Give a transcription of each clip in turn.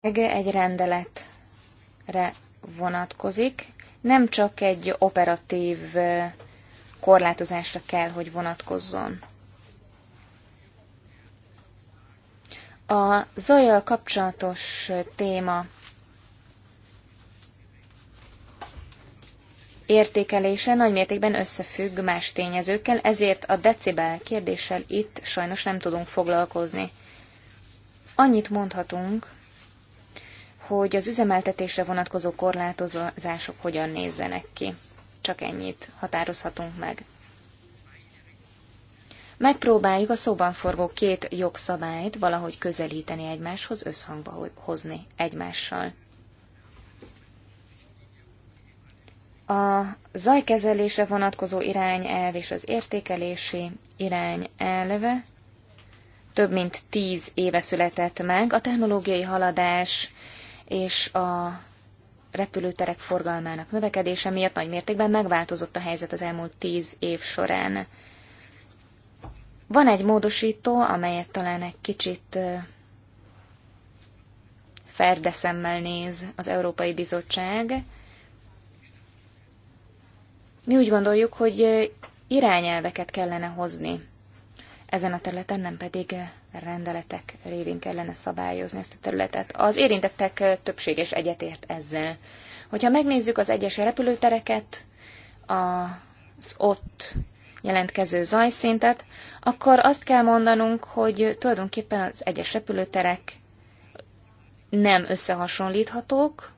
egy rendeletre vonatkozik, nem csak egy operatív korlátozásra kell, hogy vonatkozzon. A zajjal kapcsolatos téma értékelése nagymértékben összefügg más tényezőkkel, ezért a decibel kérdéssel itt sajnos nem tudunk foglalkozni. Annyit mondhatunk, hogy az üzemeltetésre vonatkozó korlátozások hogyan nézzenek ki. Csak ennyit határozhatunk meg. Megpróbáljuk a szóban forgó két jogszabályt valahogy közelíteni egymáshoz, összhangba hozni egymással. A zajkezelésre vonatkozó irányelv és az értékelési irányelve több mint tíz éve született meg. A technológiai haladás és a repülőterek forgalmának növekedése miatt nagy mértékben megváltozott a helyzet az elmúlt tíz év során. Van egy módosító, amelyet talán egy kicsit szemmel néz az Európai Bizottság. Mi úgy gondoljuk, hogy irányelveket kellene hozni ezen a területen, nem pedig rendeletek révén kellene szabályozni ezt a területet. Az érintettek többséges egyetért ezzel. Hogyha megnézzük az egyes repülőtereket, az ott jelentkező zajszintet, akkor azt kell mondanunk, hogy tulajdonképpen az egyes repülőterek nem összehasonlíthatók,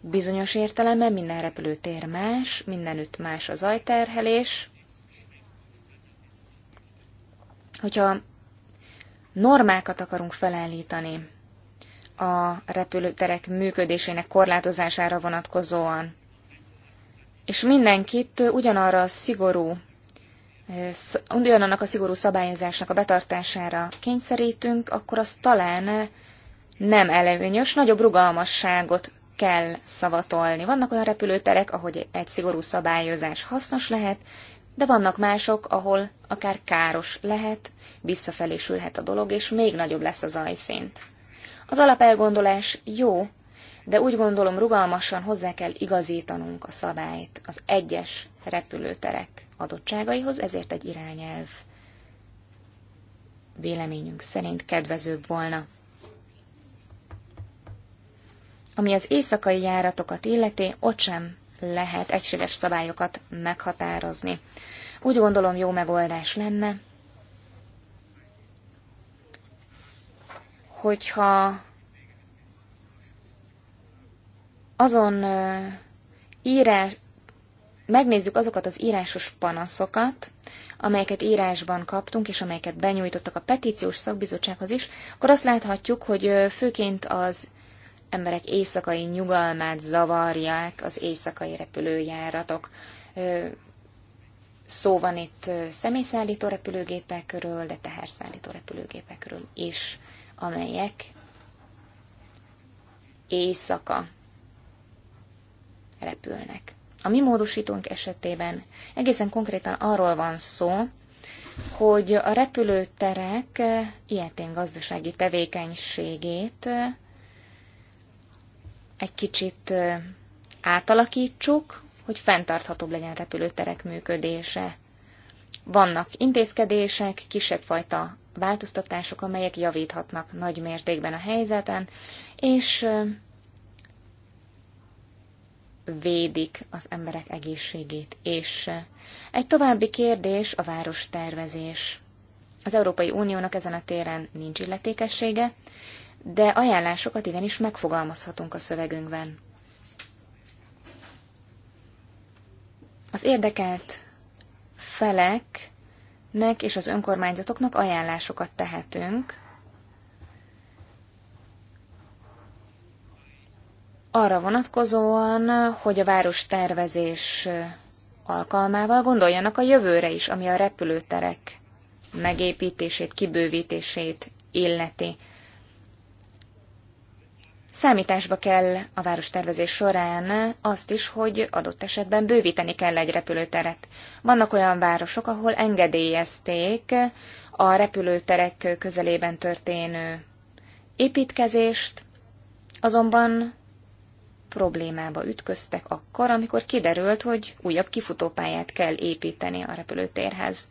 bizonyos értelemben minden repülőtér más, mindenütt más a zajterhelés, Hogyha normákat akarunk felállítani a repülőterek működésének korlátozására vonatkozóan. És mindenkit ugyanarra a szigorú eh, ugyanannak a szigorú szabályozásnak a betartására kényszerítünk, akkor az talán nem előnyös, nagyobb rugalmasságot kell szavatolni. Vannak olyan repülőterek, ahogy egy szigorú szabályozás hasznos lehet, de vannak mások, ahol akár káros lehet, visszafelé sülhet a dolog, és még nagyobb lesz az ajszint. Az alapelgondolás jó, de úgy gondolom rugalmasan hozzá kell igazítanunk a szabályt az egyes repülőterek adottságaihoz, ezért egy irányelv véleményünk szerint kedvezőbb volna. Ami az éjszakai járatokat illeti, ott sem lehet egységes szabályokat meghatározni. Úgy gondolom jó megoldás lenne, hogyha azon írás, megnézzük azokat az írásos panaszokat, amelyeket írásban kaptunk, és amelyeket benyújtottak a petíciós szakbizottsághoz is, akkor azt láthatjuk, hogy főként az emberek éjszakai nyugalmát zavarják az éjszakai repülőjáratok. Szó van itt személyszállító repülőgépekről, de teherszállító repülőgépekről is amelyek éjszaka repülnek. A mi módosítónk esetében egészen konkrétan arról van szó, hogy a repülőterek ilyetén gazdasági tevékenységét egy kicsit átalakítsuk, hogy fenntarthatóbb legyen a repülőterek működése. Vannak intézkedések, kisebb fajta változtatások, amelyek javíthatnak nagy mértékben a helyzeten, és védik az emberek egészségét. És egy további kérdés a várostervezés. Az Európai Uniónak ezen a téren nincs illetékessége, de ajánlásokat igenis megfogalmazhatunk a szövegünkben. Az érdekelt felek nek és az önkormányzatoknak ajánlásokat tehetünk arra vonatkozóan, hogy a város tervezés alkalmával gondoljanak a jövőre is, ami a repülőterek megépítését, kibővítését illeti. Számításba kell a várostervezés során azt is, hogy adott esetben bővíteni kell egy repülőteret. Vannak olyan városok, ahol engedélyezték a repülőterek közelében történő építkezést, azonban problémába ütköztek akkor, amikor kiderült, hogy újabb kifutópályát kell építeni a repülőtérhez.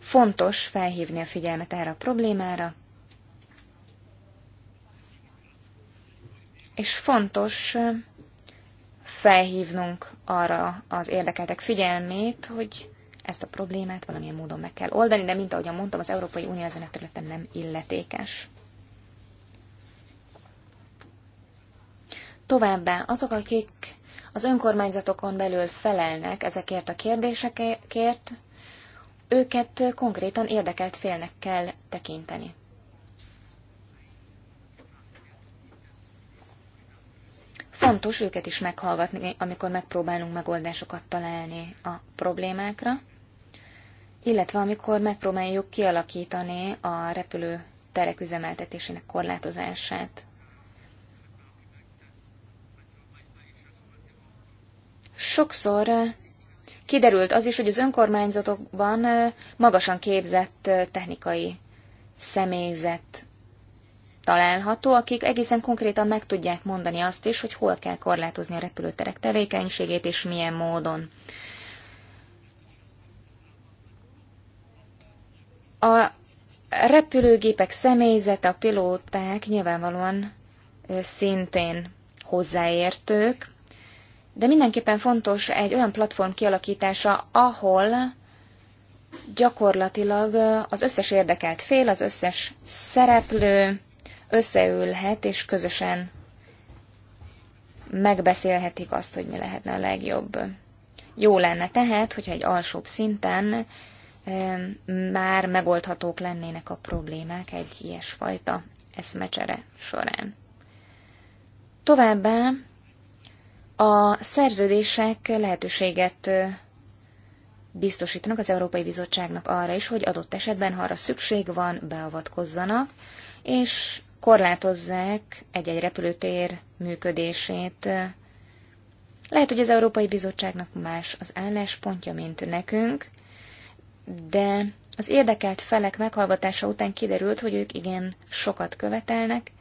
Fontos felhívni a figyelmet erre a problémára, és fontos felhívnunk arra az érdekeltek figyelmét, hogy ezt a problémát valamilyen módon meg kell oldani, de mint ahogyan mondtam, az Európai Unió ezen a területen nem illetékes. Továbbá azok, akik az önkormányzatokon belül felelnek ezekért a kérdésekért, őket konkrétan érdekelt félnek kell tekinteni. Fontos őket is meghallgatni, amikor megpróbálunk megoldásokat találni a problémákra, illetve amikor megpróbáljuk kialakítani a repülő terek üzemeltetésének korlátozását. Sokszor eh, kiderült az is, hogy az önkormányzatokban eh, magasan képzett eh, technikai személyzet található, akik egészen konkrétan meg tudják mondani azt is, hogy hol kell korlátozni a repülőterek tevékenységét és milyen módon. A repülőgépek személyzete, a pilóták nyilvánvalóan szintén hozzáértők, de mindenképpen fontos egy olyan platform kialakítása, ahol gyakorlatilag az összes érdekelt fél, az összes szereplő, összeülhet, és közösen megbeszélhetik azt, hogy mi lehetne a legjobb. Jó lenne tehát, hogyha egy alsóbb szinten már megoldhatók lennének a problémák egy ilyesfajta eszmecsere során. Továbbá a szerződések lehetőséget biztosítanak az Európai Bizottságnak arra is, hogy adott esetben, ha arra szükség van, beavatkozzanak, és korlátozzák egy-egy repülőtér működését. Lehet, hogy az Európai Bizottságnak más az álláspontja, mint nekünk, de az érdekelt felek meghallgatása után kiderült, hogy ők igen sokat követelnek,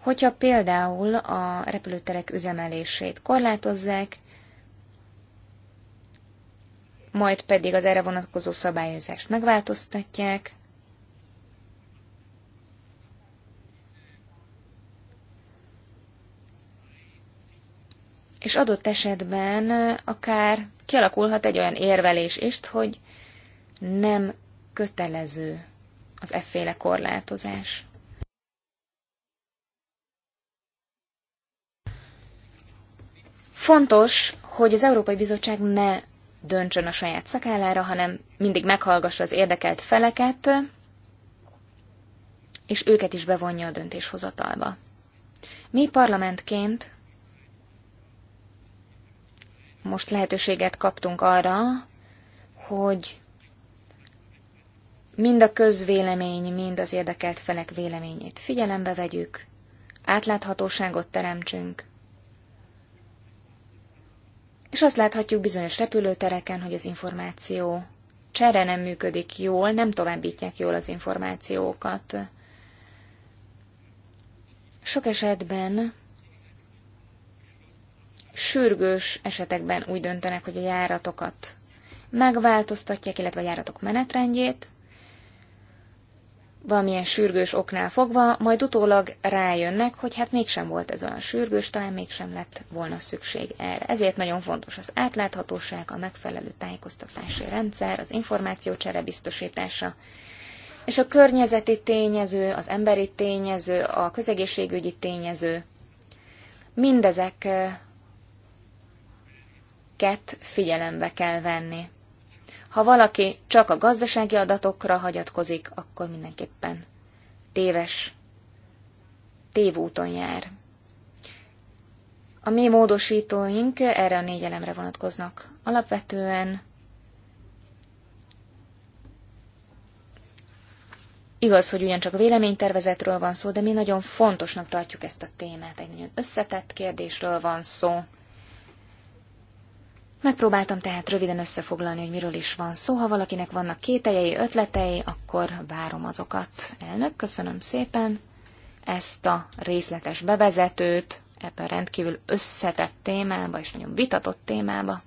hogyha például a repülőterek üzemelését korlátozzák, majd pedig az erre vonatkozó szabályozást megváltoztatják, és adott esetben akár kialakulhat egy olyan érvelés is, hogy nem kötelező az efféle korlátozás. Fontos, hogy az Európai Bizottság ne döntsön a saját szakállára, hanem mindig meghallgassa az érdekelt feleket, és őket is bevonja a döntéshozatalba. Mi parlamentként most lehetőséget kaptunk arra, hogy mind a közvélemény, mind az érdekelt felek véleményét figyelembe vegyük, átláthatóságot teremtsünk, és azt láthatjuk bizonyos repülőtereken, hogy az információ csere nem működik jól, nem továbbítják jól az információkat. Sok esetben sürgős esetekben úgy döntenek, hogy a járatokat megváltoztatják, illetve a járatok menetrendjét, valamilyen sürgős oknál fogva, majd utólag rájönnek, hogy hát mégsem volt ez olyan sürgős, talán mégsem lett volna szükség erre. Ezért nagyon fontos az átláthatóság, a megfelelő tájékoztatási rendszer, az információcsere biztosítása, és a környezeti tényező, az emberi tényező, a közegészségügyi tényező, mindezek eh, ezeket figyelembe kell venni. Ha valaki csak a gazdasági adatokra hagyatkozik, akkor mindenképpen téves, tévúton jár. A mi módosítóink erre a négy elemre vonatkoznak. Alapvetően Igaz, hogy ugyancsak a véleménytervezetről van szó, de mi nagyon fontosnak tartjuk ezt a témát. Egy nagyon összetett kérdésről van szó. Megpróbáltam tehát röviden összefoglalni, hogy miről is van szó. Ha valakinek vannak kételjei, ötletei, akkor várom azokat. Elnök, köszönöm szépen ezt a részletes bevezetőt ebben rendkívül összetett témába és nagyon vitatott témába.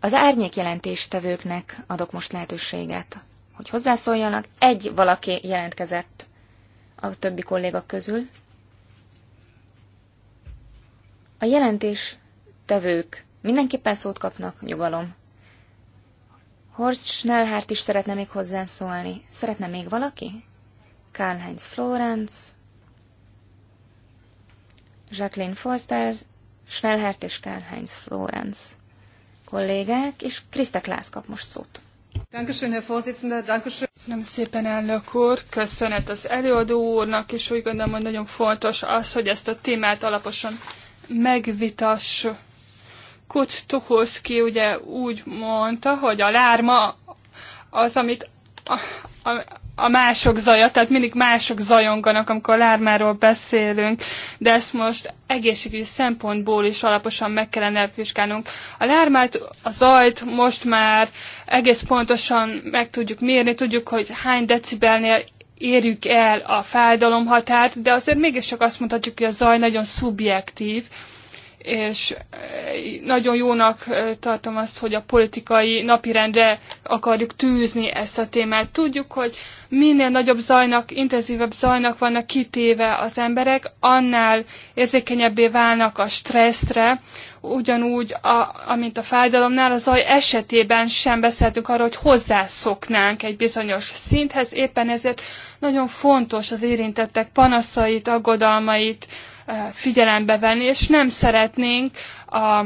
Az árnyék jelentéstevőknek adok most lehetőséget, hogy hozzászóljanak. Egy valaki jelentkezett a többi kolléga közül. A jelentés tevők mindenképpen szót kapnak, nyugalom. Horst Schnellhardt is szeretne még hozzán szólni, Szeretne még valaki? Karl-Heinz Florenz, Jacqueline Forster, Schnellhardt és Karl-Heinz Florenz kollégák, és Krista Klász kap most szót. Köszönöm szépen, elnök úr, köszönet az előadó úrnak, és úgy gondolom, hogy nagyon fontos az, hogy ezt a témát alaposan megvitassuk. Kut Tuhuszki ugye úgy mondta, hogy a lárma az, amit a, a, a mások zaja, tehát mindig mások zajonganak, amikor a lármáról beszélünk, de ezt most egészségügyi szempontból is alaposan meg kellene vizsgálnunk. A lármát, a zajt most már egész pontosan meg tudjuk mérni, tudjuk, hogy hány decibelnél érjük el a fájdalom határt, de azért mégiscsak azt mondhatjuk, hogy a zaj nagyon szubjektív, és eh, nagyon jónak eh, tartom azt, hogy a politikai napirendre akarjuk tűzni ezt a témát. Tudjuk, hogy minél nagyobb zajnak, intenzívebb zajnak vannak kitéve az emberek, annál érzékenyebbé válnak a stresszre, ugyanúgy, a, amint a fájdalomnál, a zaj esetében sem beszéltünk arról, hogy hozzászoknánk egy bizonyos szinthez, éppen ezért nagyon fontos az érintettek panaszait, aggodalmait eh, figyelembe venni, és nem szeretnénk a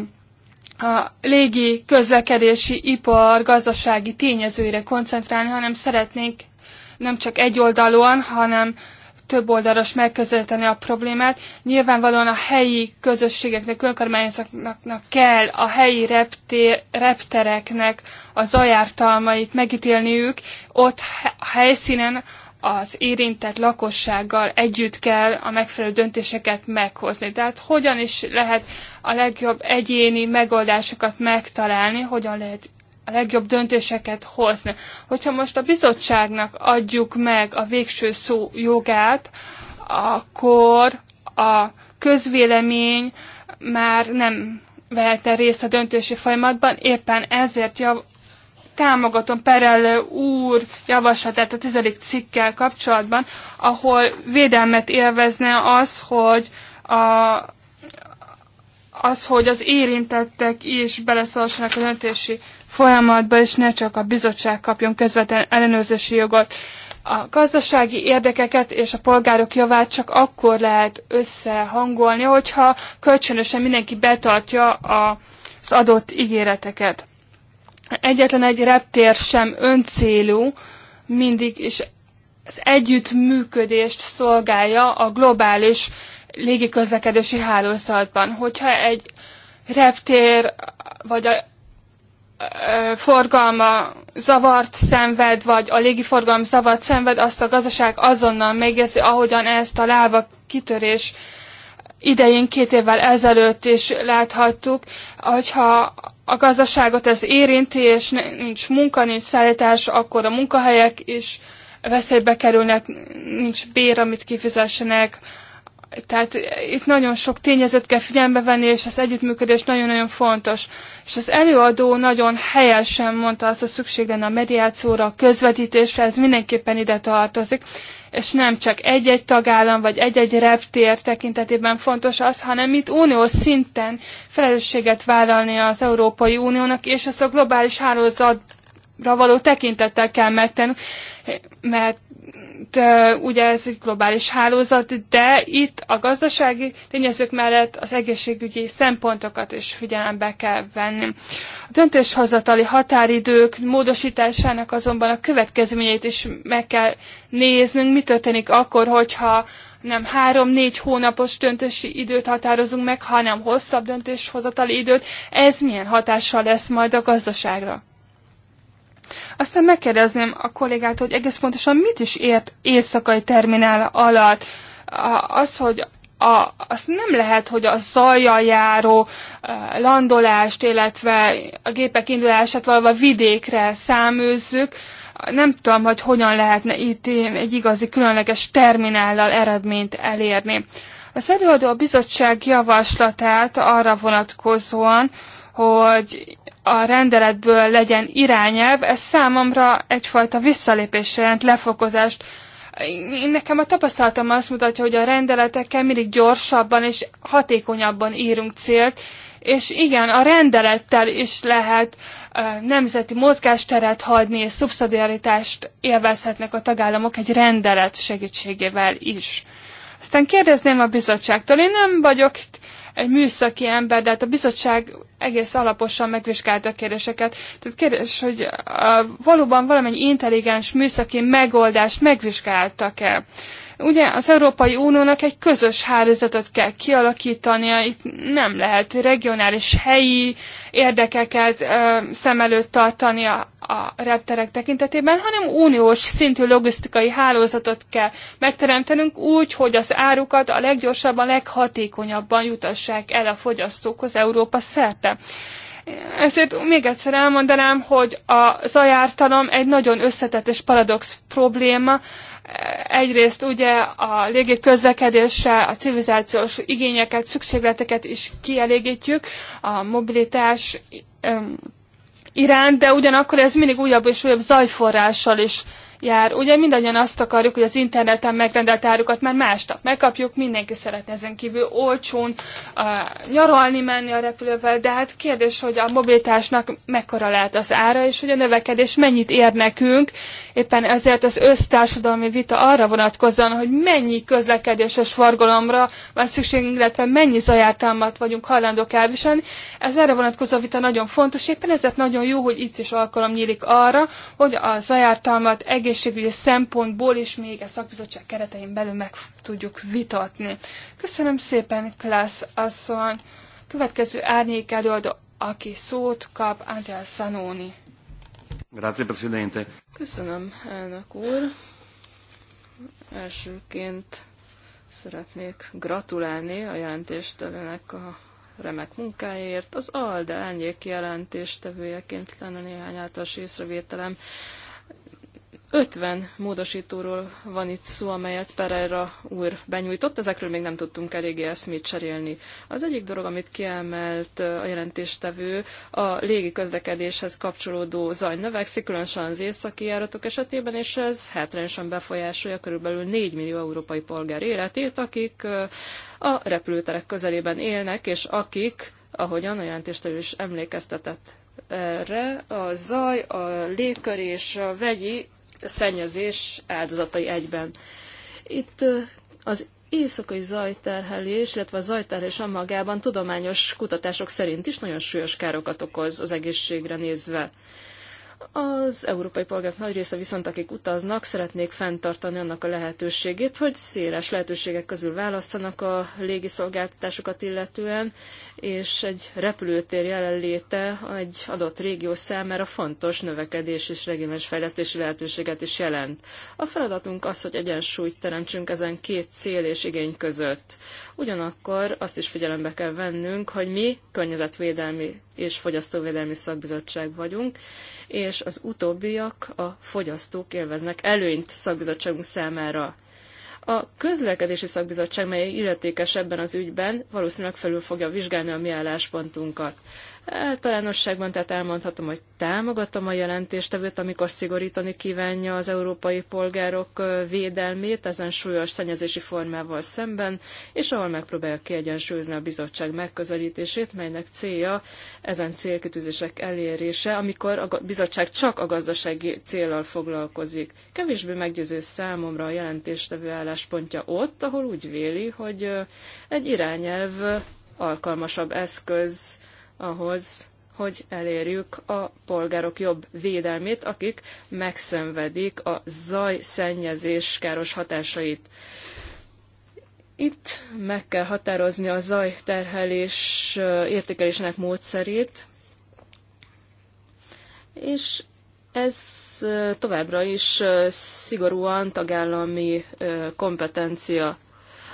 a légi közlekedési ipar gazdasági tényezőire koncentrálni, hanem szeretnénk nem csak egyoldalúan, hanem több oldalos megközelíteni a problémát. Nyilvánvalóan a helyi közösségeknek, önkormányzatoknak kell a helyi reptér, reptereknek a zajártalmait megítélniük. Ott a helyszínen az érintett lakossággal együtt kell a megfelelő döntéseket meghozni. Tehát hogyan is lehet a legjobb egyéni megoldásokat megtalálni, hogyan lehet a legjobb döntéseket hozni. Hogyha most a bizottságnak adjuk meg a végső szó jogát, akkor a közvélemény már nem vehette részt a döntési folyamatban, éppen ezért jav- támogatom Perel úr javaslatát a tizedik cikkel kapcsolatban, ahol védelmet élvezne az, hogy a, az, hogy az érintettek is beleszólsanak a döntési folyamatba, és ne csak a bizottság kapjon közvetlen ellenőrzési jogot. A gazdasági érdekeket és a polgárok javát csak akkor lehet összehangolni, hogyha kölcsönösen mindenki betartja a, az adott ígéreteket. Egyetlen egy reptér sem öncélú, mindig is az együttműködést szolgálja a globális légiközlekedési hálózatban. Hogyha egy reptér vagy a forgalma zavart szenved, vagy a légiforgalom zavart szenved, azt a gazdaság azonnal megjegyzi, ahogyan ezt a lába kitörés idején két évvel ezelőtt is láthattuk, hogyha a gazdaságot ez érinti, és nincs munka, nincs szállítás, akkor a munkahelyek is veszélybe kerülnek, nincs bér, amit kifizessenek, tehát itt nagyon sok tényezőt kell figyelembe venni, és az együttműködés nagyon-nagyon fontos. És az előadó nagyon helyesen mondta azt, hogy szükség lenne a mediációra, a közvetítésre, ez mindenképpen ide tartozik. És nem csak egy-egy tagállam, vagy egy-egy reptér tekintetében fontos az, hanem itt uniós szinten felelősséget vállalni az Európai Uniónak, és ezt a globális hálózatra való tekintettel kell megtenni, mert de ugye ez egy globális hálózat, de itt a gazdasági tényezők mellett az egészségügyi szempontokat is figyelembe kell venni. A döntéshozatali határidők módosításának azonban a következményeit is meg kell néznünk, mi történik akkor, hogyha nem három-négy hónapos döntési időt határozunk meg, hanem hosszabb döntéshozatali időt, ez milyen hatással lesz majd a gazdaságra. Aztán megkérdezném a kollégát, hogy egész pontosan mit is ért éjszakai terminál alatt. Az, hogy a, az nem lehet, hogy a zajjal járó a landolást, illetve a gépek indulását valahol vidékre száműzzük. Nem tudom, hogy hogyan lehetne itt egy igazi különleges terminállal eredményt elérni. Az előadó a bizottság javaslatát arra vonatkozóan, hogy a rendeletből legyen irányelv, ez számomra egyfajta visszalépés jelent, lefokozást. Nekem a tapasztalatom azt mutatja, hogy a rendeletekkel mindig gyorsabban és hatékonyabban írunk célt, és igen, a rendelettel is lehet uh, nemzeti mozgásteret hagyni, és szubszidiaritást élvezhetnek a tagállamok egy rendelet segítségével is. Aztán kérdezném a bizottságtól, én nem vagyok egy műszaki ember, de hát a bizottság egész alaposan megvizsgálta a kérdéseket. Tehát kérdés, hogy a, valóban valamennyi intelligens műszaki megoldást megvizsgáltak-e. Ugye az Európai Uniónak egy közös hálózatot kell kialakítania, itt nem lehet regionális, helyi érdekeket ö, szem előtt tartani a, a repterek tekintetében, hanem uniós szintű logisztikai hálózatot kell megteremtenünk úgy, hogy az árukat a leggyorsabban, leghatékonyabban jutassák el a fogyasztókhoz Európa szerte. Ezért még egyszer elmondanám, hogy a zajártalom egy nagyon összetett és paradox probléma, egyrészt ugye a légi közlekedéssel a civilizációs igényeket, szükségleteket is kielégítjük, a mobilitás iránt, de ugyanakkor ez mindig újabb és újabb zajforrással is jár. Ugye mindannyian azt akarjuk, hogy az interneten megrendelt árukat már másnap megkapjuk, mindenki szeretne ezen kívül olcsón uh, nyaralni menni a repülővel, de hát kérdés, hogy a mobilitásnak mekkora lehet az ára, és hogy a növekedés mennyit ér nekünk, éppen ezért az össztársadalmi vita arra vonatkozzon, hogy mennyi közlekedéses forgalomra van szükségünk, illetve mennyi zajártalmat vagyunk hajlandók elviselni. Ez erre vonatkozó vita nagyon fontos, éppen ezért nagyon jó, hogy itt is alkalom nyílik arra, hogy a zajártalmat egész egészségügyi szempontból is még a szakbizottság keretein belül meg tudjuk vitatni. Köszönöm szépen, Klász asszony! Következő árnyék előadó, aki szót kap, Ángel Szanóni. Grazie, Presidente. Köszönöm, elnök úr. Elsőként szeretnék gratulálni a jelentéstevőnek a remek munkáért. Az ALDE elnyék jelentéstevőjeként lenne néhány általános észrevételem. 50 módosítóról van itt szó, amelyet Pereira úr benyújtott, ezekről még nem tudtunk eléggé eszmét cserélni. Az egyik dolog, amit kiemelt a jelentéstevő, a légi közlekedéshez kapcsolódó zaj növekszik, különösen az északi járatok esetében, és ez hátrányosan befolyásolja körülbelül 4 millió európai polgár életét, akik a repülőterek közelében élnek, és akik, ahogyan a jelentéstevő is emlékeztetett erre, a zaj, a légkör és a vegyi szennyezés áldozatai egyben. Itt az éjszakai zajterhelés, illetve a zajterhelés magában tudományos kutatások szerint is nagyon súlyos károkat okoz az egészségre nézve. Az európai polgárok nagy része viszont, akik utaznak, szeretnék fenntartani annak a lehetőségét, hogy széles lehetőségek közül választanak a légiszolgáltatásokat illetően, és egy repülőtér jelenléte egy adott régió számára fontos növekedés és regionális fejlesztési lehetőséget is jelent. A feladatunk az, hogy egyensúlyt teremtsünk ezen két cél és igény között. Ugyanakkor azt is figyelembe kell vennünk, hogy mi környezetvédelmi és fogyasztóvédelmi szakbizottság vagyunk, és az utóbbiak a fogyasztók élveznek előnyt szakbizottságunk számára. A közlekedési szakbizottság, mely illetékes ebben az ügyben, valószínűleg felül fogja vizsgálni a mi álláspontunkat. Általánosságban tehát elmondhatom, hogy támogatom a jelentéstevőt, amikor szigorítani kívánja az európai polgárok védelmét ezen súlyos szennyezési formával szemben, és ahol megpróbálja kiegyensúlyozni a bizottság megközelítését, melynek célja ezen célkitűzések elérése, amikor a bizottság csak a gazdasági célral foglalkozik. Kevésbé meggyőző számomra a jelentéstevő álláspontja ott, ahol úgy véli, hogy egy irányelv alkalmasabb eszköz, ahhoz, hogy elérjük a polgárok jobb védelmét, akik megszenvedik a zaj káros hatásait. Itt meg kell határozni a zajterhelés értékelésének módszerét, és ez továbbra is szigorúan tagállami kompetencia.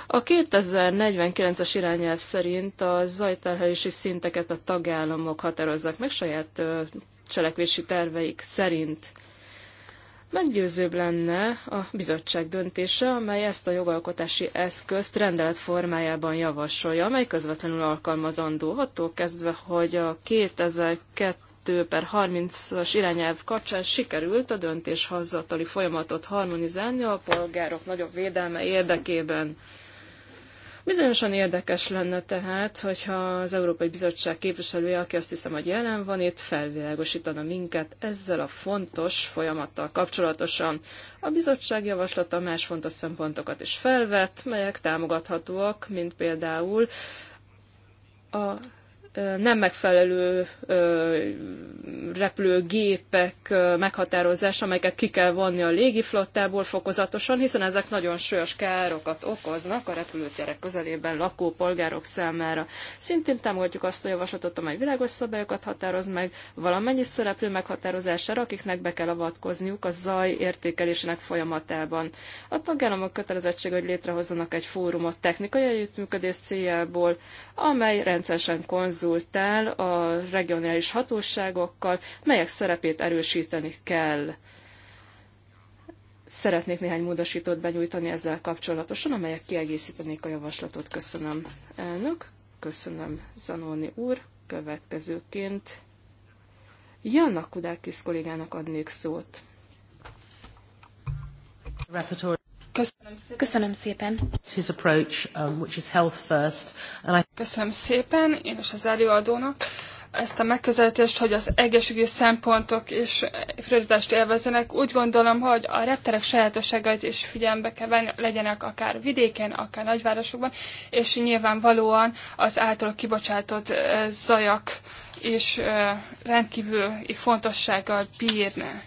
A 2049-es irányelv szerint a zajterhelési szinteket a tagállamok határozzák meg saját cselekvési terveik szerint. Meggyőzőbb lenne a bizottság döntése, amely ezt a jogalkotási eszközt rendelet formájában javasolja, amely közvetlenül alkalmazandó, attól kezdve, hogy a 2002 per 30-as irányelv kapcsán sikerült a döntéshozatali folyamatot harmonizálni a polgárok nagyobb védelme érdekében. Bizonyosan érdekes lenne tehát, hogyha az Európai Bizottság képviselője, aki azt hiszem, hogy jelen van itt, felvilágosítana minket ezzel a fontos folyamattal kapcsolatosan. A bizottság javaslata más fontos szempontokat is felvet, melyek támogathatóak, mint például a nem megfelelő repülőgépek meghatározása, amelyeket ki kell vonni a légiflottából fokozatosan, hiszen ezek nagyon súlyos károkat okoznak a repülőterek közelében lakó polgárok számára. Szintén támogatjuk azt a javaslatot, amely világos szabályokat határoz meg valamennyi szereplő meghatározására, akiknek be kell avatkozniuk a zaj értékelésének folyamatában. A tagállamok kötelezettség, hogy létrehozzanak egy fórumot technikai együttműködés céljából, amely rendszeresen konzul konzultál a regionális hatóságokkal, melyek szerepét erősíteni kell. Szeretnék néhány módosítót benyújtani ezzel kapcsolatosan, amelyek kiegészítenék a javaslatot. Köszönöm, elnök. Köszönöm, Zanoni úr. Következőként Janna Kudákis kollégának adnék szót. Köszönöm szépen. His approach, um, which is health first, and I... Köszönöm szépen, én is az előadónak ezt a megközelítést, hogy az egészségügyi szempontok is prioritást élvezenek. Úgy gondolom, hogy a repterek sajátosságait is figyelembe kell venni, legyenek akár vidéken, akár nagyvárosokban, és nyilvánvalóan az által kibocsátott eh, zajak is eh, rendkívüli fontossággal bírnak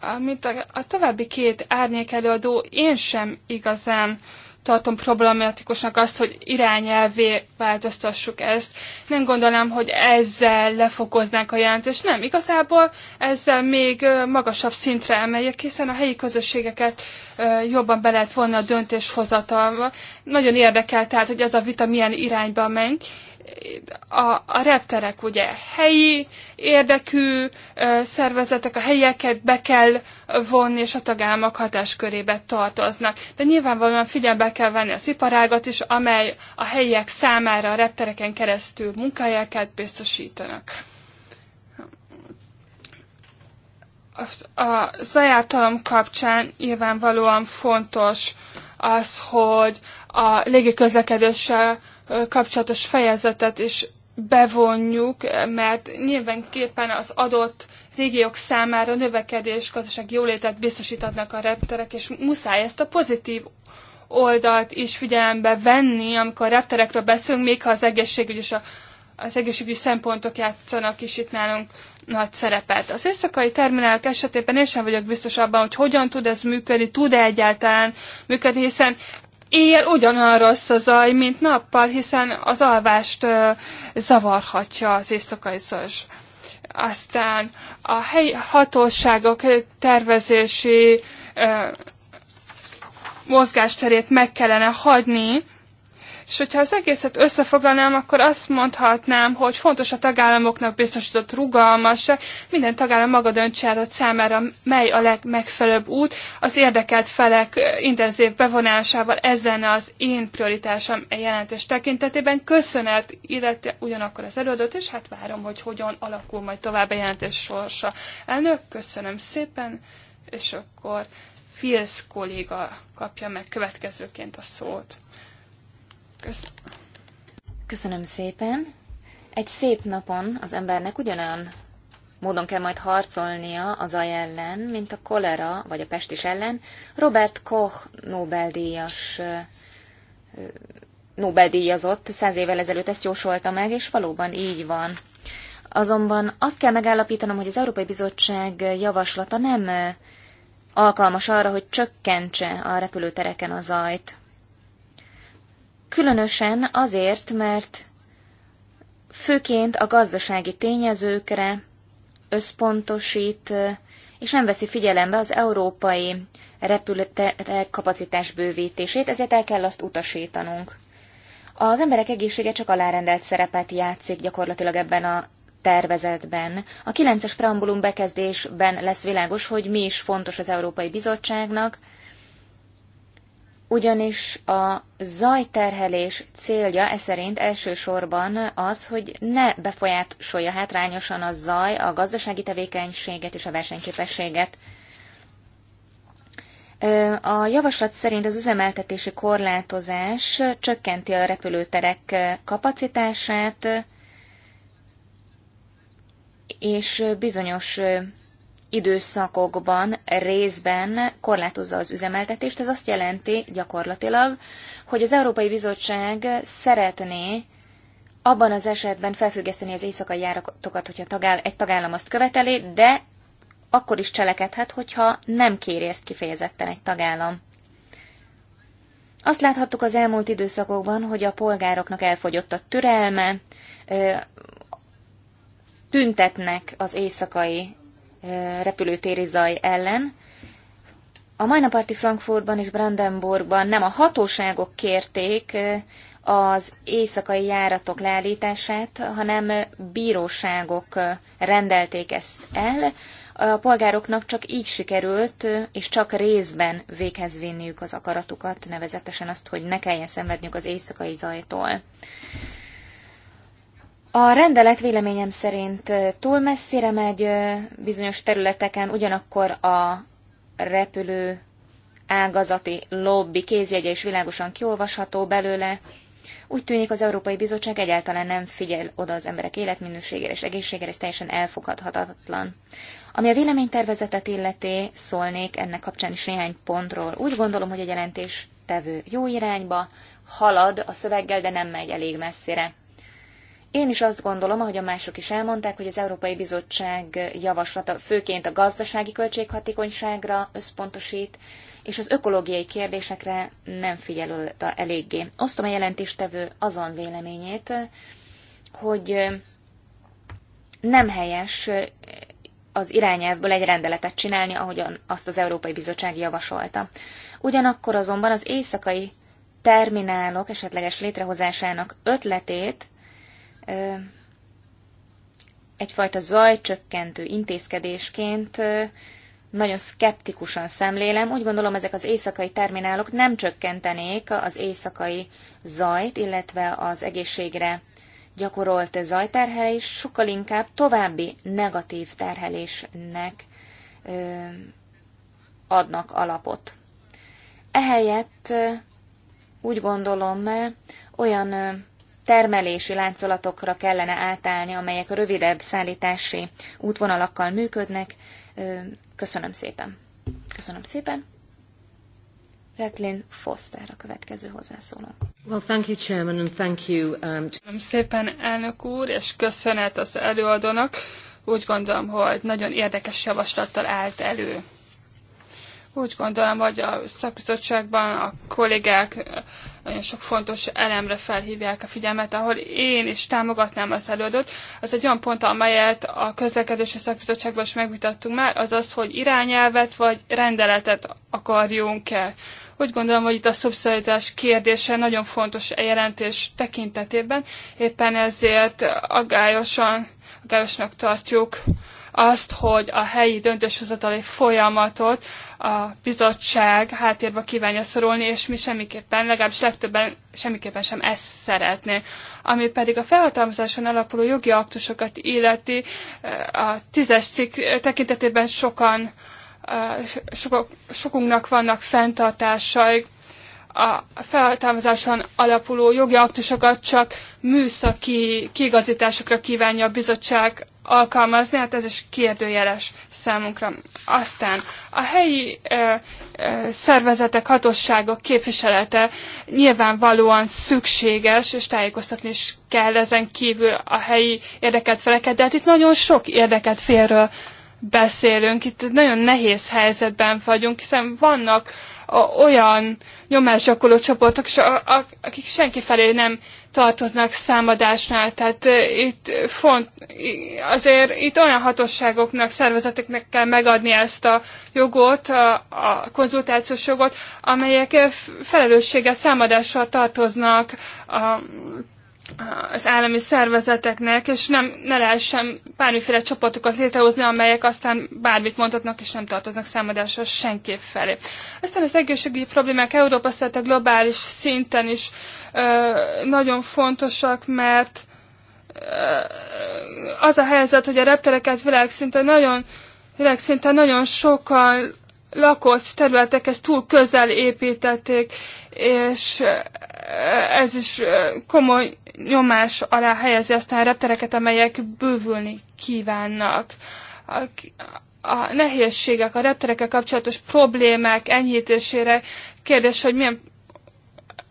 amit a, a további két árnyék előadó, én sem igazán tartom problematikusnak azt, hogy irányelvé változtassuk ezt. Nem gondolom, hogy ezzel lefokoznánk a jelentést. Nem, igazából ezzel még magasabb szintre emeljek, hiszen a helyi közösségeket jobban be lehet volna a döntéshozatalba. Nagyon érdekel tehát, hogy ez a vita milyen irányba megy, a, a repterek ugye helyi érdekű ö, szervezetek, a helyeket be kell vonni, és a tagállamok hatáskörébe tartoznak. De nyilvánvalóan figyelbe kell venni az iparágat is, amely a helyiek számára a reptereken keresztül munkahelyeket biztosítanak. A zajártalom kapcsán nyilvánvalóan fontos az, hogy a légiközlekedéssel közlekedéssel kapcsolatos fejezetet is bevonjuk, mert nyilvánképpen az adott régiók számára növekedés, gazdaság jólétet biztosítatnak a repterek, és muszáj ezt a pozitív oldalt is figyelembe venni, amikor a repterekről beszélünk, még ha az egészségügy és a, az egészségügyi szempontok játszanak is itt nálunk nagy szerepet. Az éjszakai terminálok esetében én sem vagyok biztos abban, hogy hogyan tud ez működni, tud-e egyáltalán működni, hiszen éjjel ugyanolyan rossz a zaj, mint nappal, hiszen az alvást ö, zavarhatja az éjszakai zajs. Aztán a helyi hatóságok tervezési ö, mozgásterét meg kellene hagyni, és hogyha az egészet összefoglalnám, akkor azt mondhatnám, hogy fontos a tagállamoknak biztosított rugalmasság, minden tagállam maga döntse el a számára, mely a legmegfelelőbb út, az érdekelt felek intenzív bevonásával ez lenne az én prioritásom e jelentés tekintetében. Köszönet, illetve ugyanakkor az előadót, és hát várom, hogy hogyan alakul majd tovább a jelentés sorsa. Elnök, köszönöm szépen, és akkor Fils kolléga kapja meg következőként a szót. Köszönöm. Köszönöm szépen. Egy szép napon az embernek ugyanolyan módon kell majd harcolnia az aj ellen, mint a kolera vagy a pestis ellen. Robert Koch Nobel-díjas Nobel-díjazott száz évvel ezelőtt ezt jósolta meg, és valóban így van. Azonban azt kell megállapítanom, hogy az Európai Bizottság javaslata nem alkalmas arra, hogy csökkentse a repülőtereken a zajt. Különösen azért, mert főként a gazdasági tényezőkre összpontosít, és nem veszi figyelembe az európai repülőterek kapacitás bővítését, ezért el kell azt utasítanunk. Az emberek egészsége csak alárendelt szerepet játszik gyakorlatilag ebben a tervezetben. A 9-es preambulum bekezdésben lesz világos, hogy mi is fontos az Európai Bizottságnak, ugyanis a zajterhelés célja e szerint elsősorban az, hogy ne befolyásolja hátrányosan a zaj a gazdasági tevékenységet és a versenyképességet. A javaslat szerint az üzemeltetési korlátozás csökkenti a repülőterek kapacitását, és bizonyos időszakokban részben korlátozza az üzemeltetést. Ez azt jelenti gyakorlatilag, hogy az Európai Bizottság szeretné abban az esetben felfüggeszteni az éjszakai járatokat, hogyha tagáll- egy tagállam azt követeli, de akkor is cselekedhet, hogyha nem kéri ezt kifejezetten egy tagállam. Azt láthattuk az elmúlt időszakokban, hogy a polgároknak elfogyott a türelme, tüntetnek az éjszakai E, repülőtéri zaj ellen. A majnaparti Frankfurtban és Brandenburgban nem a hatóságok kérték e, az éjszakai járatok leállítását, hanem bíróságok e, rendelték ezt el. A polgároknak csak így sikerült, és csak részben véghez vinniük az akaratukat, nevezetesen azt, hogy ne kelljen szenvedniük az éjszakai zajtól. A rendelet véleményem szerint túl messzire megy bizonyos területeken, ugyanakkor a repülő ágazati lobby kézjegye is világosan kiolvasható belőle. Úgy tűnik az Európai Bizottság egyáltalán nem figyel oda az emberek életminőségére és egészségére, ez teljesen elfogadhatatlan. Ami a véleménytervezetet illeti, szólnék ennek kapcsán is néhány pontról. Úgy gondolom, hogy a jelentés tevő jó irányba, halad a szöveggel, de nem megy elég messzire. Én is azt gondolom, ahogy a mások is elmondták, hogy az Európai Bizottság javaslata főként a gazdasági költséghatékonyságra összpontosít, és az ökológiai kérdésekre nem figyel a eléggé. Osztom a jelentéstevő azon véleményét, hogy nem helyes az irányelvből egy rendeletet csinálni, ahogyan azt az Európai Bizottság javasolta. Ugyanakkor azonban az éjszakai terminálok esetleges létrehozásának ötletét egyfajta zajcsökkentő intézkedésként nagyon szkeptikusan szemlélem. Úgy gondolom, ezek az éjszakai terminálok nem csökkentenék az éjszakai zajt, illetve az egészségre gyakorolt zajterhelés, sokkal inkább további negatív terhelésnek adnak alapot. Ehelyett úgy gondolom, olyan termelési láncolatokra kellene átállni, amelyek rövidebb szállítási útvonalakkal működnek. Köszönöm szépen. Köszönöm szépen. Reklin Foster a következő hozzászóló. Well, thank you, Chairman, and thank you. Um... Köszönöm szépen, elnök úr, és köszönet az előadónak. Úgy gondolom, hogy nagyon érdekes javaslattal állt elő. Úgy gondolom, hogy a szakbizottságban a kollégák nagyon sok fontos elemre felhívják a figyelmet, ahol én is támogatnám az előadót. Az egy olyan pont, amelyet a közlekedési szakbizottságban is megvitattunk már, az az, hogy irányelvet vagy rendeletet akarjunk-e. Úgy gondolom, hogy itt a szubszidiaritás kérdése nagyon fontos a e jelentés tekintetében, éppen ezért aggályosan, aggályosnak tartjuk azt, hogy a helyi döntéshozatali folyamatot a bizottság háttérbe kívánja szorulni, és mi semmiképpen, legalábbis legtöbben semmiképpen sem ezt szeretné. Ami pedig a felhatalmazáson alapuló jogi aktusokat illeti, eh, a tízes cikk tekintetében sokan, eh, sokunknak vannak fenntartásaik, a felhatalmazáson alapuló jogi aktusokat csak műszaki kiigazításokra kívánja a bizottság alkalmazni, hát ez is kérdőjeles számunkra. Aztán a helyi ö, ö, szervezetek, hatóságok képviselete nyilvánvalóan szükséges, és tájékoztatni is kell ezen kívül a helyi érdeket feleket, de hát itt nagyon sok érdeket félről beszélünk, itt nagyon nehéz helyzetben vagyunk, hiszen vannak olyan nyomásgyakorló csoportok, és akik senki felé nem tartoznak számadásnál. Tehát itt font, azért itt olyan hatóságoknak, szervezeteknek kell megadni ezt a jogot, a, a konzultációs jogot, amelyek felelősséggel számadással tartoznak a az állami szervezeteknek, és nem, ne lehessen bármiféle csoportokat létrehozni, amelyek aztán bármit mondhatnak, és nem tartoznak számadásra senki felé. Aztán az egészségügyi problémák Európa szerte globális szinten is ö, nagyon fontosak, mert ö, az a helyzet, hogy a reptereket világszinten nagyon, világszinten nagyon sokan lakott területekhez túl közel építették, és eh, ez is eh, komoly nyomás alá helyezi aztán reptereket, amelyek bővülni kívánnak. A, a nehézségek, a repterekkel kapcsolatos problémák enyhítésére kérdés, hogy milyen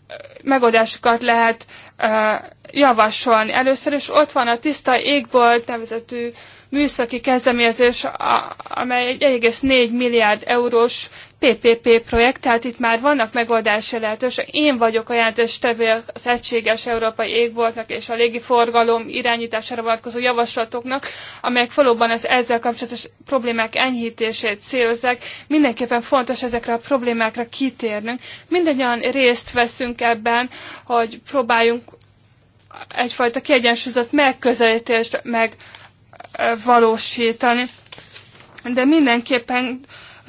eh, megoldásokat lehet uh, javasolni. Először is ott van a Tiszta Égbolt nevezetű műszaki kezdeményezés, a, amely 1,4 milliárd eurós PPP projekt, tehát itt már vannak megoldási lehetőségek. Én vagyok a jelentős tevő az Egységes Európai Égboltnak és a légiforgalom irányítására vonatkozó javaslatoknak, amelyek valóban az ezzel kapcsolatos problémák enyhítését célozzák. Mindenképpen fontos ezekre a problémákra kitérnünk. Mindegyan részt veszünk ebben, hogy próbáljunk egyfajta kiegyensúlyozott megközelítést megvalósítani. De mindenképpen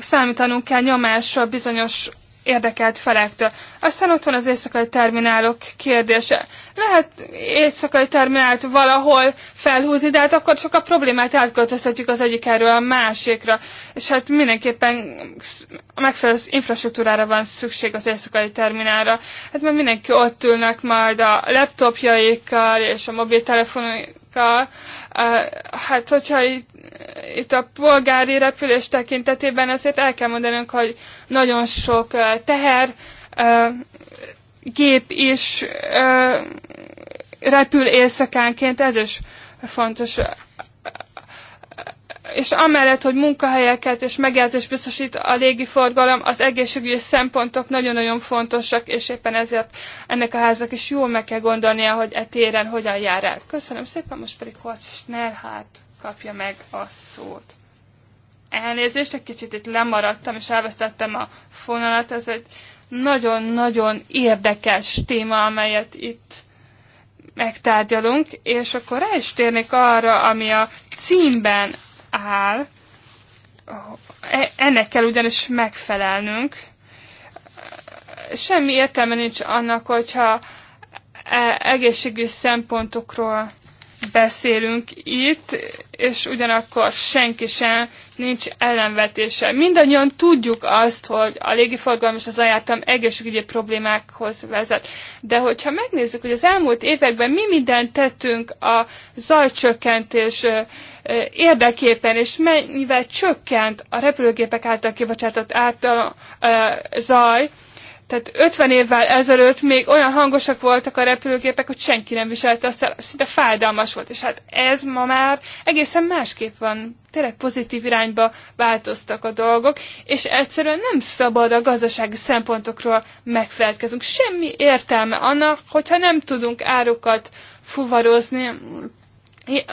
számítanunk kell nyomásra bizonyos érdekelt felektől. Aztán ott van az éjszakai terminálok kérdése. Lehet éjszakai terminált valahol felhúzni, de hát akkor csak a problémát átköltöztetjük az egyik erről a másikra. És hát mindenképpen a megfelelő infrastruktúrára van szükség az éjszakai terminálra. Hát mert mindenki ott ülnek majd a laptopjaikkal és a mobiltelefonjaikkal, országokkal. Hát, hogyha itt, itt a polgári repülés tekintetében azért el kell mondanunk, hogy nagyon sok teher gép is repül éjszakánként, ez is fontos és amellett, hogy munkahelyeket és megjelentést biztosít a légiforgalom, az egészségügyi szempontok nagyon-nagyon fontosak, és éppen ezért ennek a háznak is jól meg kell gondolnia, hogy e téren hogyan jár el. Köszönöm szépen, most pedig Horcs Nelhát kapja meg a szót. Elnézést, egy kicsit itt lemaradtam, és elvesztettem a fonalat. Ez egy nagyon-nagyon érdekes téma, amelyet itt megtárgyalunk, és akkor rá is térnék arra, ami a címben áll, ennek kell ugyanis megfelelnünk. Semmi értelme nincs annak, hogyha e- egészségügyi szempontokról beszélünk itt, és ugyanakkor senki sem nincs ellenvetése. Mindannyian tudjuk azt, hogy a légiforgalom és az ajátam egészségügyi problémákhoz vezet. De hogyha megnézzük, hogy az elmúlt években mi mindent tettünk a zajcsökkentés érdekében, és mennyivel csökkent a repülőgépek által kibocsátott által zaj, tehát 50 évvel ezelőtt még olyan hangosak voltak a repülőgépek, hogy senki nem viselte, el, szinte fájdalmas volt. És hát ez ma már egészen másképp van. Tényleg pozitív irányba változtak a dolgok, és egyszerűen nem szabad a gazdasági szempontokról megfelelkezünk. Semmi értelme annak, hogyha nem tudunk árukat fuvarozni,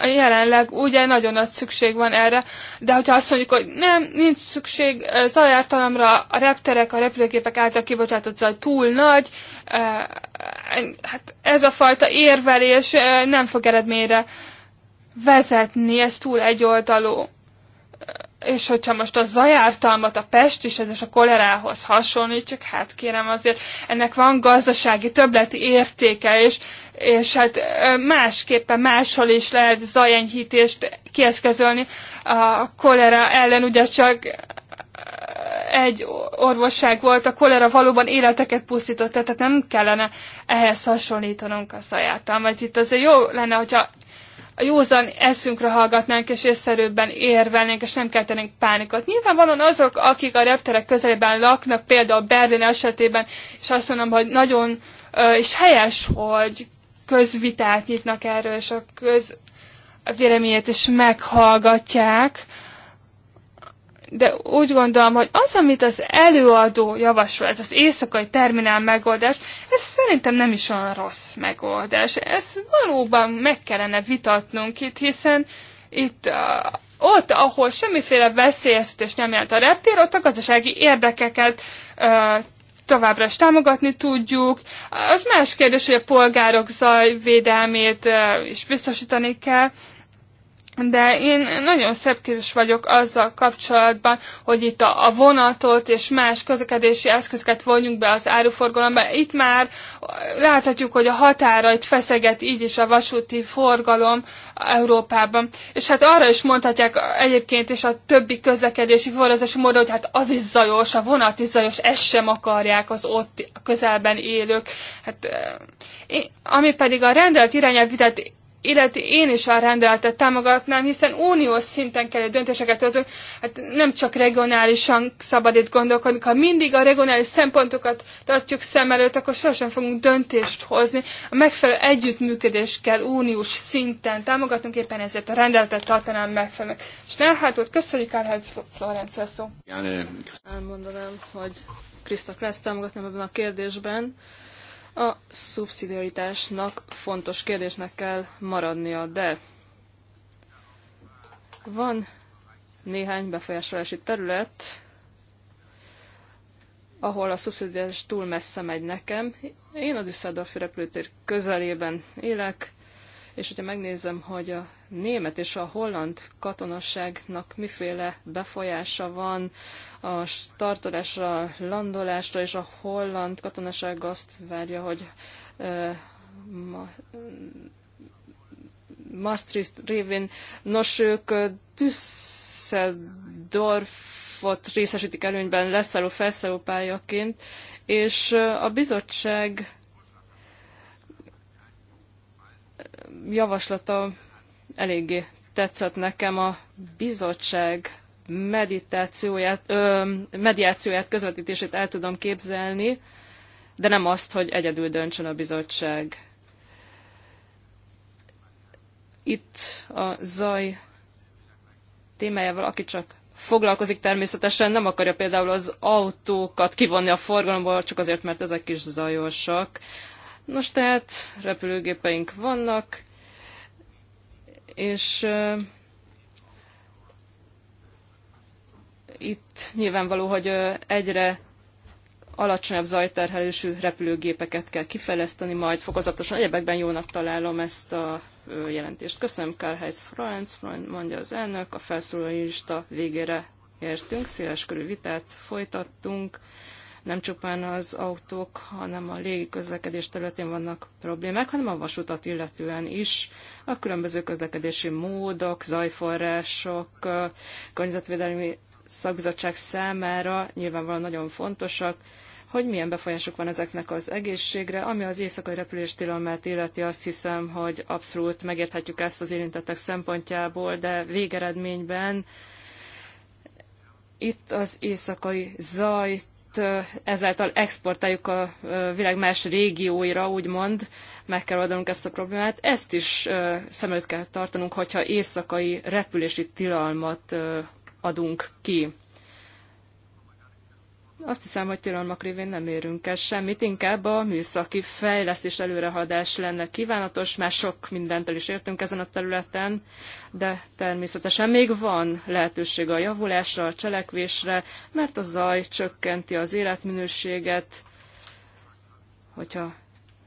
jelenleg ugye nagyon nagy szükség van erre, de hogyha azt mondjuk, hogy nem, nincs szükség zajártalomra, a repterek, a repülőgépek által kibocsátott zaj túl nagy, hát ez a fajta érvelés nem fog eredményre vezetni, ez túl egyoldalú és hogyha most a zajártalmat, a pest is, ez és a kolerához csak hát kérem azért, ennek van gazdasági többleti értéke, és, és hát másképpen máshol is lehet zajenyhítést kieszkezölni. a kolera ellen, ugye csak egy orvosság volt, a kolera valóban életeket pusztított, tehát nem kellene ehhez hasonlítanunk a szajártal. Mert itt azért jó lenne, hogyha a józan eszünkre hallgatnánk, és észszerűbben érvelnénk, és nem keltenénk pánikot. Nyilvánvalóan azok, akik a repterek közelében laknak, például Berlin esetében, és azt mondom, hogy nagyon és helyes, hogy közvitát nyitnak erről, és a köz véleményét is meghallgatják, de úgy gondolom, hogy az, amit az előadó javasol, ez az éjszakai terminál megoldás, ez szerintem nem is olyan rossz megoldás. Ezt valóban meg kellene vitatnunk itt, hiszen itt uh, ott, ahol semmiféle veszélyeztetés nem jelent a reptér, ott a gazdasági érdekeket uh, továbbra is támogatni tudjuk. Az más kérdés, hogy a polgárok zajvédelmét uh, is biztosítani kell. Uh, de én nagyon szepkés vagyok azzal kapcsolatban, hogy itt a, a vonatot és más közlekedési eszközöket vonjunk be az áruforgalomba. Itt már láthatjuk, hogy a határait feszeget így is a vasúti forgalom Európában. És hát arra is mondhatják egyébként is a többi közlekedési forrazási módon, hogy hát az is zajos, a vonat is zajos, ezt sem akarják az ott közelben élők. Hát, eh, ami pedig a rendelt irányelv illeti én is a rendeletet támogatnám, hiszen uniós szinten kell döntéseket hozunk, hát nem csak regionálisan szabad itt gondolkodni, ha mindig a regionális szempontokat tartjuk szem előtt, akkor sosem fogunk döntést hozni. A megfelelő együttműködés kell uniós szinten támogatnunk, éppen ezért a rendeletet tartanám megfelelőnek. És Nárhátót köszönjük, Árhács Florence szó. Elmondanám, hogy Krisztak lesz támogatnám ebben a kérdésben, a szubszidiaritásnak fontos kérdésnek kell maradnia, de van néhány befolyásolási terület, ahol a szubszidiaritás túl messze megy nekem. Én a Düsseldorfi repülőtér közelében élek, és hogyha megnézem, hogy a német és a holland katonasságnak miféle befolyása van a startolásra, landolásra, és a holland katonaság azt várja, hogy uh, ma, Maastricht révén. Nos, ők Düsseldorfot részesítik előnyben leszálló felszálló pályaként, és a bizottság javaslata eléggé tetszett nekem a bizottság meditációját, ö, mediációját, közvetítését el tudom képzelni, de nem azt, hogy egyedül döntsön a bizottság. Itt a zaj témájával, aki csak foglalkozik természetesen, nem akarja például az autókat kivonni a forgalomból, csak azért, mert ezek is zajosak. Nos, tehát repülőgépeink vannak, és itt nyilvánvaló, hogy egyre alacsonyabb zajterhelésű repülőgépeket kell kifejleszteni, majd fokozatosan egyebekben jónak találom ezt a jelentést. Köszönöm, Karl-Heinz Franz, mondja az elnök, a felszólalista végére értünk, széles körű vitát folytattunk, nem csupán az autók, hanem a légi közlekedés területén vannak problémák, hanem a vasutat illetően is. A különböző közlekedési módok, zajforrások, környezetvédelmi szakbizottság számára nyilvánvalóan nagyon fontosak, hogy milyen befolyások van ezeknek az egészségre, ami az éjszakai repülés tilalmát illeti, azt hiszem, hogy abszolút megérthetjük ezt az érintettek szempontjából, de végeredményben itt az éjszakai zajt ezáltal exportáljuk a világ más régióira, úgymond, meg kell oldanunk ezt a problémát. Ezt is szem előtt kell tartanunk, hogyha éjszakai repülési tilalmat adunk ki. Azt hiszem, hogy tilalmak révén nem érünk el semmit, inkább a műszaki fejlesztés előrehadás lenne kívánatos, már sok mindentől is értünk ezen a területen, de természetesen még van lehetőség a javulásra, a cselekvésre, mert a zaj csökkenti az életminőséget, hogyha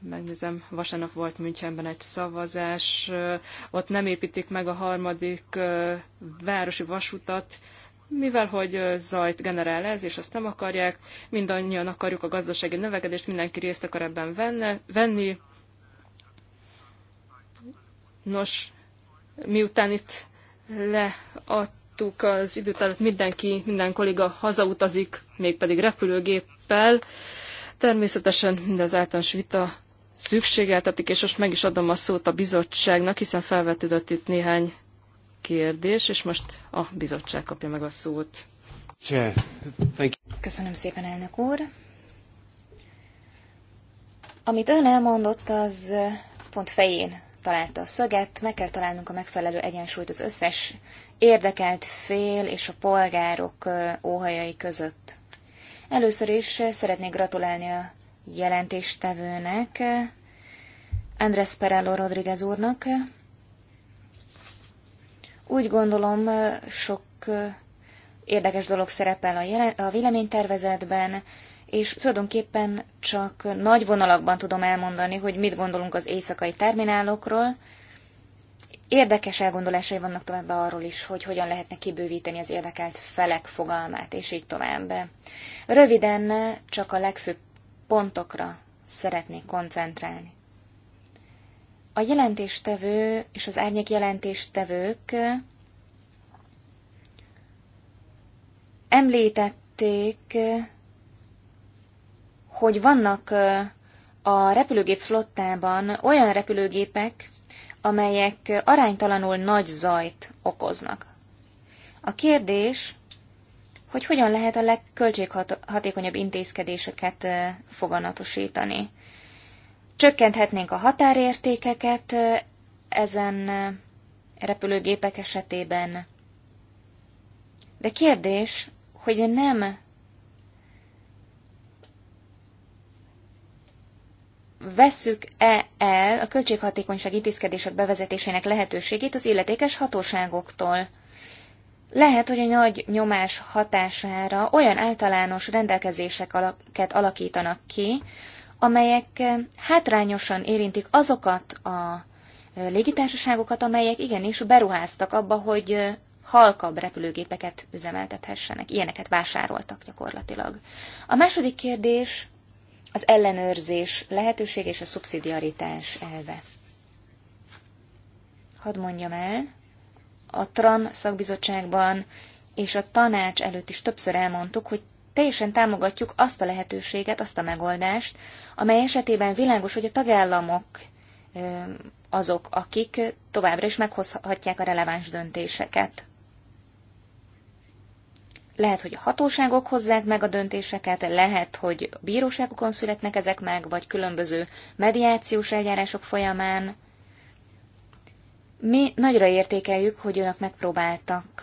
megnézem, vasárnap volt Münchenben egy szavazás, ott nem építik meg a harmadik városi vasutat, mivel hogy zajt generál ez, és azt nem akarják, mindannyian akarjuk a gazdasági növekedést, mindenki részt akar ebben venne, venni. Nos, miután itt leadtuk az időt előtt, mindenki, minden kolléga hazautazik, mégpedig repülőgéppel. Természetesen mindez általános vita szükségeltetik, és most meg is adom a szót a bizottságnak, hiszen felvetődött itt néhány kérdés, és most a bizottság kapja meg a szót. Köszönöm szépen, elnök úr. Amit ön elmondott, az pont fején találta a szöget, meg kell találnunk a megfelelő egyensúlyt az összes érdekelt fél és a polgárok óhajai között. Először is szeretnék gratulálni a jelentéstevőnek, Andrés Perello Rodriguez úrnak, úgy gondolom, sok érdekes dolog szerepel a, jelen, a véleménytervezetben, és tulajdonképpen csak nagy vonalakban tudom elmondani, hogy mit gondolunk az éjszakai terminálokról. Érdekes elgondolásai vannak továbbá arról is, hogy hogyan lehetne kibővíteni az érdekelt felek fogalmát, és így tovább. Röviden csak a legfőbb pontokra szeretnék koncentrálni. A jelentéstevő és az árnyék jelentéstevők említették, hogy vannak a repülőgép flottában olyan repülőgépek, amelyek aránytalanul nagy zajt okoznak. A kérdés, hogy hogyan lehet a legköltséghatékonyabb intézkedéseket foganatosítani. Csökkenthetnénk a határértékeket ezen repülőgépek esetében. De kérdés, hogy nem veszük-e el a költséghatékonyság intézkedések bevezetésének lehetőségét az illetékes hatóságoktól. Lehet, hogy a nagy nyomás hatására olyan általános rendelkezéseket alakítanak ki, amelyek eh, hátrányosan érintik azokat a eh, légitársaságokat, amelyek igenis beruháztak abba, hogy eh, halkabb repülőgépeket üzemeltethessenek. Ilyeneket vásároltak gyakorlatilag. A második kérdés az ellenőrzés lehetőség és a szubszidiaritás elve. Hadd mondjam el, a TRAN szakbizottságban és a tanács előtt is többször elmondtuk, hogy teljesen támogatjuk azt a lehetőséget, azt a megoldást, amely esetében világos, hogy a tagállamok azok, akik továbbra is meghozhatják a releváns döntéseket. Lehet, hogy a hatóságok hozzák meg a döntéseket, lehet, hogy a bíróságokon születnek ezek meg, vagy különböző mediációs eljárások folyamán. Mi nagyra értékeljük, hogy önök megpróbáltak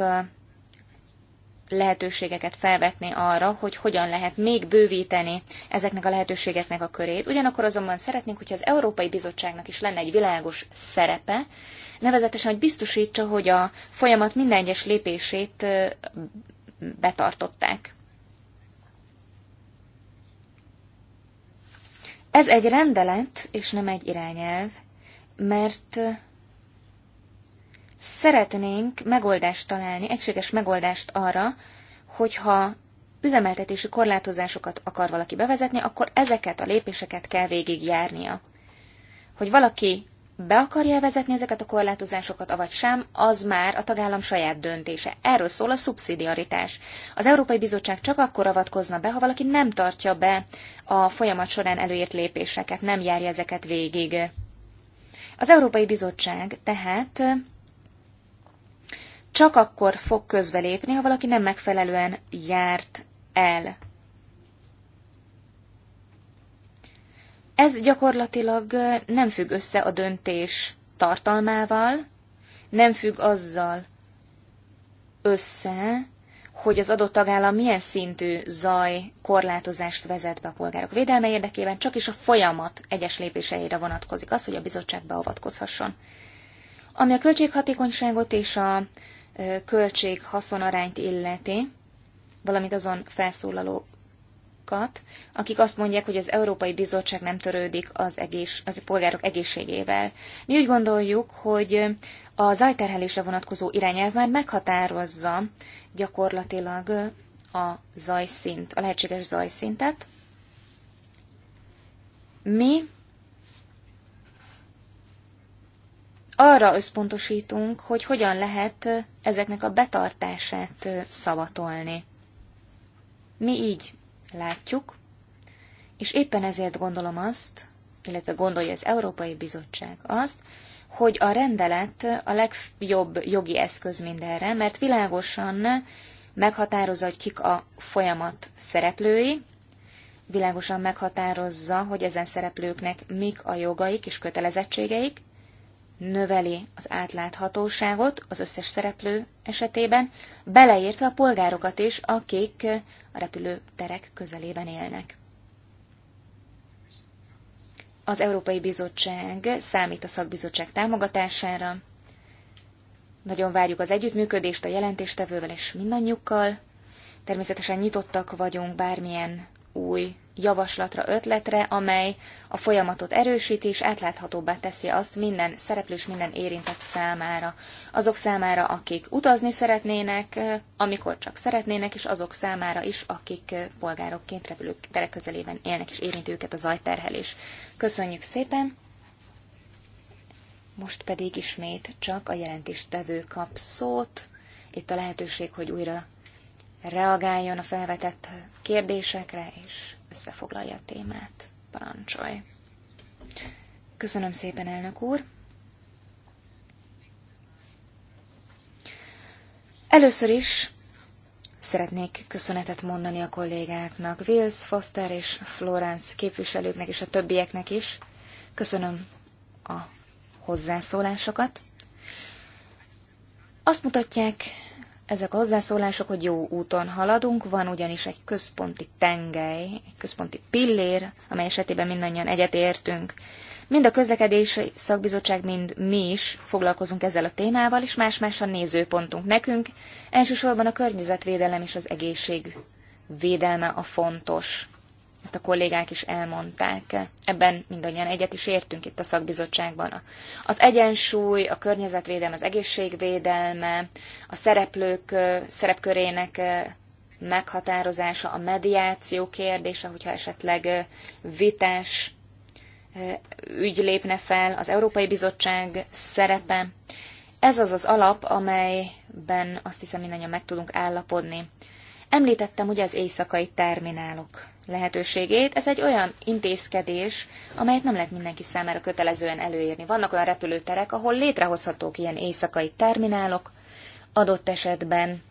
lehetőségeket felvetni arra, hogy hogyan lehet még bővíteni ezeknek a lehetőségeknek a körét. Ugyanakkor azonban szeretnénk, hogyha az Európai Bizottságnak is lenne egy világos szerepe, nevezetesen, hogy biztosítsa, hogy a folyamat minden egyes lépését betartották. Ez egy rendelet, és nem egy irányelv, mert Szeretnénk megoldást találni, egységes megoldást arra, hogyha üzemeltetési korlátozásokat akar valaki bevezetni, akkor ezeket a lépéseket kell végigjárnia. Hogy valaki be akarja vezetni ezeket a korlátozásokat, avagy sem, az már a tagállam saját döntése. Erről szól a szubszidiaritás. Az Európai Bizottság csak akkor avatkozna be, ha valaki nem tartja be a folyamat során előírt lépéseket, nem járja ezeket végig. Az Európai Bizottság tehát csak akkor fog közbelépni, ha valaki nem megfelelően járt el. Ez gyakorlatilag nem függ össze a döntés tartalmával, nem függ azzal össze, hogy az adott tagállam milyen szintű zaj korlátozást vezet be a polgárok védelme érdekében, csak is a folyamat egyes lépéseire vonatkozik az, hogy a bizottság beavatkozhasson. Ami a költséghatékonyságot és a költség-haszon arányt illeti, valamint azon felszólalókat, akik azt mondják, hogy az Európai Bizottság nem törődik az, egész, az polgárok egészségével. Mi úgy gondoljuk, hogy a zajterhelésre vonatkozó irányelv már meghatározza gyakorlatilag a zajszint, a lehetséges zajszintet. Mi arra összpontosítunk, hogy hogyan lehet ezeknek a betartását szavatolni. Mi így látjuk, és éppen ezért gondolom azt, illetve gondolja az Európai Bizottság azt, hogy a rendelet a legjobb jogi eszköz mindenre, mert világosan meghatározza, hogy kik a folyamat szereplői, világosan meghatározza, hogy ezen szereplőknek mik a jogaik és kötelezettségeik, növeli az átláthatóságot az összes szereplő esetében, beleértve a polgárokat is, akik a repülőterek közelében élnek. Az Európai Bizottság számít a szakbizottság támogatására. Nagyon várjuk az együttműködést a jelentéstevővel és mindannyiukkal. Természetesen nyitottak vagyunk bármilyen új javaslatra, ötletre, amely a folyamatot erősíti és átláthatóbbá teszi azt minden szereplős, minden érintett számára. Azok számára, akik utazni szeretnének, amikor csak szeretnének, és azok számára is, akik polgárokként repülőterek közelében élnek és érint őket a zajterhelés. Köszönjük szépen! Most pedig ismét csak a jelentéstevő kap szót. Itt a lehetőség, hogy újra reagáljon a felvetett kérdésekre, és összefoglalja a témát. Parancsolj! Köszönöm szépen, elnök úr! Először is szeretnék köszönetet mondani a kollégáknak, Wills, Foster és Florence képviselőknek és a többieknek is. Köszönöm a hozzászólásokat. Azt mutatják ezek a hozzászólások, hogy jó úton haladunk, van ugyanis egy központi tengely, egy központi pillér, amely esetében mindannyian egyetértünk. Mind a közlekedési szakbizottság, mind mi is foglalkozunk ezzel a témával, és más-más a nézőpontunk nekünk. Elsősorban a környezetvédelem és az egészség védelme a fontos ezt a kollégák is elmondták. Ebben mindannyian egyet is értünk itt a szakbizottságban. Az egyensúly, a környezetvédelem, az egészségvédelme, a szereplők szerepkörének meghatározása, a mediáció kérdése, hogyha esetleg vitás ügy lépne fel, az Európai Bizottság szerepe. Ez az az alap, amelyben azt hiszem mindannyian meg tudunk állapodni. Említettem ugye az éjszakai terminálok lehetőségét. Ez egy olyan intézkedés, amelyet nem lehet mindenki számára kötelezően előírni. Vannak olyan repülőterek, ahol létrehozhatók ilyen éjszakai terminálok, adott esetben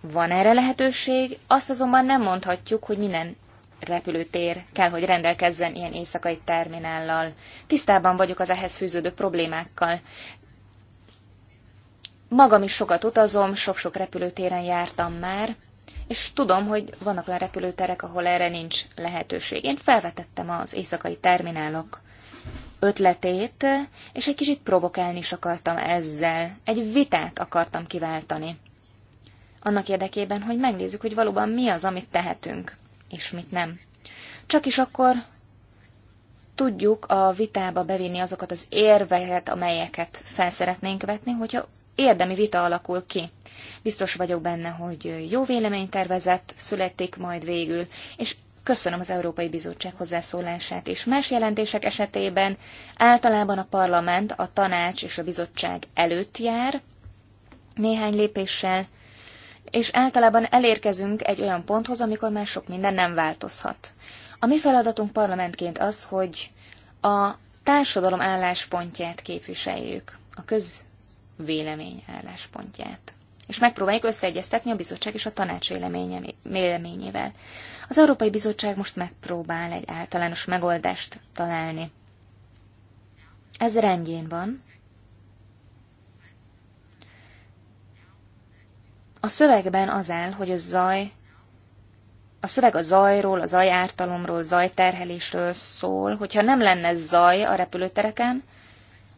van erre lehetőség, azt azonban nem mondhatjuk, hogy minden repülőtér kell, hogy rendelkezzen ilyen éjszakai terminállal. Tisztában vagyok az ehhez fűződő problémákkal. Magam is sokat utazom, sok-sok repülőtéren jártam már, és tudom, hogy vannak olyan repülőterek, ahol erre nincs lehetőség. Én felvetettem az éjszakai terminálok ötletét, és egy kicsit provokálni is akartam ezzel. Egy vitát akartam kiváltani. Annak érdekében, hogy megnézzük, hogy valóban mi az, amit tehetünk, és mit nem. Csak is akkor tudjuk a vitába bevinni azokat az érveket, amelyeket felszeretnénk vetni, hogyha érdemi vita alakul ki. Biztos vagyok benne, hogy jó tervezett, születik majd végül, és köszönöm az Európai Bizottság hozzászólását, és más jelentések esetében általában a parlament, a tanács és a bizottság előtt jár néhány lépéssel, és általában elérkezünk egy olyan ponthoz, amikor már sok minden nem változhat. A mi feladatunk parlamentként az, hogy a társadalom álláspontját képviseljük, a köz vélemény álláspontját. És megpróbáljuk összeegyeztetni a bizottság és a tanács véleményével. Az Európai Bizottság most megpróbál egy általános megoldást találni. Ez rendjén van. A szövegben az áll, hogy a zaj a szöveg a zajról, a zajártalomról, zajterhelésről szól. Hogyha nem lenne zaj a repülőtereken,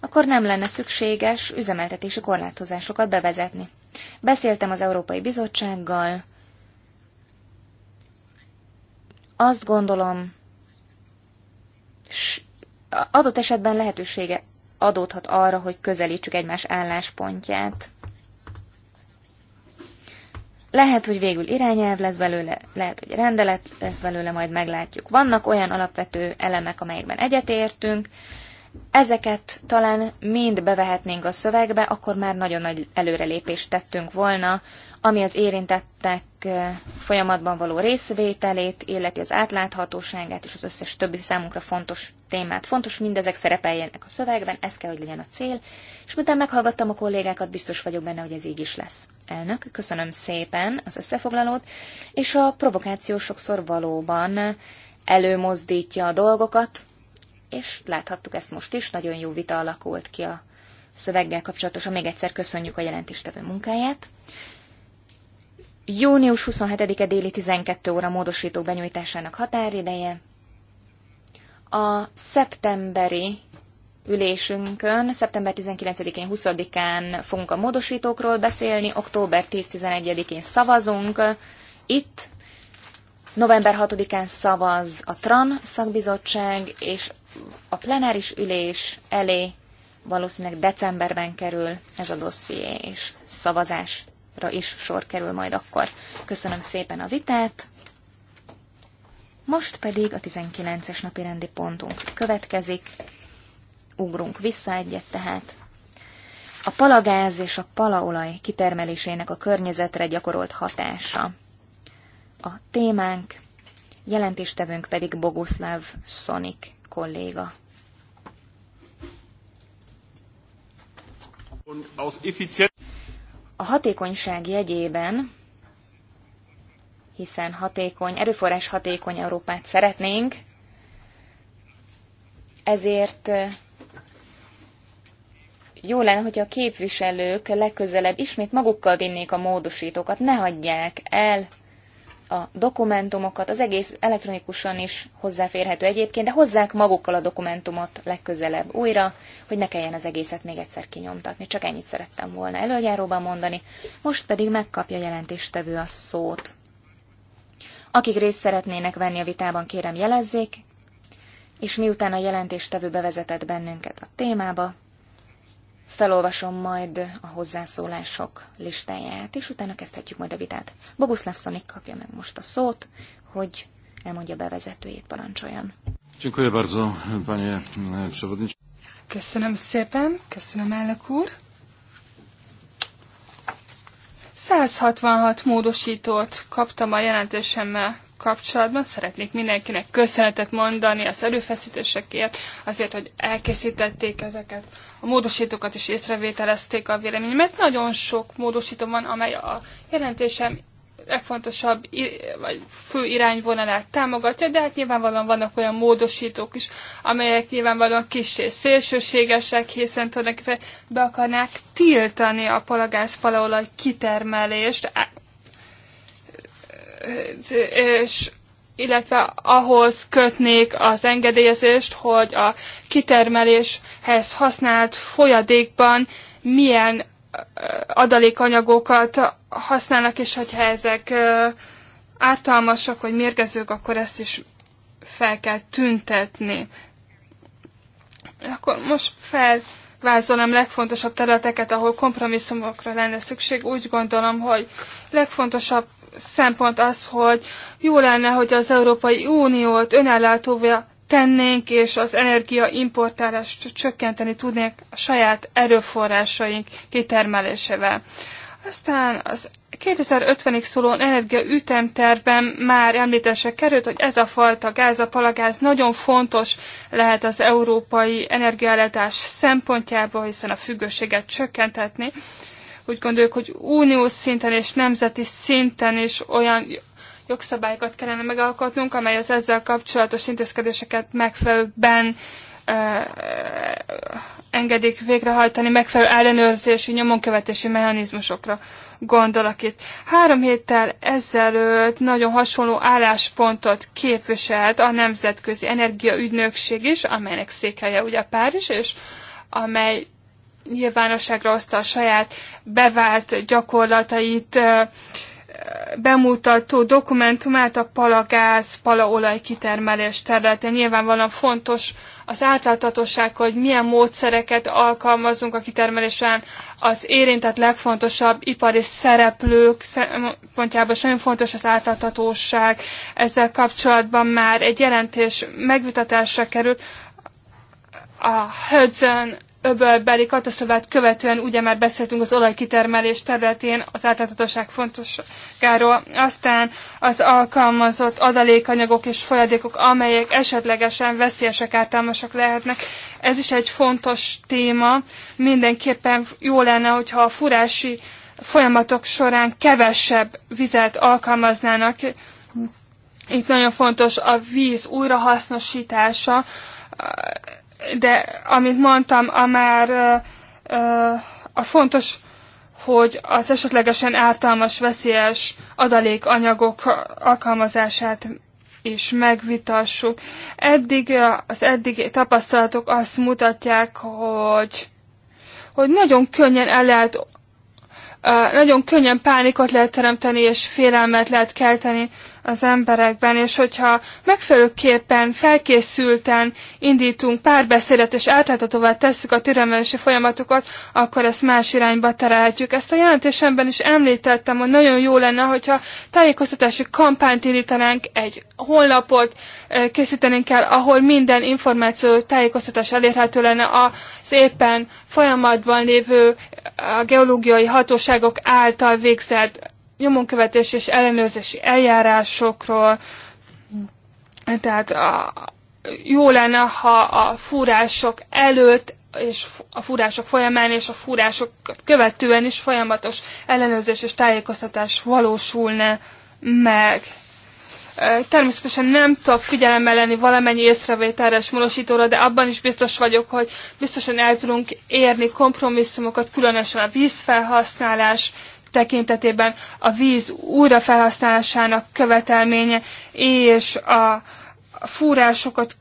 akkor nem lenne szükséges üzemeltetési korlátozásokat bevezetni. Beszéltem az Európai Bizottsággal, azt gondolom, adott esetben lehetősége adódhat arra, hogy közelítsük egymás álláspontját. Lehet, hogy végül irányelv lesz belőle, lehet, hogy rendelet lesz belőle, majd meglátjuk. Vannak olyan alapvető elemek, amelyekben egyetértünk, Ezeket talán mind bevehetnénk a szövegbe, akkor már nagyon nagy előrelépést tettünk volna, ami az érintettek folyamatban való részvételét, illeti az átláthatóságát és az összes többi számunkra fontos témát. Fontos mindezek szerepeljenek a szövegben, ez kell, hogy legyen a cél, és miután meghallgattam a kollégákat, biztos vagyok benne, hogy ez így is lesz. Elnök, köszönöm szépen az összefoglalót, és a provokáció sokszor valóban előmozdítja a dolgokat, és láthattuk ezt most is, nagyon jó vita alakult ki a szöveggel kapcsolatosan. Még egyszer köszönjük a jelentéstevő munkáját. Június 27-e déli 12 óra módosítók benyújtásának határideje. A szeptemberi ülésünkön, szeptember 19-én, 20-án fogunk a módosítókról beszélni, október 10-11-én szavazunk itt, november 6-án szavaz a TRAN szakbizottság, és a plenáris ülés elé valószínűleg decemberben kerül ez a dosszié, és szavazásra is sor kerül majd akkor. Köszönöm szépen a vitát. Most pedig a 19-es napi rendi pontunk következik. Ugrunk vissza egyet tehát. A palagáz és a palaolaj kitermelésének a környezetre gyakorolt hatása. A témánk, jelentéstevőnk pedig Boguszláv Szonik kolléga. A hatékonyság jegyében, hiszen hatékony, erőforrás hatékony Európát szeretnénk, ezért jó lenne, hogy a képviselők legközelebb ismét magukkal vinnék a módosítókat, ne hagyják el a dokumentumokat, az egész elektronikusan is hozzáférhető egyébként, de hozzák magukkal a dokumentumot legközelebb újra, hogy ne kelljen az egészet még egyszer kinyomtatni. Csak ennyit szerettem volna előjáróban mondani, most pedig megkapja jelentéstevő a szót. Akik részt szeretnének venni a vitában, kérem jelezzék, és miután a jelentéstevő bevezetett bennünket a témába, Felolvasom majd a hozzászólások listáját, és utána kezdhetjük majd a vitát. Boguszláv Szonik kapja meg most a szót, hogy elmondja bevezetőjét, parancsoljon. Dziękuję bardzo, panie przewodniczący. Köszönöm szépen, köszönöm elnök úr. 166 módosítót kaptam a jelentésemmel kapcsolatban. Szeretnék mindenkinek köszönetet mondani az előfeszítésekért, azért, hogy elkészítették ezeket a módosítókat és észrevételezték a véleményemet. Nagyon sok módosító van, amely a jelentésem legfontosabb vagy fő irányvonalát támogatja, de hát nyilvánvalóan vannak olyan módosítók is, amelyek nyilvánvalóan kis és szélsőségesek, hiszen tulajdonképpen be akarnák tiltani a palagáz palaolaj kitermelést, és illetve ahhoz kötnék az engedélyezést, hogy a kitermeléshez használt folyadékban milyen adalékanyagokat használnak, és hogyha ezek ártalmasak vagy mérgezők, akkor ezt is fel kell tüntetni. Akkor most felvázolom legfontosabb területeket, ahol kompromisszumokra lenne szükség. Úgy gondolom, hogy legfontosabb szempont az, hogy jó lenne, hogy az Európai Uniót önellátóvá tennénk, és az energia importálást csökkenteni tudnék a saját erőforrásaink kitermelésével. Aztán az 2050-ig szóló energia ütemterben már említése került, hogy ez a fajta gáz, a palagáz nagyon fontos lehet az európai energiállátás szempontjából, hiszen a függőséget csökkenthetni úgy gondoljuk, hogy uniós szinten és nemzeti szinten is olyan jogszabályokat kellene megalkotnunk, amely az ezzel kapcsolatos intézkedéseket megfelelőben engedik végrehajtani megfelelő ellenőrzési, nyomonkövetési mechanizmusokra gondolok itt. Három héttel ezelőtt nagyon hasonló álláspontot képviselt a Nemzetközi Energiaügynökség is, amelynek székhelye ugye Párizs, és amely nyilvánosságra hozta a saját bevált gyakorlatait, bemutató dokumentumát a palagáz, palaolaj kitermelés területén. Nyilvánvalóan fontos az átláthatóság, hogy milyen módszereket alkalmazunk a kitermelésen. Az érintett legfontosabb ipari szereplők szempontjából is nagyon fontos az átláthatóság. Ezzel kapcsolatban már egy jelentés megvitatásra került, a Hudson öbölbeli katasztrofát követően ugye már beszéltünk az olajkitermelés területén az átláthatóság fontosságáról. Aztán az alkalmazott adalékanyagok és folyadékok, amelyek esetlegesen veszélyesek, ártalmasak lehetnek. Ez is egy fontos téma. Mindenképpen jó lenne, hogyha a furási folyamatok során kevesebb vizet alkalmaznának. Itt nagyon fontos a víz újrahasznosítása, de amint mondtam, a már a fontos, hogy az esetlegesen általmas veszélyes adalékanyagok alkalmazását is megvitassuk. Eddig, az eddig tapasztalatok azt mutatják, hogy, hogy nagyon könnyen el lehet nagyon könnyen pánikot lehet teremteni, és félelmet lehet kelteni az emberekben, és hogyha megfelelőképpen, felkészülten indítunk párbeszédet, és átláthatóvá tesszük a türelmelési folyamatokat, akkor ezt más irányba terelhetjük. Ezt a jelentésemben is említettem, hogy nagyon jó lenne, hogyha tájékoztatási kampányt indítanánk, egy honlapot készítenénk el, ahol minden információ tájékoztatás elérhető lenne az éppen folyamatban lévő a geológiai hatóságok által végzett nyomonkövetés és ellenőrzési eljárásokról. Tehát a, jó lenne, ha a fúrások előtt és a fúrások folyamán és a fúrások követően is folyamatos ellenőrzés és tájékoztatás valósulna meg. Természetesen nem tudok figyelembe lenni valamennyi észrevételre és módosítóra, de abban is biztos vagyok, hogy biztosan el tudunk érni kompromisszumokat, különösen a vízfelhasználás tekintetében a víz újrafelhasználásának követelménye és a fúrásokat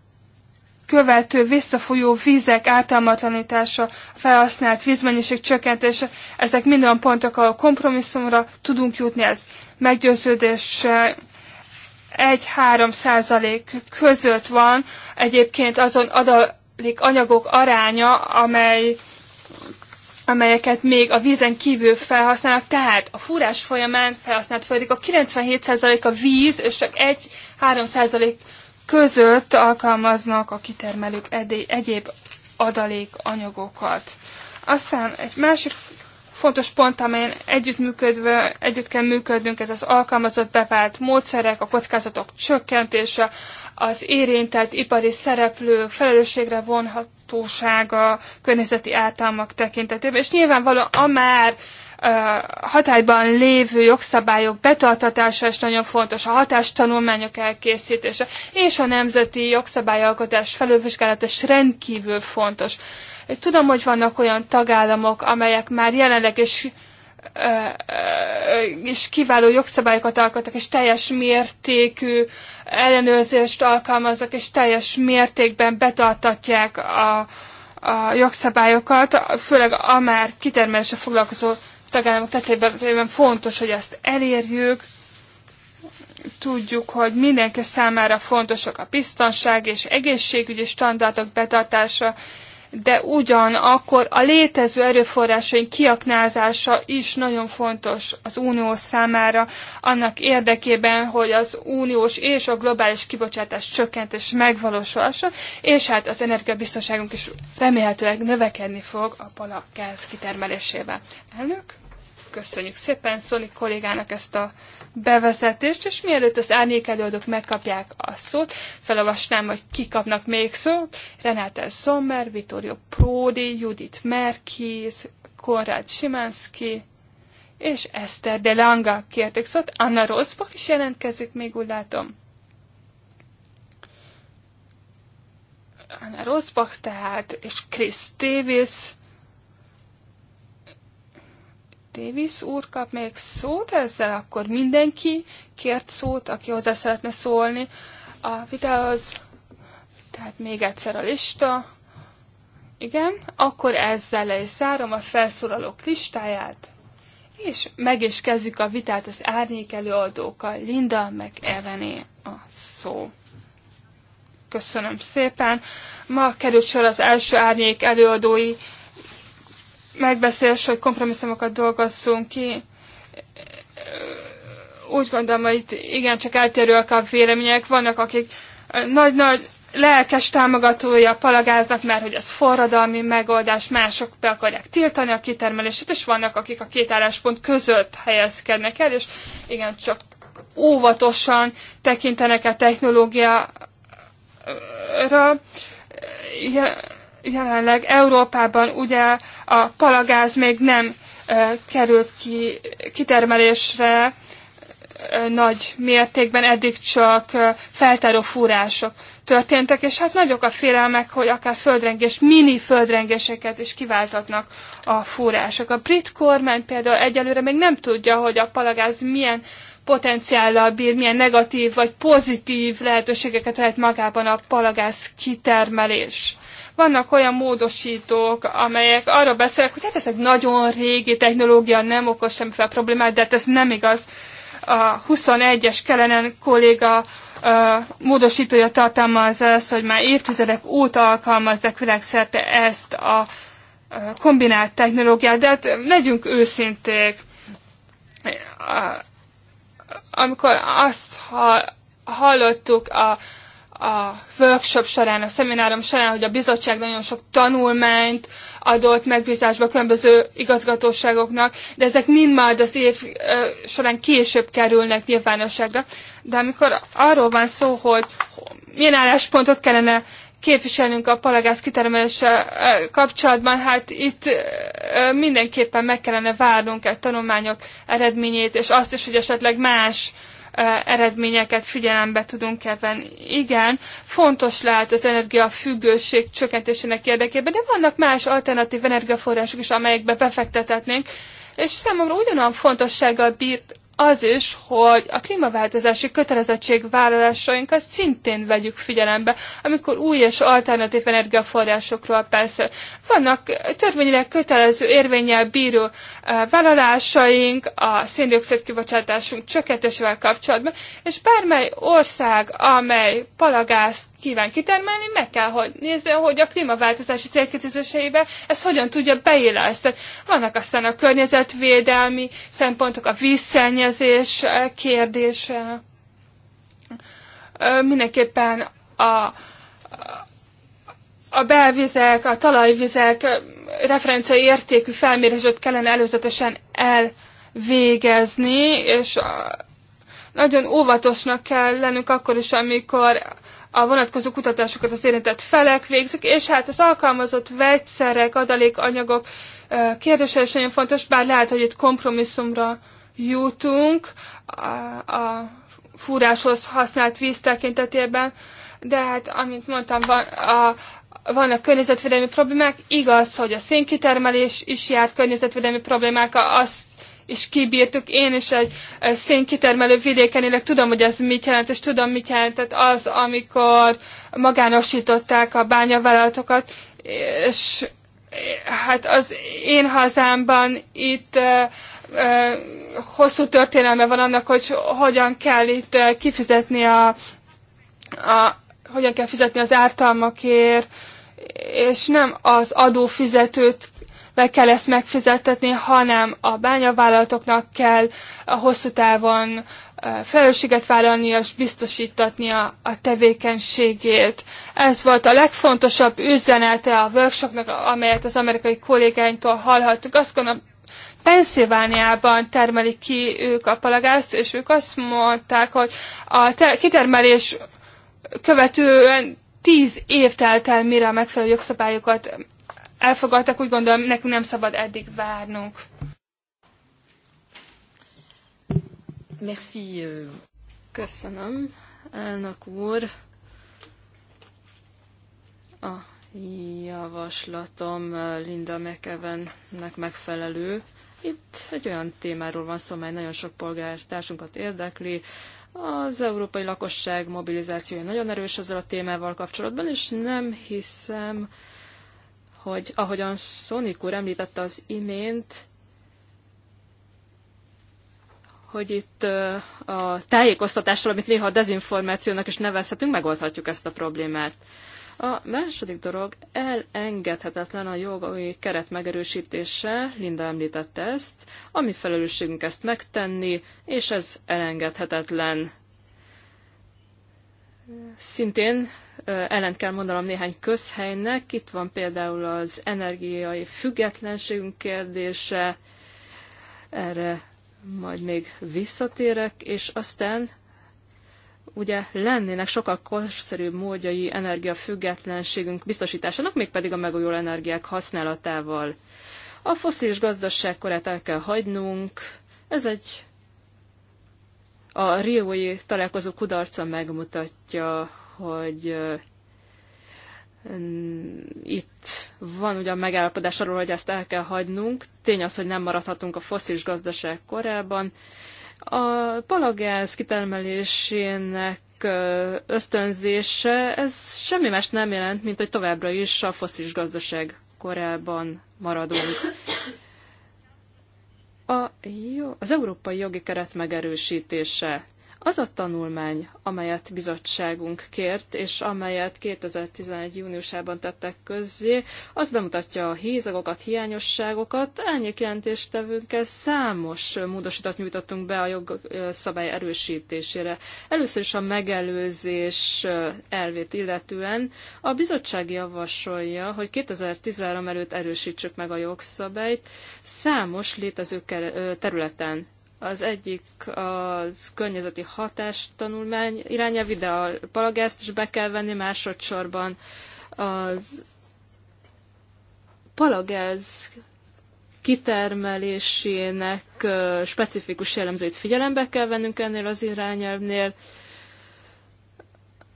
követő visszafolyó vízek ártalmatlanítása, felhasznált vízmennyiség csökkentése, ezek mind olyan pontok, ahol kompromisszumra tudunk jutni, ez meggyőződés 1-3 százalék között van egyébként azon adalék anyagok aránya, amely amelyeket még a vízen kívül felhasználnak, tehát a fúrás folyamán felhasznált a 97% a víz, és csak 1-3% között alkalmaznak a kitermelők egyéb egyéb adalékanyagokat. Aztán egy másik fontos pont, amelyen együttműködve, együtt kell működnünk, ez az alkalmazott bevált módszerek, a kockázatok csökkentése, az érintett ipari szereplők felelősségre vonhatósága környezeti általmak tekintetében, és nyilvánvalóan a már hatályban lévő jogszabályok betartatása is nagyon fontos, a hatástanulmányok elkészítése és a nemzeti jogszabályalkotás felülvizsgálata is rendkívül fontos tudom, hogy vannak olyan tagállamok, amelyek már jelenleg is és kiváló jogszabályokat alkottak, és teljes mértékű ellenőrzést alkalmaznak, és teljes mértékben betartatják a, a jogszabályokat, főleg a már kitermelésre foglalkozó tagállamok tetejében fontos, hogy ezt elérjük. Tudjuk, hogy mindenki számára fontosak a biztonság és egészségügyi standardok betartása, de ugyanakkor a létező erőforrásaink kiaknázása is nagyon fontos az unió számára, annak érdekében, hogy az uniós és a globális kibocsátás csökkentés megvalósulhasson, és hát az energiabiztonságunk is remélhetőleg növekedni fog a palagáz kitermelésével. Elnök? Köszönjük szépen Szoli kollégának ezt a bevezetést, és mielőtt az árnyékelőadók megkapják a szót, felolvasnám, hogy kikapnak még szót. Renate Sommer, Vittorio Pródi, Judith Merkiz, Konrad Simanski, és Eszter de Langa kérték szót. Anna Rosbach is jelentkezik, még úgy látom. Anna Rosbach tehát, és Chris Davis, Davis úr kap még szót, ezzel akkor mindenki kért szót, aki hozzá szeretne szólni a vitához. Tehát még egyszer a lista. Igen, akkor ezzel le is zárom a felszólalók listáját, és meg is kezdjük a vitát az árnyék előadókkal. Linda meg Evené a szó. Köszönöm szépen. Ma került sor az első árnyék előadói megbeszélés, hogy kompromisszumokat dolgozzunk ki. Úgy gondolom, hogy itt igen, csak eltérőek a vélemények. Vannak, akik nagy-nagy lelkes támogatója palagáznak, mert hogy ez forradalmi megoldás, mások be akarják tiltani a kitermelését, és vannak, akik a két álláspont között helyezkednek el, és igen, csak óvatosan tekintenek a technológiára. Ja, jelenleg Európában ugye a palagáz még nem e, került ki kitermelésre e, nagy mértékben, eddig csak e, feltáró fúrások történtek, és hát nagyok a félelmek, hogy akár földrengés, mini földrengéseket is kiváltatnak a fúrások. A brit kormány például egyelőre még nem tudja, hogy a palagáz milyen potenciállal bír, milyen negatív vagy pozitív lehetőségeket lehet magában a palagáz kitermelés vannak olyan módosítók, amelyek arra beszélnek, hogy hát ez egy nagyon régi technológia, nem okoz semmiféle problémát, de hát ez nem igaz. A 21-es Kelenen kolléga a módosítója tartalmaz ezt, hogy már évtizedek óta alkalmazzák világszerte ezt a kombinált technológiát, de hát legyünk őszinték. Amikor azt hallottuk a a workshop során, a szeminárom során, hogy a bizottság nagyon sok tanulmányt adott megbízásba különböző igazgatóságoknak, de ezek mind majd az év során később kerülnek nyilvánosságra. De amikor arról van szó, hogy milyen álláspontot kellene képviselnünk a palagáz kitermelése kapcsolatban, hát itt mindenképpen meg kellene várnunk egy tanulmányok eredményét, és azt is, hogy esetleg más eredményeket figyelembe tudunk-e venni. Igen, fontos lehet az energiafüggőség csökkentésének érdekében, de vannak más alternatív energiaforrások is, amelyekbe befektethetnénk, és számomra ugyanolyan fontossággal bír az is, hogy a klímaváltozási kötelezettségvállalásainkat szintén vegyük figyelembe, amikor új és alternatív energiaforrásokról persze. Vannak törvényileg kötelező érvényel bíró eh, vállalásaink, a széndiokszid kibocsátásunk csökkentésével kapcsolatban, és bármely ország, amely palagázt kíván kitermelni, meg kell hogy nézni, hogy a klímaváltozási célkitűzéseibe ez hogyan tudja beilleszteni. Vannak aztán a környezetvédelmi szempontok, a vízszennyezés eh, kérdése. Mindenképpen a, a belvizek, a talajvizek referencia értékű felmérését kellene előzetesen elvégezni, és a, nagyon óvatosnak kell lennünk akkor is, amikor a vonatkozó kutatásokat az érintett felek végzik, és hát az alkalmazott vegyszerek, adalékanyagok kérdése is nagyon fontos, bár lehet, hogy itt kompromisszumra jutunk a, a fúráshoz használt víz tekintetében, de hát, amint mondtam, van, a, vannak környezetvédelmi problémák. Igaz, hogy a szénkitermelés is járt környezetvédelmi problémák, azt és kibírtuk. Én is egy szénkitermelő vidéken élek, tudom, hogy ez mit jelent, és tudom, mit jelentett az, amikor magánosították a bányavállalatokat, és hát az én hazámban itt hosszú történelme van annak, hogy hogyan kell itt kifizetni a, a hogyan kell fizetni az ártalmakért, és nem az adófizetőt meg kell ezt megfizetetni, hanem a bányavállalatoknak kell a hosszú távon felelősséget vállalni és biztosítatni a, a tevékenységét. Ez volt a legfontosabb üzenete a workshopnak, amelyet az amerikai kollégáinktól hallhattuk. Azt gondolom, Pennsylvániában termelik ki ők a palagázt, és ők azt mondták, hogy a kitermelés követően tíz év telt el, mire a megfelelő jogszabályokat elfogadtak, úgy gondolom, nekünk nem szabad eddig várnunk. Merci. Euh. Köszönöm, elnök úr. A javaslatom uh, Linda McEvennek megfelelő. Itt egy olyan témáról van szó, mely nagyon sok polgártársunkat érdekli. Az európai lakosság mobilizációja nagyon erős ezzel a témával kapcsolatban, és nem hiszem, hogy ahogyan Sonic úr említette az imént, hogy itt a tájékoztatásról, amit néha a dezinformációnak is nevezhetünk, megoldhatjuk ezt a problémát. A második dolog elengedhetetlen a jogai keret megerősítése, Linda említette ezt, ami felelősségünk ezt megtenni, és ez elengedhetetlen. Szintén ellent kell mondanom néhány közhelynek. Itt van például az energiai függetlenségünk kérdése, erre majd még visszatérek, és aztán ugye lennének sokkal korszerűbb módjai energiafüggetlenségünk biztosításának, mégpedig a megújuló energiák használatával. A foszilis korát el kell hagynunk, ez egy a riói találkozó kudarca megmutatja, hogy itt van ugyan megállapodás arról, hogy ezt el kell hagynunk. Tény az, hogy nem maradhatunk a foszis gazdaság korában. A palagáz kitermelésének ösztönzése, ez semmi más nem jelent, mint hogy továbbra is a foszis gazdaság korában maradunk. A jó, az európai jogi keret megerősítése. Az a tanulmány, amelyet bizottságunk kért, és amelyet 2011. júniusában tettek közzé, az bemutatja a hízagokat, hiányosságokat. Elnyék jelentéstevőnkkel számos módosítat nyújtottunk be a jogszabály erősítésére. Először is a megelőzés elvét illetően a bizottság javasolja, hogy 2013 előtt erősítsük meg a jogszabályt számos létező területen az egyik az környezeti hatástanulmány irányelv, ide a palagázt is be kell venni, másodszorban az palagáz kitermelésének specifikus jellemzőit figyelembe kell vennünk ennél az irányelvnél.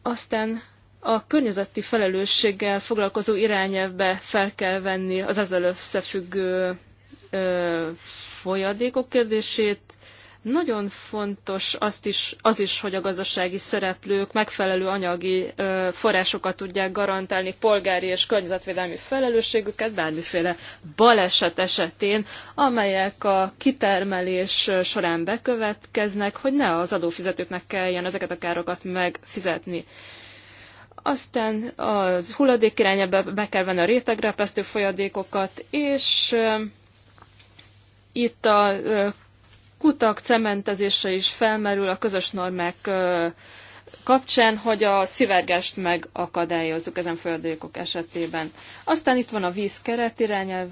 Aztán a környezeti felelősséggel foglalkozó irányelvbe fel kell venni az ezzel összefüggő folyadékok kérdését, nagyon fontos azt is, az is, hogy a gazdasági szereplők megfelelő anyagi ö, forrásokat tudják garantálni polgári és környezetvédelmi felelősségüket bármiféle baleset esetén, amelyek a kitermelés során bekövetkeznek, hogy ne az adófizetőknek kelljen ezeket a károkat megfizetni aztán az hulladék irányába be kell venni a rétegrepesztő folyadékokat, és itt a kutak cementezése is felmerül a közös normák kapcsán, hogy a szivárgást megakadályozzuk ezen földékok esetében. Aztán itt van a víz keret irányelv,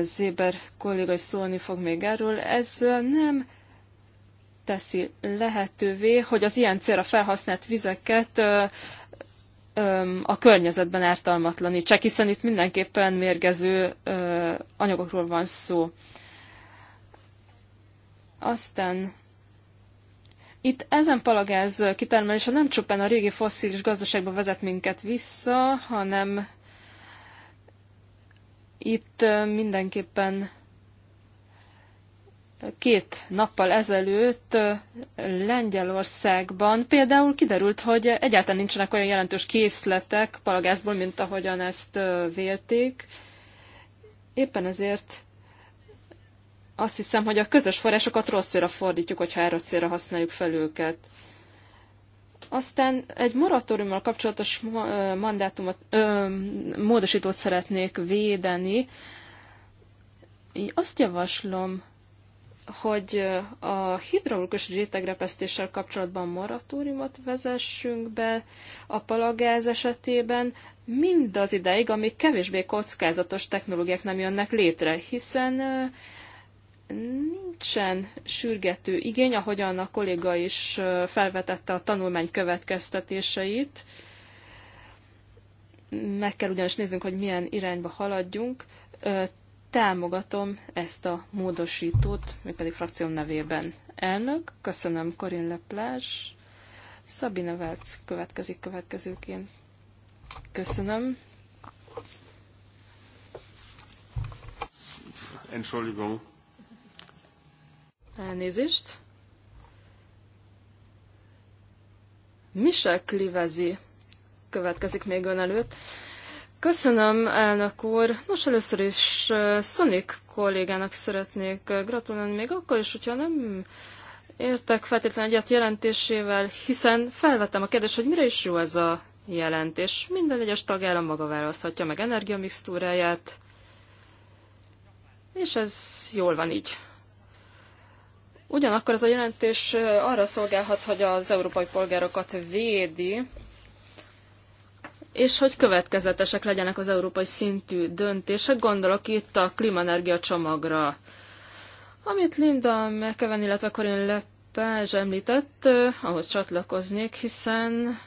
Zéber kolléga szólni fog még erről. Ez nem teszi lehetővé, hogy az ilyen célra felhasznált vizeket a környezetben ártalmatlanítsák, hiszen itt mindenképpen mérgező anyagokról van szó. Aztán itt ezen palagáz kitermelése nem csupán a régi fosszilis gazdaságba vezet minket vissza, hanem itt mindenképpen két nappal ezelőtt Lengyelországban például kiderült, hogy egyáltalán nincsenek olyan jelentős készletek palagázból, mint ahogyan ezt vélték. Éppen ezért azt hiszem, hogy a közös forrásokat rossz célra fordítjuk, hogyha erre célra használjuk fel őket. Aztán egy moratóriummal kapcsolatos mandátumot, ö, módosítót szeretnék védeni. Azt javaslom, hogy a hidraulikus rétegrepesztéssel kapcsolatban moratóriumot vezessünk be a palagáz esetében, az ideig, amíg kevésbé kockázatos technológiák nem jönnek létre, hiszen nincsen sürgető igény, ahogyan a kolléga is felvetette a tanulmány következtetéseit. Meg kell ugyanis néznünk, hogy milyen irányba haladjunk. Támogatom ezt a módosítót, mégpedig frakcióm nevében. Elnök, köszönöm Korin Leplás. Szabina Velc következik következőként. Köszönöm. Entschuldigung. Elnézést. Michel Klivezi következik még ön előtt. Köszönöm, elnök úr. Nos, először is uh, Sonic kollégának szeretnék uh, gratulálni, még akkor is, hogyha nem értek feltétlenül egyet jelentésével, hiszen felvettem a kérdést, hogy mire is jó ez a jelentés. Minden egyes tagállam maga választhatja meg energiamixtúráját, és ez jól van így. Ugyanakkor ez a jelentés arra szolgálhat, hogy az európai polgárokat védi, és hogy következetesek legyenek az európai szintű döntések. Gondolok itt a klímaenergia csomagra, amit Linda McEwen, illetve Corinne Lepage említett, ahhoz csatlakoznék, hiszen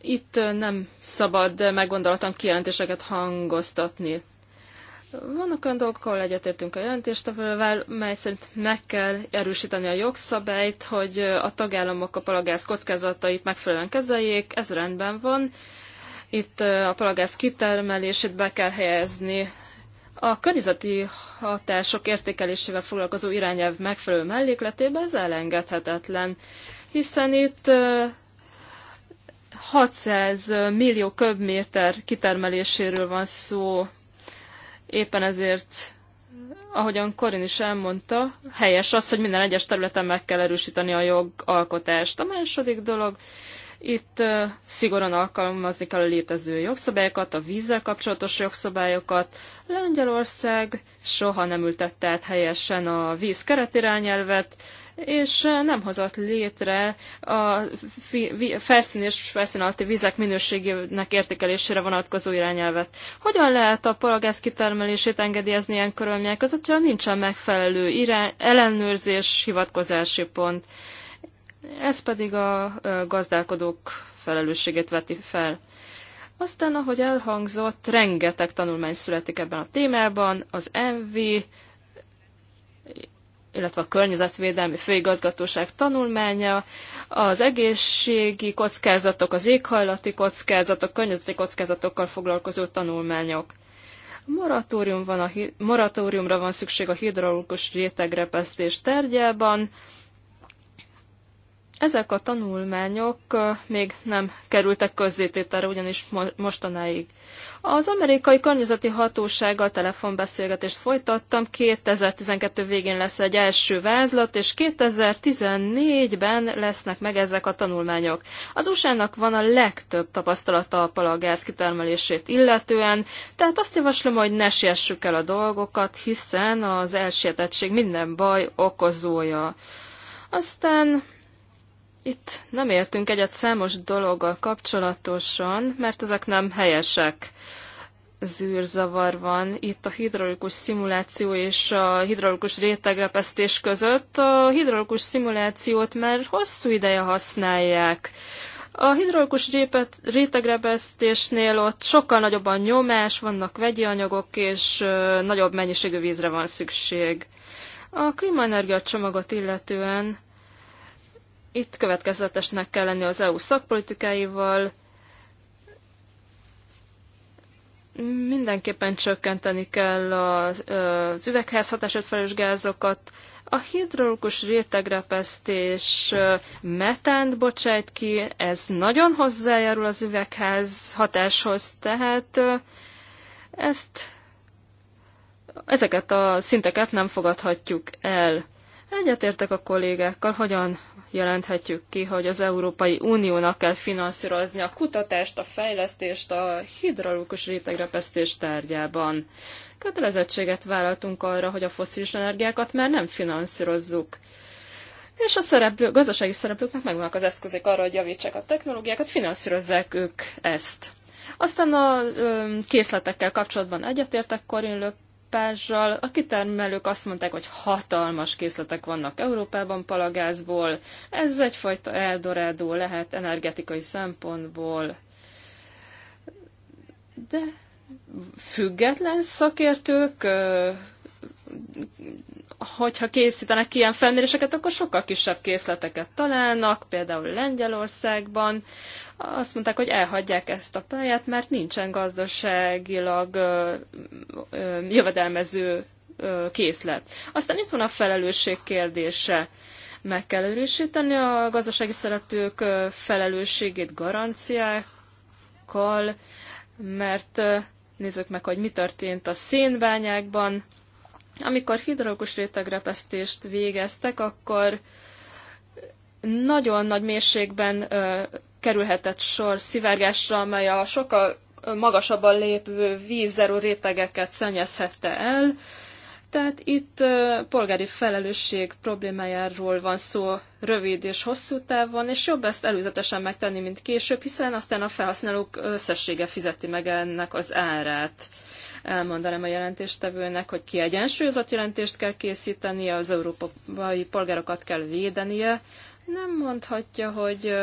itt nem szabad meggondolatlan kijelentéseket hangoztatni. Vannak olyan dolgok, ahol egyetértünk a jelentéstevővel, mely szerint meg kell erősíteni a jogszabályt, hogy a tagállamok a palagáz kockázatait megfelelően kezeljék, ez rendben van. Itt a palagáz kitermelését be kell helyezni a környezeti hatások értékelésével foglalkozó irányelv megfelelő mellékletében ez elengedhetetlen, hiszen itt 600 millió köbméter kitermeléséről van szó Éppen ezért, ahogyan Korin is elmondta, helyes az, hogy minden egyes területen meg kell erősíteni a jogalkotást. A második dolog, itt szigorúan alkalmazni kell a létező jogszabályokat, a vízzel kapcsolatos jogszabályokat. Lengyelország soha nem ültette át helyesen a víz keretirányelvet, és nem hozott létre a felszín és felszín alatti vizek minőségének értékelésére vonatkozó irányelvet. Hogyan lehet a palagáz kitermelését engedélyezni ilyen körülmények között, ha nincsen megfelelő irány, ellenőrzés, hivatkozási pont? Ez pedig a gazdálkodók felelősségét veti fel. Aztán, ahogy elhangzott, rengeteg tanulmány születik ebben a témában, az MV illetve a környezetvédelmi főigazgatóság tanulmánya, az egészségi kockázatok, az éghajlati kockázatok, környezeti kockázatokkal foglalkozó tanulmányok. Moratórium van a, moratóriumra van szükség a hidraulikus rétegrepesztés tárgyában, ezek a tanulmányok még nem kerültek közzétételre, ugyanis mostanáig. Az amerikai környezeti hatósággal telefonbeszélgetést folytattam, 2012 végén lesz egy első vázlat, és 2014-ben lesznek meg ezek a tanulmányok. Az USA-nak van a legtöbb tapasztalata a palagáz kitermelését illetően, tehát azt javaslom, hogy ne siessük el a dolgokat, hiszen az elsietettség minden baj okozója. Aztán itt nem értünk egyet számos dologgal kapcsolatosan, mert ezek nem helyesek. Zűrzavar van itt a hidraulikus szimuláció és a hidraulikus rétegrepesztés között. A hidraulikus szimulációt már hosszú ideje használják. A hidraulikus rétegrepesztésnél ott sokkal nagyobb a nyomás, vannak vegyi anyagok, és nagyobb mennyiségű vízre van szükség. A klímaenergia csomagot illetően itt következetesnek kell lenni az EU szakpolitikáival, mindenképpen csökkenteni kell az, üveghez üvegházhatásot felelős gázokat, a hidraulikus rétegrepesztés metánt bocsájt ki, ez nagyon hozzájárul az üvegház hatáshoz, tehát ezt, ezeket a szinteket nem fogadhatjuk el. Egyetértek a kollégákkal, hogyan jelenthetjük ki, hogy az Európai Uniónak kell finanszírozni a kutatást, a fejlesztést, a hidraulikus rétegrepesztés tárgyában. Kötelezettséget vállaltunk arra, hogy a foszilis energiákat már nem finanszírozzuk. És a szereplő, gazdasági szereplőknek megvannak az eszközök arra, hogy javítsák a technológiákat, finanszírozzák ők ezt. Aztán a ö, készletekkel kapcsolatban egyetértek Corinne ekipázsal. A kitermelők azt mondták, hogy hatalmas készletek vannak Európában palagázból. Ez egyfajta eldorádó lehet energetikai szempontból. De független szakértők, hogyha készítenek ilyen felméréseket, akkor sokkal kisebb készleteket találnak, például Lengyelországban, azt mondták, hogy elhagyják ezt a pályát, mert nincsen gazdaságilag ö, ö, jövedelmező ö, készlet. Aztán itt van a felelősség kérdése. Meg kell erősíteni a gazdasági szereplők felelősségét garanciákkal, mert nézzük meg, hogy mi történt a szénbányákban. Amikor hidrológus rétegrepesztést végeztek, akkor nagyon nagy mérségben kerülhetett sor szivárgásra, amely a sokkal magasabban lépő vízzerú rétegeket szennyezhette el. Tehát itt polgári felelősség problémájáról van szó rövid és hosszú távon, és jobb ezt előzetesen megtenni, mint később, hiszen aztán a felhasználók összessége fizeti meg ennek az árát. Elmondanám a jelentéstevőnek, hogy kiegyensúlyozott jelentést kell készítenie, az európai polgárokat kell védenie, nem mondhatja, hogy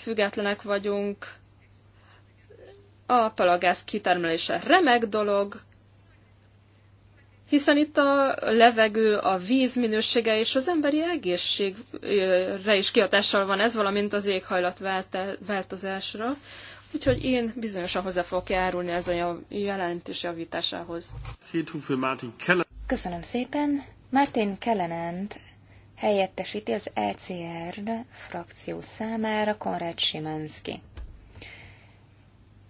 függetlenek vagyunk, a palagáz kitermelése remek dolog, hiszen itt a levegő, a víz minősége és az emberi egészségre is kihatással van ez, valamint az változásra. Úgyhogy én bizonyosan hozzá fogok járulni ez a jelentés javításához. Köszönöm szépen. Martin Kellenent helyettesíti az ECR frakció számára Konrad Simanski.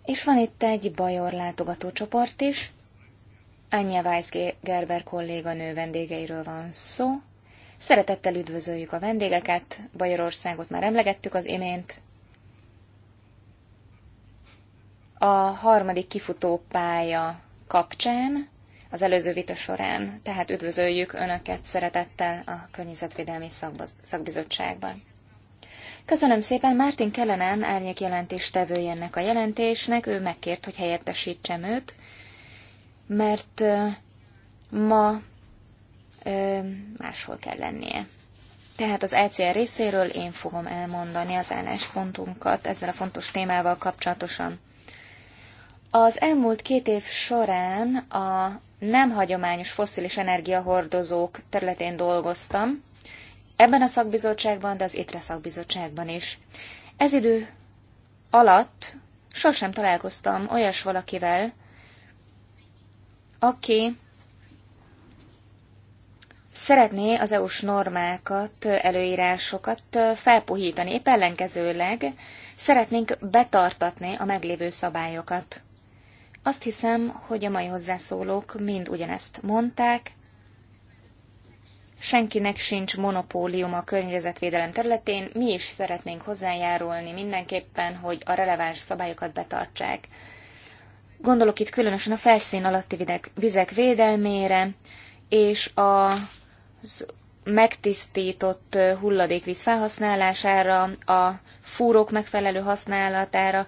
És van itt egy bajor látogatócsoport is. Anya kolléga nő vendégeiről van szó. Szeretettel üdvözöljük a vendégeket, Bajorországot már emlegettük az imént. A harmadik kifutó pálya kapcsán az előző vita során, tehát üdvözöljük Önöket szeretettel a Környezetvédelmi Szakbizottságban. Köszönöm szépen, Martin Kellenán árnyék jelentés ennek a jelentésnek, ő megkért, hogy helyettesítsem őt, mert ma máshol kell lennie. Tehát az ECR részéről én fogom elmondani az álláspontunkat ezzel a fontos témával kapcsolatosan. Az elmúlt két év során a nem hagyományos foszilis energiahordozók területén dolgoztam, ebben a szakbizottságban, de az étre szakbizottságban is. Ez idő alatt sosem találkoztam olyas valakivel, aki szeretné az EU-s normákat, előírásokat felpuhítani, épp ellenkezőleg szeretnénk betartatni a meglévő szabályokat. Azt hiszem, hogy a mai hozzászólók mind ugyanezt mondták. Senkinek sincs monopólium a környezetvédelem területén, mi is szeretnénk hozzájárulni mindenképpen, hogy a releváns szabályokat betartsák. Gondolok itt különösen a felszín alatti vizek védelmére, és a megtisztított uh, hulladékvíz felhasználására, a fúrók megfelelő használatára,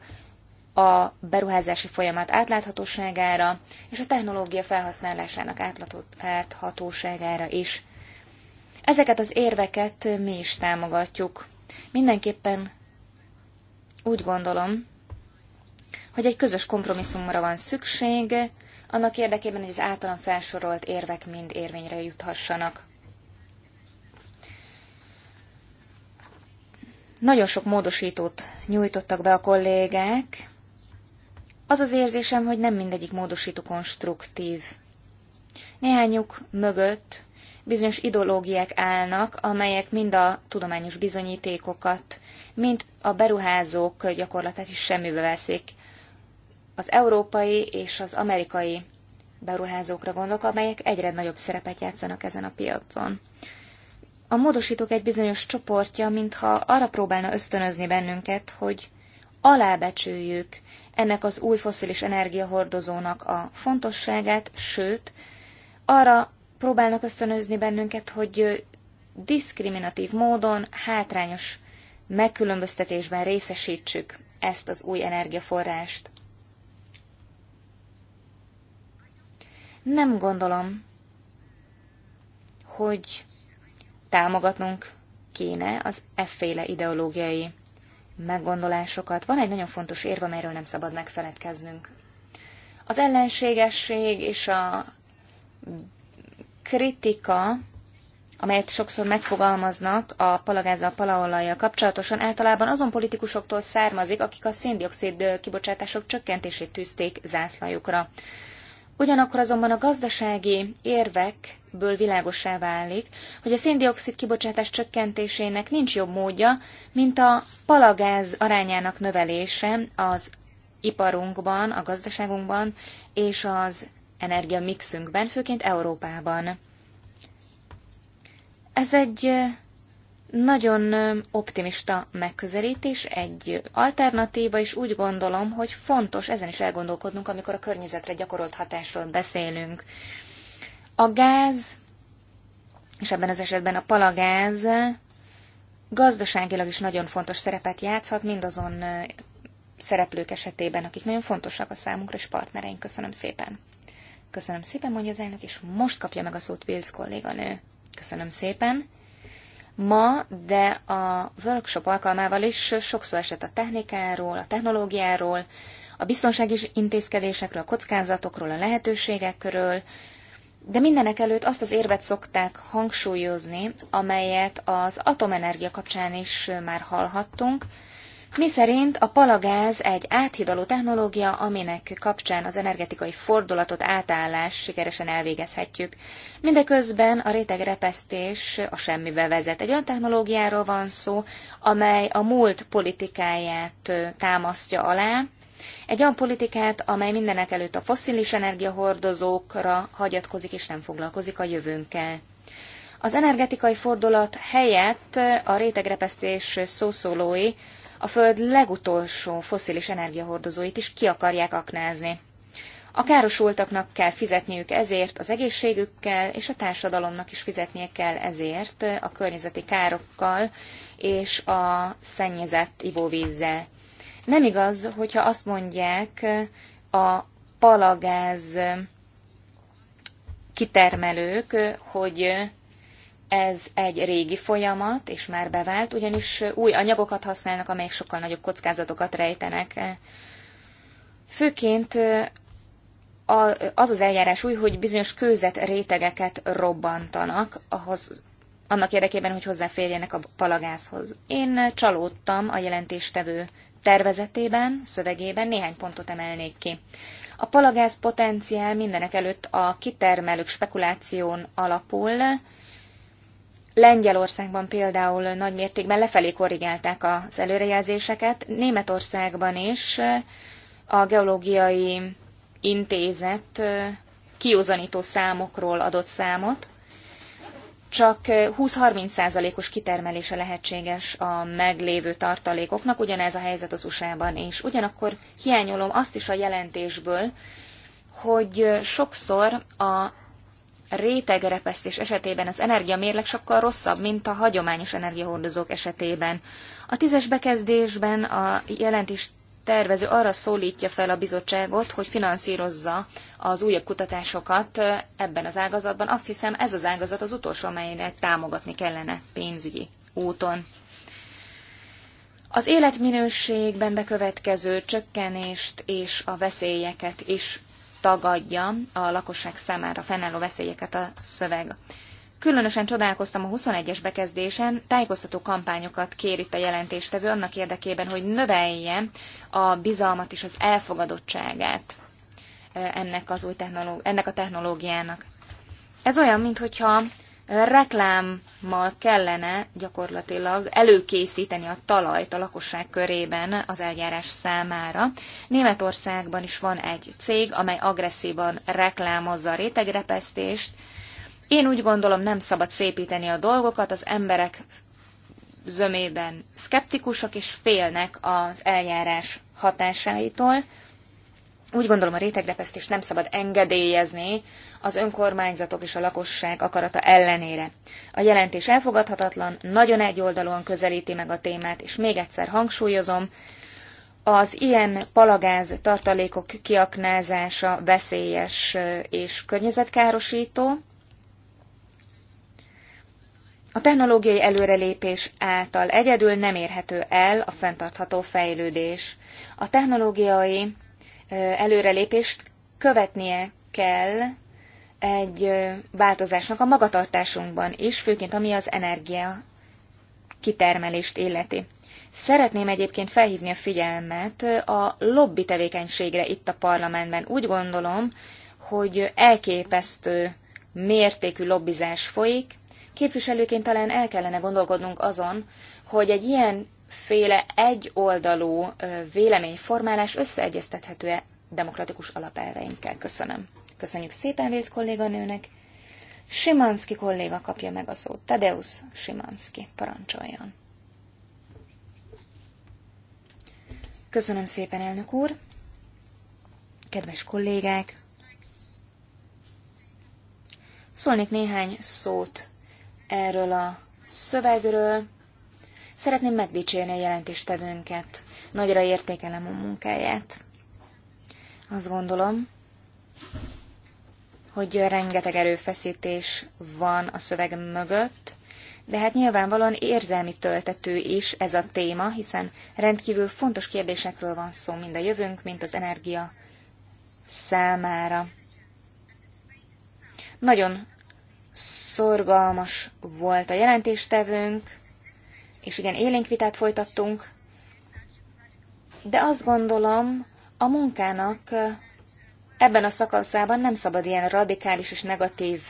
a beruházási folyamat átláthatóságára és a technológia felhasználásának átláthatóságára is. Ezeket az érveket mi is támogatjuk. Mindenképpen úgy gondolom, hogy egy közös kompromisszumra van szükség, annak érdekében, hogy az általam felsorolt érvek mind érvényre juthassanak. Nagyon sok módosítót nyújtottak be a kollégák, az az érzésem, hogy nem mindegyik módosító konstruktív. Néhányuk mögött bizonyos ideológiák állnak, amelyek mind a tudományos bizonyítékokat, mind a beruházók gyakorlatát is semmibe veszik. Az európai és az amerikai beruházókra gondolok, amelyek egyre nagyobb szerepet játszanak ezen a piacon. A módosítók egy bizonyos csoportja, mintha arra próbálna ösztönözni bennünket, hogy alábecsüljük ennek az új foszilis energiahordozónak a fontosságát, sőt, arra próbálnak ösztönözni bennünket, hogy diszkriminatív módon, hátrányos megkülönböztetésben részesítsük ezt az új energiaforrást. Nem gondolom, hogy támogatnunk kéne az efféle ideológiai meggondolásokat. Van egy nagyon fontos érve, amelyről nem szabad megfeledkeznünk. Az ellenségesség és a kritika, amelyet sokszor megfogalmaznak a palagázzal, palaolajjal kapcsolatosan, általában azon politikusoktól származik, akik a széndiokszid kibocsátások csökkentését tűzték zászlajukra. Ugyanakkor azonban a gazdasági érvekből világosá válik, hogy a széndiokszid kibocsátás csökkentésének nincs jobb módja, mint a palagáz arányának növelése az iparunkban, a gazdaságunkban és az energiamixünkben, főként Európában. Ez egy nagyon optimista megközelítés, egy alternatíva, és úgy gondolom, hogy fontos ezen is elgondolkodnunk, amikor a környezetre gyakorolt hatásról beszélünk. A gáz, és ebben az esetben a palagáz gazdaságilag is nagyon fontos szerepet játszhat mindazon szereplők esetében, akik nagyon fontosak a számunkra és partnereink. Köszönöm szépen. Köszönöm szépen, mondja az elnök, és most kapja meg a szót Bills kolléganő. Köszönöm szépen ma, de a workshop alkalmával is sokszor esett a technikáról, a technológiáról, a biztonsági intézkedésekről, a kockázatokról, a lehetőségekről, de mindenek előtt azt az érvet szokták hangsúlyozni, amelyet az atomenergia kapcsán is már hallhattunk, miszerint a palagáz egy áthidaló technológia, aminek kapcsán az energetikai fordulatot átállás sikeresen elvégezhetjük. Mindeközben a rétegrepesztés a semmibe vezet. Egy olyan technológiáról van szó, amely a múlt politikáját támasztja alá, egy olyan politikát, amely mindenek előtt a foszilis energiahordozókra hagyatkozik és nem foglalkozik a jövőnkkel. Az energetikai fordulat helyett a rétegrepesztés szószólói a Föld legutolsó foszilis energiahordozóit is ki akarják aknázni. A károsultaknak kell fizetniük ezért az egészségükkel, és a társadalomnak is fizetnie kell ezért a környezeti károkkal és a szennyezett ivóvízzel. Nem igaz, hogyha azt mondják a palagáz kitermelők, hogy ez egy régi folyamat, és már bevált, ugyanis új anyagokat használnak, amelyek sokkal nagyobb kockázatokat rejtenek. Főként az az eljárás új, hogy bizonyos kőzet rétegeket robbantanak ahhoz, annak érdekében, hogy hozzáférjenek a palagázhoz. Én csalódtam a jelentéstevő tervezetében, szövegében, néhány pontot emelnék ki. A palagáz potenciál mindenek előtt a kitermelők spekuláción alapul, Lengyelországban például nagy mértékben lefelé korrigálták az előrejelzéseket, Németországban is a geológiai intézet kiúzanító számokról adott számot, csak 20-30%-os kitermelése lehetséges a meglévő tartalékoknak, ugyanez a helyzet az USA-ban is. Ugyanakkor hiányolom azt is a jelentésből, hogy sokszor a rétegrepesztés esetében az energiamérleg sokkal rosszabb, mint a hagyományos energiahordozók esetében. A tízes bekezdésben a jelentés tervező arra szólítja fel a bizottságot, hogy finanszírozza az újabb kutatásokat ebben az ágazatban. Azt hiszem, ez az ágazat az utolsó, amelynek támogatni kellene pénzügyi úton. Az életminőségben bekövetkező csökkenést és a veszélyeket is tagadja a lakosság számára fennálló veszélyeket a szöveg. Különösen csodálkoztam a 21-es bekezdésen, tájékoztató kampányokat kér itt a jelentéstevő annak érdekében, hogy növelje a bizalmat és az elfogadottságát eh, ennek, az új technoló- ennek a technológiának. Ez olyan, mintha reklámmal kellene gyakorlatilag előkészíteni a talajt a lakosság körében az eljárás számára. Németországban is van egy cég, amely agresszívan reklámozza a rétegrepesztést. Én úgy gondolom, nem szabad szépíteni a dolgokat, az emberek zömében szkeptikusak és félnek az eljárás hatásáitól. Úgy gondolom, a rétegrepesztést nem szabad engedélyezni az önkormányzatok és a lakosság akarata ellenére. A jelentés elfogadhatatlan, nagyon egyoldalúan közelíti meg a témát, és még egyszer hangsúlyozom, az ilyen palagáz tartalékok kiaknázása veszélyes és környezetkárosító. A technológiai előrelépés által egyedül nem érhető el a fenntartható fejlődés. A technológiai előrelépést követnie kell egy változásnak a magatartásunkban is, főként ami az energia kitermelést illeti. Szeretném egyébként felhívni a figyelmet a lobby tevékenységre itt a parlamentben. Úgy gondolom, hogy elképesztő mértékű lobbizás folyik. Képviselőként talán el kellene gondolkodnunk azon, hogy egy ilyen féle egyoldalú véleményformálás összeegyeztethető-e demokratikus alapelveinkkel. Köszönöm. Köszönjük szépen Vilc kolléganőnek. Simanski kolléga kapja meg a szót. Tadeusz Simanski, parancsoljon. Köszönöm szépen, elnök úr. Kedves kollégák, szólnék néhány szót erről a szövegről, Szeretném megdicsérni a jelentéstevőnket. Nagyra értékelem a munkáját. Azt gondolom, hogy rengeteg erőfeszítés van a szöveg mögött, de hát nyilvánvalóan érzelmi töltető is ez a téma, hiszen rendkívül fontos kérdésekről van szó mind a jövőnk, mint az energia számára. Nagyon szorgalmas volt a jelentéstevőnk, és igen, élénk vitát folytattunk, de azt gondolom, a munkának ebben a szakaszában nem szabad ilyen radikális és negatív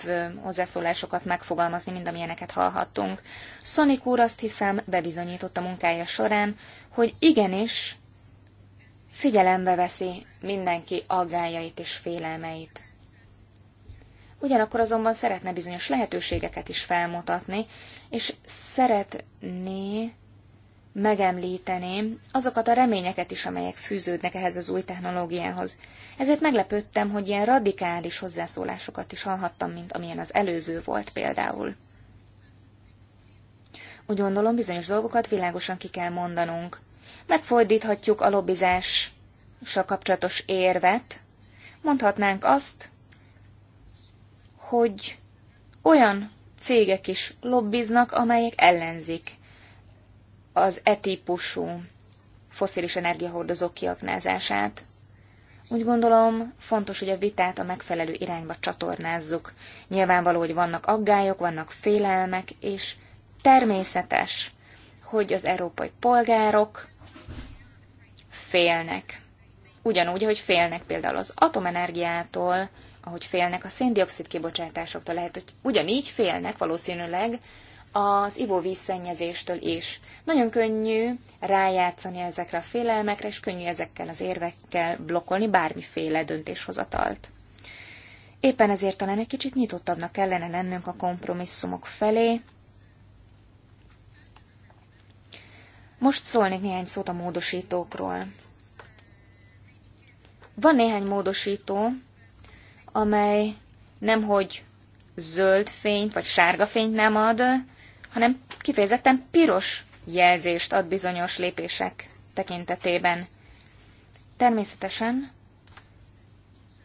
hozzászólásokat megfogalmazni, mint amilyeneket hallhattunk. Szonik úr azt hiszem bebizonyította munkája során, hogy igenis figyelembe veszi mindenki aggájait és félelmeit. Ugyanakkor azonban szeretne bizonyos lehetőségeket is felmutatni, és szeretné megemlíteni azokat a reményeket is, amelyek fűződnek ehhez az új technológiához. Ezért meglepődtem, hogy ilyen radikális hozzászólásokat is hallhattam, mint amilyen az előző volt például. Úgy gondolom, bizonyos dolgokat világosan ki kell mondanunk. Megfordíthatjuk a lobbizással kapcsolatos érvet, mondhatnánk azt, hogy olyan cégek is lobbiznak, amelyek ellenzik az e-típusú foszilis energiahordozók kiaknázását. Úgy gondolom, fontos, hogy a vitát a megfelelő irányba csatornázzuk. Nyilvánvaló, hogy vannak aggályok, vannak félelmek, és természetes, hogy az európai polgárok félnek. Ugyanúgy, hogy félnek például az atomenergiától, ahogy félnek a széndiokszid kibocsátásoktól. Lehet, hogy ugyanígy félnek valószínűleg az ivóvízszennyezéstől is. Nagyon könnyű rájátszani ezekre a félelmekre, és könnyű ezekkel az érvekkel blokkolni bármiféle döntéshozatalt. Éppen ezért talán egy kicsit nyitottabbnak kellene lennünk a kompromisszumok felé. Most szólnék néhány szót a módosítókról. Van néhány módosító, amely nemhogy zöld fényt vagy sárga fényt nem ad, hanem kifejezetten piros jelzést ad bizonyos lépések tekintetében. Természetesen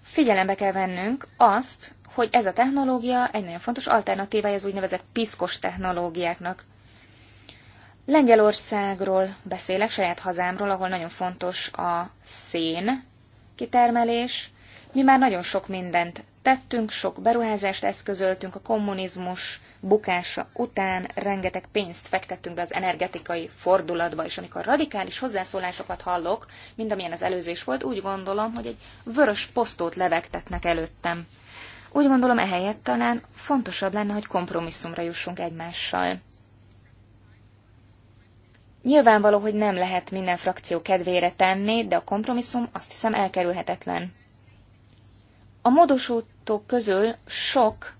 figyelembe kell vennünk azt, hogy ez a technológia egy nagyon fontos alternatívája az úgynevezett piszkos technológiáknak. Lengyelországról beszélek, saját hazámról, ahol nagyon fontos a szén kitermelés, mi már nagyon sok mindent tettünk, sok beruházást eszközöltünk a kommunizmus bukása után, rengeteg pénzt fektettünk be az energetikai fordulatba, és amikor radikális hozzászólásokat hallok, mint amilyen az előző is volt, úgy gondolom, hogy egy vörös posztót levegtetnek előttem. Úgy gondolom, ehelyett talán fontosabb lenne, hogy kompromisszumra jussunk egymással. Nyilvánvaló, hogy nem lehet minden frakció kedvére tenni, de a kompromisszum azt hiszem elkerülhetetlen. A módosítók közül sok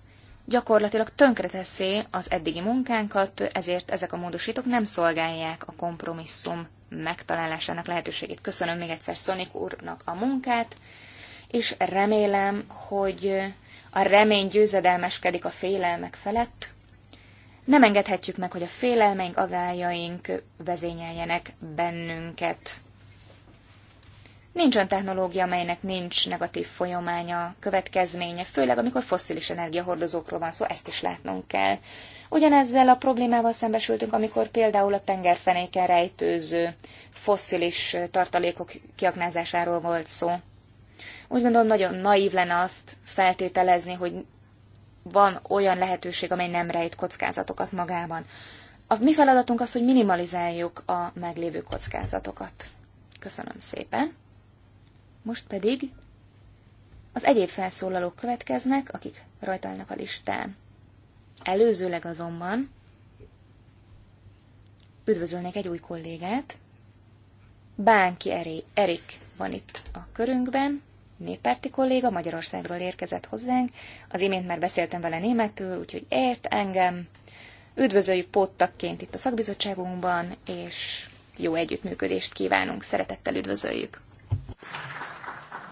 gyakorlatilag tönkreteszi az eddigi munkánkat, ezért ezek a módosítók nem szolgálják a kompromisszum megtalálásának lehetőségét. Köszönöm még egyszer Szonik úrnak a munkát, és remélem, hogy a remény győzedelmeskedik a félelmek felett. Nem engedhetjük meg, hogy a félelmeink, agályaink vezényeljenek bennünket. Nincs olyan technológia, amelynek nincs negatív folyamánya, következménye, főleg amikor fosszilis energiahordozókról van szó, ezt is látnunk kell. Ugyanezzel a problémával szembesültünk, amikor például a tengerfenéken rejtőző fosszilis tartalékok kiaknázásáról volt szó. Úgy gondolom, nagyon naív lenne azt feltételezni, hogy van olyan lehetőség, amely nem rejt kockázatokat magában. A mi feladatunk az, hogy minimalizáljuk a meglévő kockázatokat. Köszönöm szépen! Most pedig az egyéb felszólalók következnek, akik rajtálnak a listán. Előzőleg azonban üdvözölnék egy új kollégát. Bánki Erik van itt a körünkben, néppárti kolléga, Magyarországról érkezett hozzánk. Az imént már beszéltem vele németül, úgyhogy ért engem. Üdvözöljük pottakként itt a szakbizottságunkban, és jó együttműködést kívánunk, szeretettel üdvözöljük.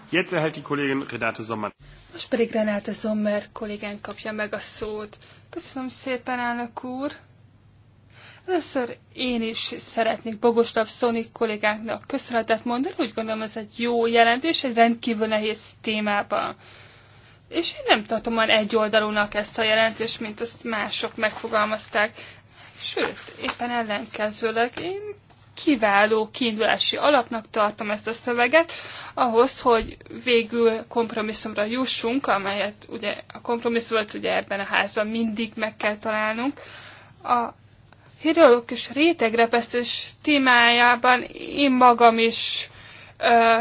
Jetzt erhält die Kollegin Renate Sommer. Most pedig Renate Sommer kollégán kapja meg a szót. Köszönöm szépen, elnök úr. Először én is szeretnék Bogoslav Szónik kollégáknak köszönetet mondani, úgy gondolom ez egy jó jelentés, egy rendkívül nehéz témában. És én nem tartom olyan oldalúnak ezt a jelentést, mint azt mások megfogalmazták. Sőt, éppen ellenkezőleg én kiváló kiindulási alapnak tartom ezt a szöveget, ahhoz, hogy végül kompromisszumra jussunk, amelyet ugye a kompromisszumot ugye ebben a házban mindig meg kell találnunk. A hidrológus rétegrepesztés témájában én magam is ö,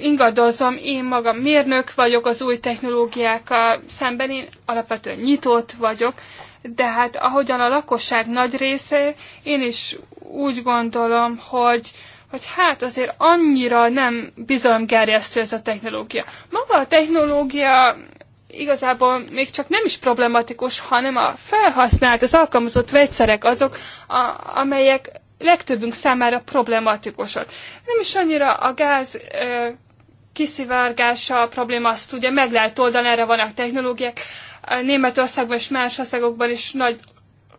ingadozom, én magam mérnök vagyok az új technológiákkal szemben, én alapvetően nyitott vagyok, de hát ahogyan a lakosság nagy része, én is úgy gondolom, hogy, hogy hát azért annyira nem bizalomgerjesztő ez a technológia. Maga a technológia igazából még csak nem is problematikus, hanem a felhasznált, az alkalmazott vegyszerek azok, a, amelyek legtöbbünk számára problematikusak. Nem is annyira a gáz ö, kiszivárgása a probléma, azt ugye meg lehet oldani, erre vannak technológiák, Németországban és más országokban is nagy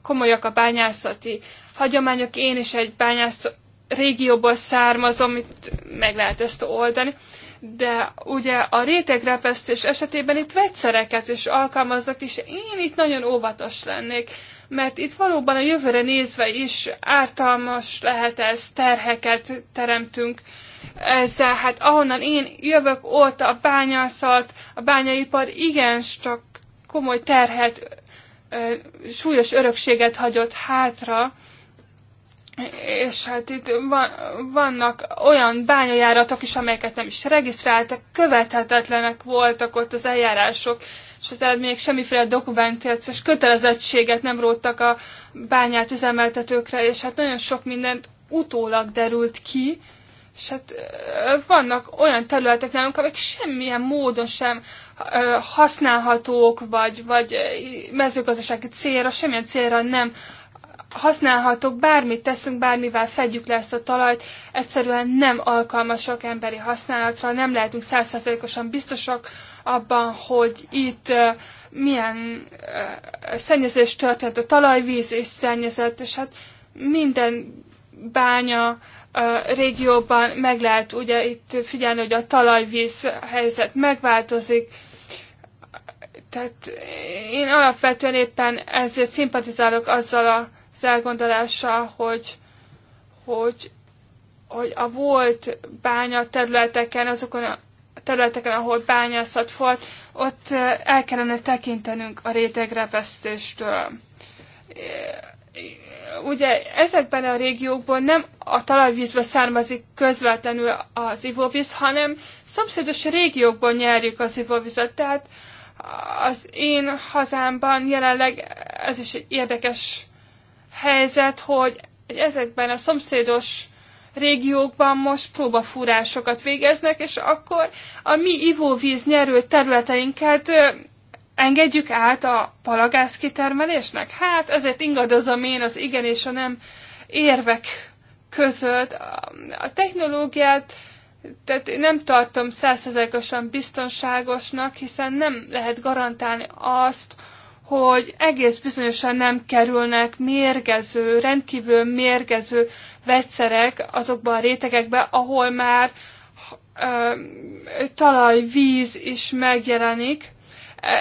komolyak a bányászati hagyományok. Én is egy bányász régióból származom, itt meg lehet ezt oldani. De ugye a rétegrepesztés esetében itt vegyszereket is alkalmaznak, és én itt nagyon óvatos lennék, mert itt valóban a jövőre nézve is ártalmas lehet ez, terheket teremtünk ezzel. Hát ahonnan én jövök, ott a bányászat, a bányaipar igencsak komoly terhet, súlyos örökséget hagyott hátra, és hát itt van, vannak olyan bányajáratok is, amelyeket nem is regisztráltak, követhetetlenek voltak ott az eljárások, és az még semmiféle dokumentációs kötelezettséget nem róttak a bányát üzemeltetőkre, és hát nagyon sok mindent utólag derült ki, és hát vannak olyan területek nálunk, amik semmilyen módon sem használhatók, vagy, vagy mezőgazdasági célra, semmilyen célra nem használhatók, bármit teszünk, bármivel fedjük le ezt a talajt, egyszerűen nem alkalmasok emberi használatra, nem lehetünk százszerzelékosan biztosak abban, hogy itt milyen szennyezés történt, a talajvíz és szennyezett, és hát minden bánya régióban meg lehet ugye itt figyelni, hogy a talajvíz helyzet megváltozik, tehát én alapvetően éppen ezért szimpatizálok azzal az elgondolással, hogy, hogy, hogy a volt bánya területeken, azokon a területeken, ahol bányászat volt, ott el kellene tekintenünk a rétegrevesztéstől ugye ezekben a régiókban nem a talajvízből származik közvetlenül az ivóvíz, hanem szomszédos régiókban nyerjük az ivóvizet. Tehát az én hazámban jelenleg ez is egy érdekes helyzet, hogy ezekben a szomszédos régiókban most próbafúrásokat végeznek, és akkor a mi ivóvíz nyerő területeinket engedjük át a palagász kitermelésnek? Hát ezért ingadozom én az igen és a nem érvek között. A technológiát tehát nem tartom százszerzelékosan biztonságosnak, hiszen nem lehet garantálni azt, hogy egész bizonyosan nem kerülnek mérgező, rendkívül mérgező vegyszerek azokban a rétegekbe, ahol már ö, talajvíz is megjelenik,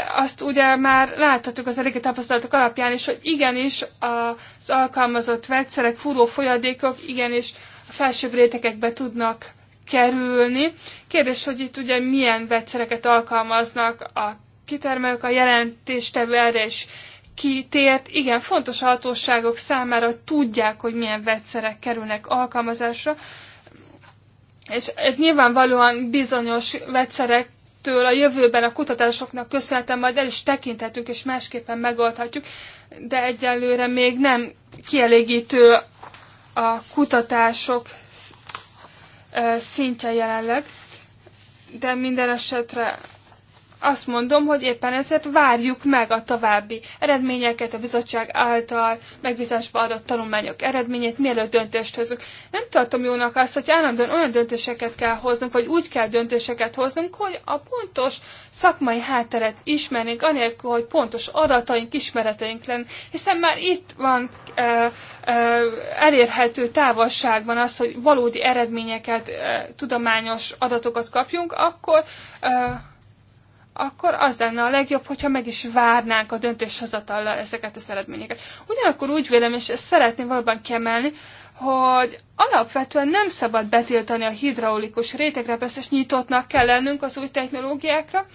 azt ugye már láthatjuk az eléggé tapasztalatok alapján is, hogy igenis az alkalmazott vegyszerek, furó folyadékok igenis a felsőbb rétegekbe tudnak kerülni. Kérdés, hogy itt ugye milyen vegyszereket alkalmaznak a kitermelők, a jelentéstevő erre is kitért. Igen, fontos a hatóságok számára tudják, hogy milyen vegyszerek kerülnek alkalmazásra, és nyilvánvalóan bizonyos vegyszerek től a jövőben a kutatásoknak köszönhetem, majd el is tekinthetünk, és másképpen megoldhatjuk, de egyelőre még nem kielégítő a kutatások szintje jelenleg, de minden esetre azt mondom, hogy éppen ezért várjuk meg a további eredményeket, a bizottság által megbízásba adott tanulmányok eredményét, mielőtt döntést hozunk. Nem tartom jónak azt, hogy állandóan olyan döntéseket kell hoznunk, vagy úgy kell döntéseket hoznunk, hogy a pontos szakmai hátteret ismernénk, anélkül, hogy pontos adataink, ismereteink lenne, hiszen már itt van e, e, elérhető távolságban az, hogy valódi eredményeket, e, tudományos adatokat kapjunk, akkor e, akkor az lenne a legjobb, hogyha meg is várnánk a döntéshozatallal ezeket az eredményeket. Ugyanakkor úgy vélem, és ezt szeretném valóban kiemelni, hogy alapvetően nem szabad betiltani a hidraulikus rétegre, persze nyitottnak kell lennünk az új technológiákra,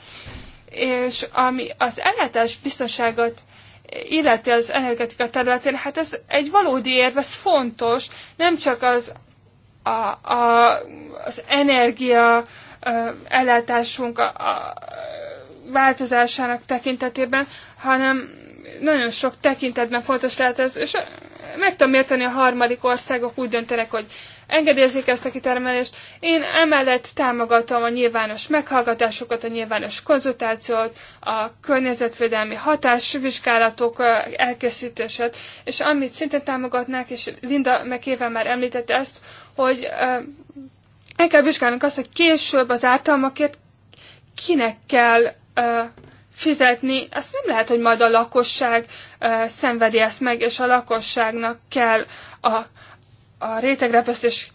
és ami az ellátás biztonságot illeti az energetika területén, hát ez egy valódi érv, ez fontos, nem csak az, a, a, az energia ellátásunk, a, a, változásának tekintetében, hanem nagyon sok tekintetben fontos lehet ez, és meg tudom érteni, a harmadik országok úgy döntenek, hogy engedélyezik ezt a kitermelést. Én emellett támogatom a nyilvános meghallgatásokat, a nyilvános konzultációt, a környezetvédelmi hatásvizsgálatok elkészítését, és amit szintén támogatnák, és Linda éve már említette ezt, hogy el kell vizsgálnunk azt, hogy később az ártalmakért kinek kell fizetni, ezt nem lehet, hogy majd a lakosság szenvedi ezt meg, és a lakosságnak kell a, a rétegrepesztés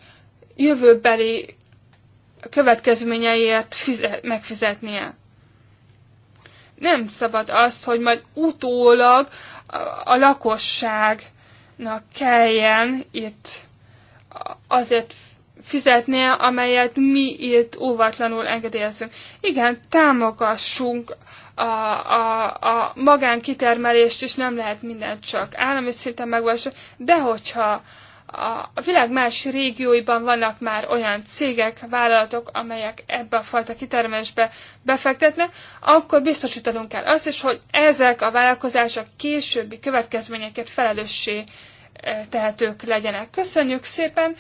jövőbeli következményeiért fizet, megfizetnie. Nem szabad azt, hogy majd utólag a, a lakosságnak kelljen itt azért fizetnie, amelyet mi itt óvatlanul engedélyezünk. Igen, támogassunk a, a, a magánkitermelést és nem lehet mindent csak állami szinten megvalósítani, de hogyha a világ más régióiban vannak már olyan cégek, vállalatok, amelyek ebbe a fajta kitermelésbe befektetnek, akkor biztosítanunk kell azt is, hogy ezek a vállalkozások későbbi következményeket felelőssé tehetők legyenek. Köszönjük szépen,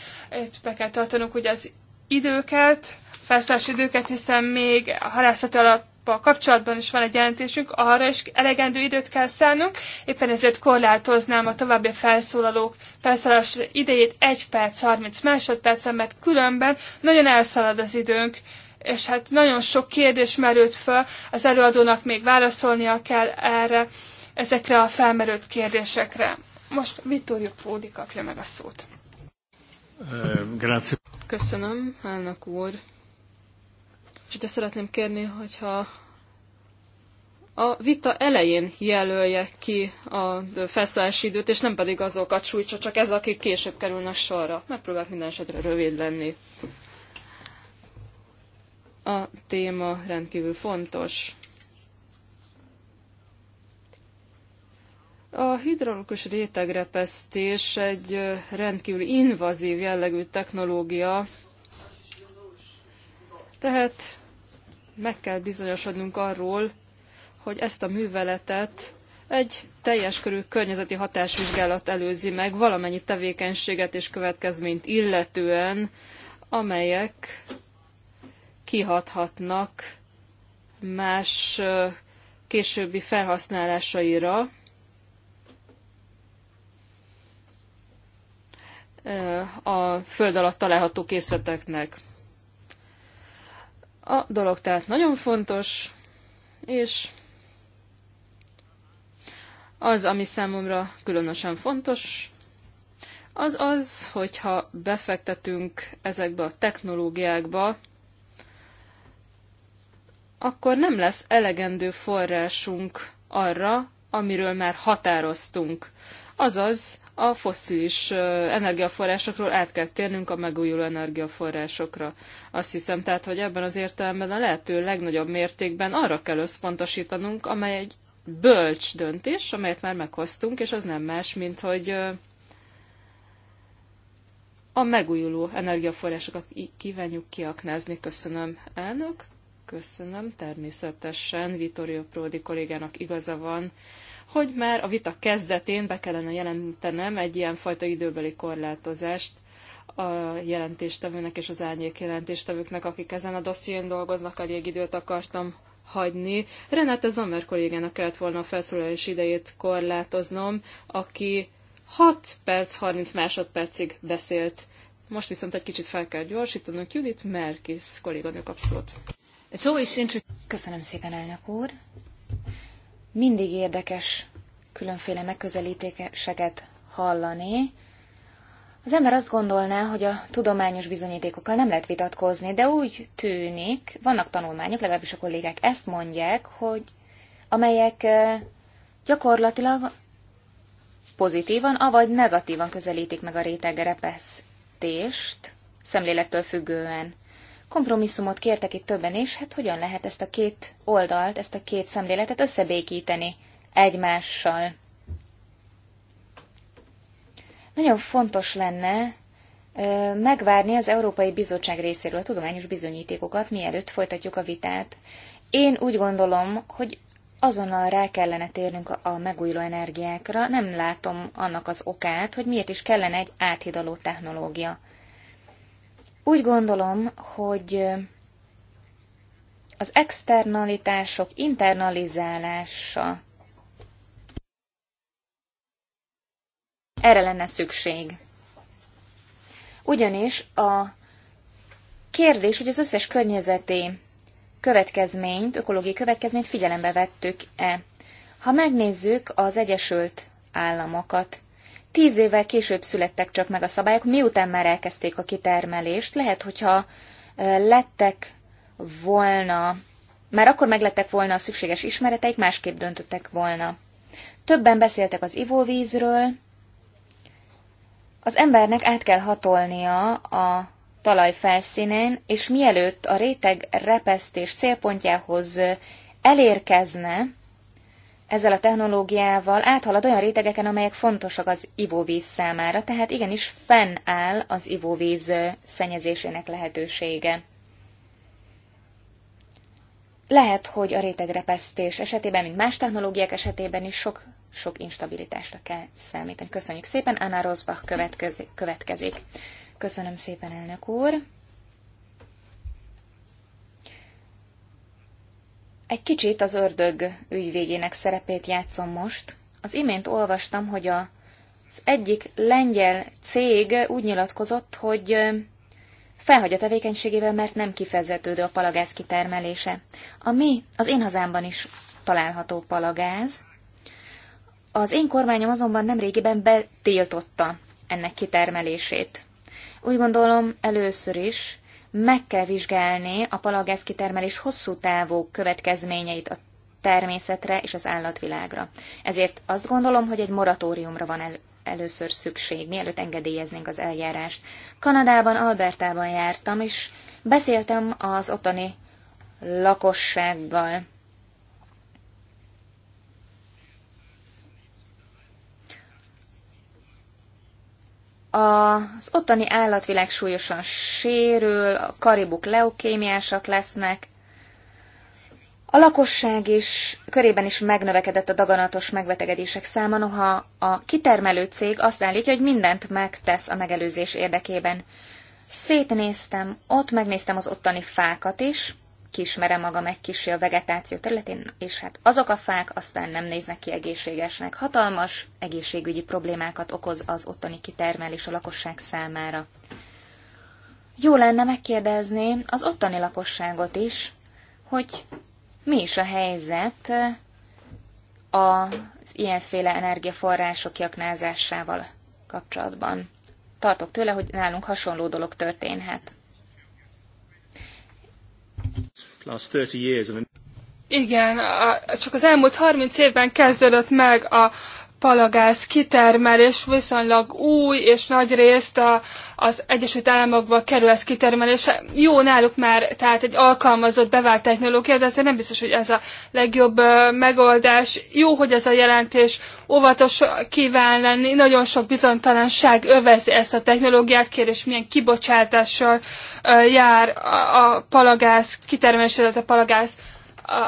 itt be kell tartanunk ugye az időket, felszállási időket, hiszen még a halászati alappal kapcsolatban is van egy jelentésünk, arra is elegendő időt kell szánnunk, éppen ezért korlátoznám a további felszólalók felszólalás idejét 1 perc 30 másodpercen, mert különben nagyon elszalad az időnk, és hát nagyon sok kérdés merült föl, az előadónak még válaszolnia kell erre, ezekre a felmerült kérdésekre. Most Vittorio Pródi kapja meg a szót. Eh, Köszönöm, elnök úr. És ugye szeretném kérni, hogyha a vita elején jelölje ki a felszólási időt, és nem pedig azokat sújtsa, csak ez, akik később kerülnek sorra. Megpróbálok minden esetre rövid lenni. A téma rendkívül fontos. A hidraulikus rétegrepesztés egy rendkívül invazív jellegű technológia, tehát meg kell bizonyosodnunk arról, hogy ezt a műveletet egy teljes körű környezeti hatásvizsgálat előzi meg valamennyi tevékenységet és következményt illetően, amelyek kihathatnak más későbbi felhasználásaira, a föld alatt található készleteknek. A dolog tehát nagyon fontos, és az, ami számomra különösen fontos, az az, hogyha befektetünk ezekbe a technológiákba, akkor nem lesz elegendő forrásunk arra, amiről már határoztunk. Azaz, a foszilis energiaforrásokról át kell térnünk a megújuló energiaforrásokra. Azt hiszem tehát, hogy ebben az értelemben a lehető legnagyobb mértékben arra kell összpontosítanunk, amely egy bölcs döntés, amelyet már meghoztunk, és az nem más, mint hogy a megújuló energiaforrásokat kívánjuk kiaknázni. Köszönöm, elnök. Köszönöm, természetesen Vitorio Pródi kollégának igaza van hogy már a vita kezdetén be kellene jelentenem egy ilyenfajta időbeli korlátozást a jelentéstevőnek és az árnyék jelentéstevőknek, akik ezen a dosszién dolgoznak, elég időt akartam hagyni. Renate Zomer kollégának kellett volna a felszólalás idejét korlátoznom, aki 6 perc 30 másodpercig beszélt. Most viszont egy kicsit fel kell gyorsítanunk. Judith Merkis kolléganő kap szót. Köszönöm szépen, elnök úr. Mindig érdekes különféle megközelítéseket hallani. Az ember azt gondolná, hogy a tudományos bizonyítékokkal nem lehet vitatkozni, de úgy tűnik, vannak tanulmányok, legalábbis a kollégák ezt mondják, hogy amelyek gyakorlatilag pozitívan, avagy negatívan közelítik meg a rétegrepesztést, szemlélettől függően. Kompromisszumot kértek itt többen is, hát hogyan lehet ezt a két oldalt, ezt a két szemléletet összebékíteni egymással? Nagyon fontos lenne megvárni az Európai Bizottság részéről a tudományos bizonyítékokat, mielőtt folytatjuk a vitát. Én úgy gondolom, hogy azonnal rá kellene térnünk a megújuló energiákra, nem látom annak az okát, hogy miért is kellene egy áthidaló technológia. Úgy gondolom, hogy az externalitások internalizálása erre lenne szükség. Ugyanis a kérdés, hogy az összes környezeti következményt, ökológiai következményt figyelembe vettük-e. Ha megnézzük az Egyesült Államokat, Tíz évvel később születtek csak meg a szabályok, miután már elkezdték a kitermelést. Lehet, hogyha lettek volna, már akkor meglettek volna a szükséges ismereteik, másképp döntöttek volna. Többen beszéltek az ivóvízről. Az embernek át kell hatolnia a talaj felszínén, és mielőtt a réteg repesztés célpontjához elérkezne, ezzel a technológiával áthalad olyan rétegeken, amelyek fontosak az ivóvíz számára, tehát igenis fennáll az ivóvíz szennyezésének lehetősége. Lehet, hogy a rétegrepesztés esetében, mint más technológiák esetében is sok, sok instabilitásra kell számítani. Köszönjük szépen, Anna Rosbach következik. következik. Köszönöm szépen, elnök úr! Egy kicsit az ördög ügyvédjének szerepét játszom most. Az imént olvastam, hogy a, az egyik lengyel cég úgy nyilatkozott, hogy felhagy a tevékenységével, mert nem kifezetődő a palagáz kitermelése. Ami az én hazámban is található palagáz. Az én kormányom azonban nemrégiben betiltotta ennek kitermelését. Úgy gondolom először is meg kell vizsgálni a palagáz kitermelés hosszú távú következményeit a természetre és az állatvilágra. Ezért azt gondolom, hogy egy moratóriumra van el, először szükség, mielőtt engedélyeznénk az eljárást. Kanadában, Albertában jártam, és beszéltem az ottani lakossággal. Az ottani állatvilág súlyosan sérül, a karibuk leukémiásak lesznek, a lakosság is körében is megnövekedett a daganatos megbetegedések száma, noha a kitermelő cég azt állítja, hogy mindent megtesz a megelőzés érdekében. Szétnéztem, ott megnéztem az ottani fákat is, kismerem magam egy kis a vegetáció területén, és hát azok a fák aztán nem néznek ki egészségesnek. Hatalmas egészségügyi problémákat okoz az ottani kitermelés a lakosság számára. Jó lenne megkérdezni az ottani lakosságot is, hogy mi is a helyzet az ilyenféle energiaforrások kiaknázásával kapcsolatban. Tartok tőle, hogy nálunk hasonló dolog történhet last 30 years. Igen, a, csak az elmúlt 30 évben kezdődött meg a, palagáz kitermelés viszonylag új, és nagy részt a, az Egyesült Államokba kerül ez kitermelése. Jó náluk már, tehát egy alkalmazott, bevált technológia, de azért nem biztos, hogy ez a legjobb megoldás. Jó, hogy ez a jelentés óvatos kíván lenni, nagyon sok bizonytalanság övezi ezt a technológiát, kérdés milyen kibocsátással jár a, a palagáz kitermelés, a palagáz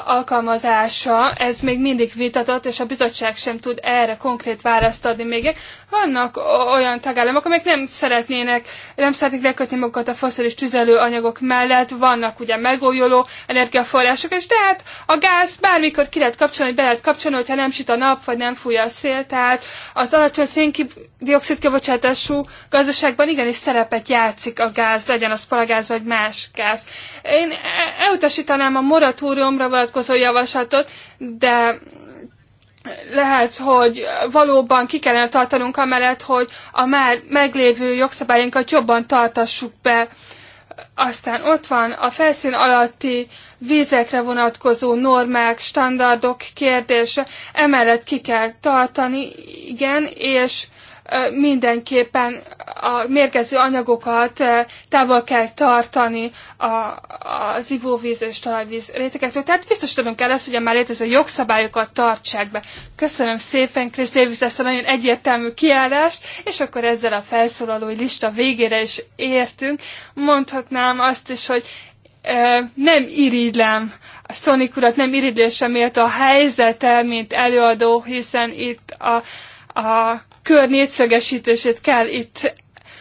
alkalmazása, ez még mindig vitatott, és a bizottság sem tud erre konkrét választ adni még. Vannak olyan tagállamok, amik nem szeretnének, nem szeretnék lekötni magukat a foszilis tüzelőanyagok mellett, vannak ugye megújuló energiaforrások, és tehát a gáz bármikor ki lehet kapcsolni, be lehet kapcsolni, hogyha nem süt a nap, vagy nem fúj a szél, tehát az alacsony széndiokszid kibocsátású gazdaságban igenis szerepet játszik a gáz, legyen az palagáz vagy más gáz. Én e- elutasítanám a moratóriumra reformra vonatkozó javaslatot, de lehet, hogy valóban ki kellene tartanunk amellett, hogy a már meglévő jogszabályinkat jobban tartassuk be. Aztán ott van a felszín alatti vízekre vonatkozó normák, standardok kérdése, emellett ki kell tartani, igen, és mindenképpen a mérgező anyagokat távol kell tartani a, az ivóvíz és talajvíz rétegektől. Tehát biztosítanunk kell ezt, hogy a már létező jogszabályokat tartsák be. Köszönöm szépen Krisz Davis ezt a nagyon egyértelmű kiállást, és akkor ezzel a felszólalói lista végére is értünk. Mondhatnám azt is, hogy nem irigylem a Sonic urat, nem irigylésem miért a helyzete, mint előadó, hiszen itt a, a kör négyszögesítését kell itt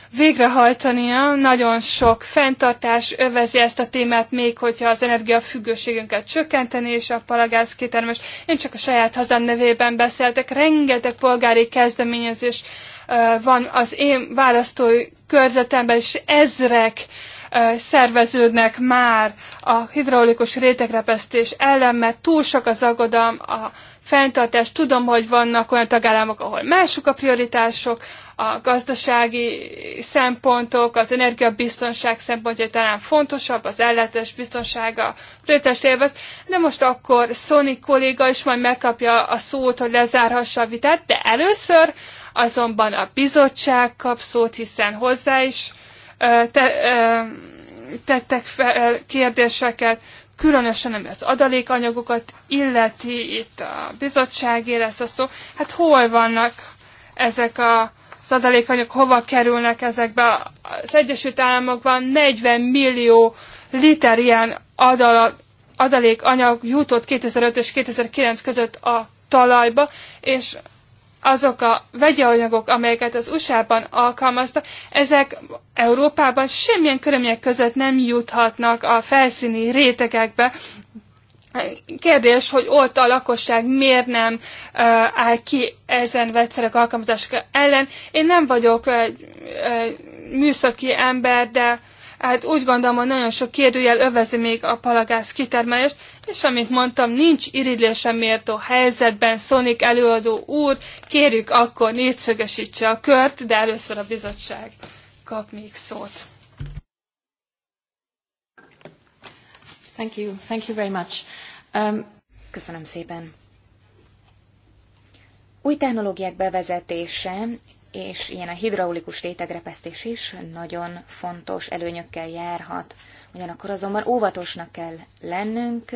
végrehajtania. Nagyon sok fenntartás övezi ezt a témát, még hogyha az energiafüggőségünket csökkenteni, és a palagáz kitermés. Én csak a saját hazám nevében beszéltek. Rengeteg polgári kezdeményezés van az én választói körzetemben, és ezrek szerveződnek már a hidraulikus rétegrepesztés ellen, mert túl sok az aggodalom a fenntartás. Tudom, hogy vannak olyan tagállamok, ahol mások a prioritások, a gazdasági szempontok, az energiabiztonság szempontja talán fontosabb, az ellátás biztonsága prioritást élvez, de most akkor Sony kolléga is majd megkapja a szót, hogy lezárhassa a vitát, de először azonban a bizottság kap szót, hiszen hozzá is te, tettek fel kérdéseket, különösen ami az adalékanyagokat illeti, itt a bizottságé lesz a szó, hát hol vannak ezek a az adalékanyagok, hova kerülnek ezekbe? Az Egyesült Államokban 40 millió liter ilyen adala, adalékanyag jutott 2005 és 2009 között a talajba, és azok a vegyi anyagok, amelyeket az USA-ban alkalmaztak, ezek Európában semmilyen körülmények között nem juthatnak a felszíni rétegekbe. Kérdés, hogy ott a lakosság miért nem uh, áll ki ezen vegyszerek alkalmazása ellen. Én nem vagyok uh, uh, műszaki ember, de uh, hát úgy gondolom, hogy nagyon sok kérdőjel övezi még a palagáz kitermelést, és amint mondtam, nincs irigylésem méltó helyzetben, Sonic előadó úr, kérjük akkor négyszögesítse a kört, de először a bizottság kap még szót. Thank you. Thank you very much. Um, Köszönöm szépen. Új technológiák bevezetése és ilyen a hidraulikus rétegrepesztés is nagyon fontos előnyökkel járhat. Ugyanakkor azonban óvatosnak kell lennünk,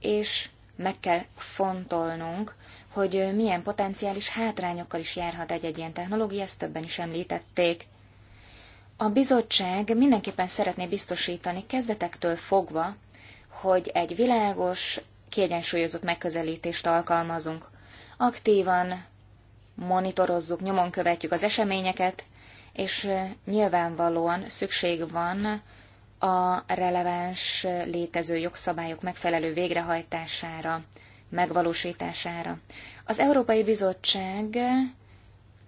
és meg kell fontolnunk, hogy milyen potenciális hátrányokkal is járhat egy-egy ilyen technológia, ezt többen is említették. A bizottság mindenképpen szeretné biztosítani kezdetektől fogva, hogy egy világos, kiegyensúlyozott megközelítést alkalmazunk. Aktívan monitorozzuk, nyomon követjük az eseményeket, és nyilvánvalóan szükség van a releváns létező jogszabályok megfelelő végrehajtására, megvalósítására. Az Európai Bizottság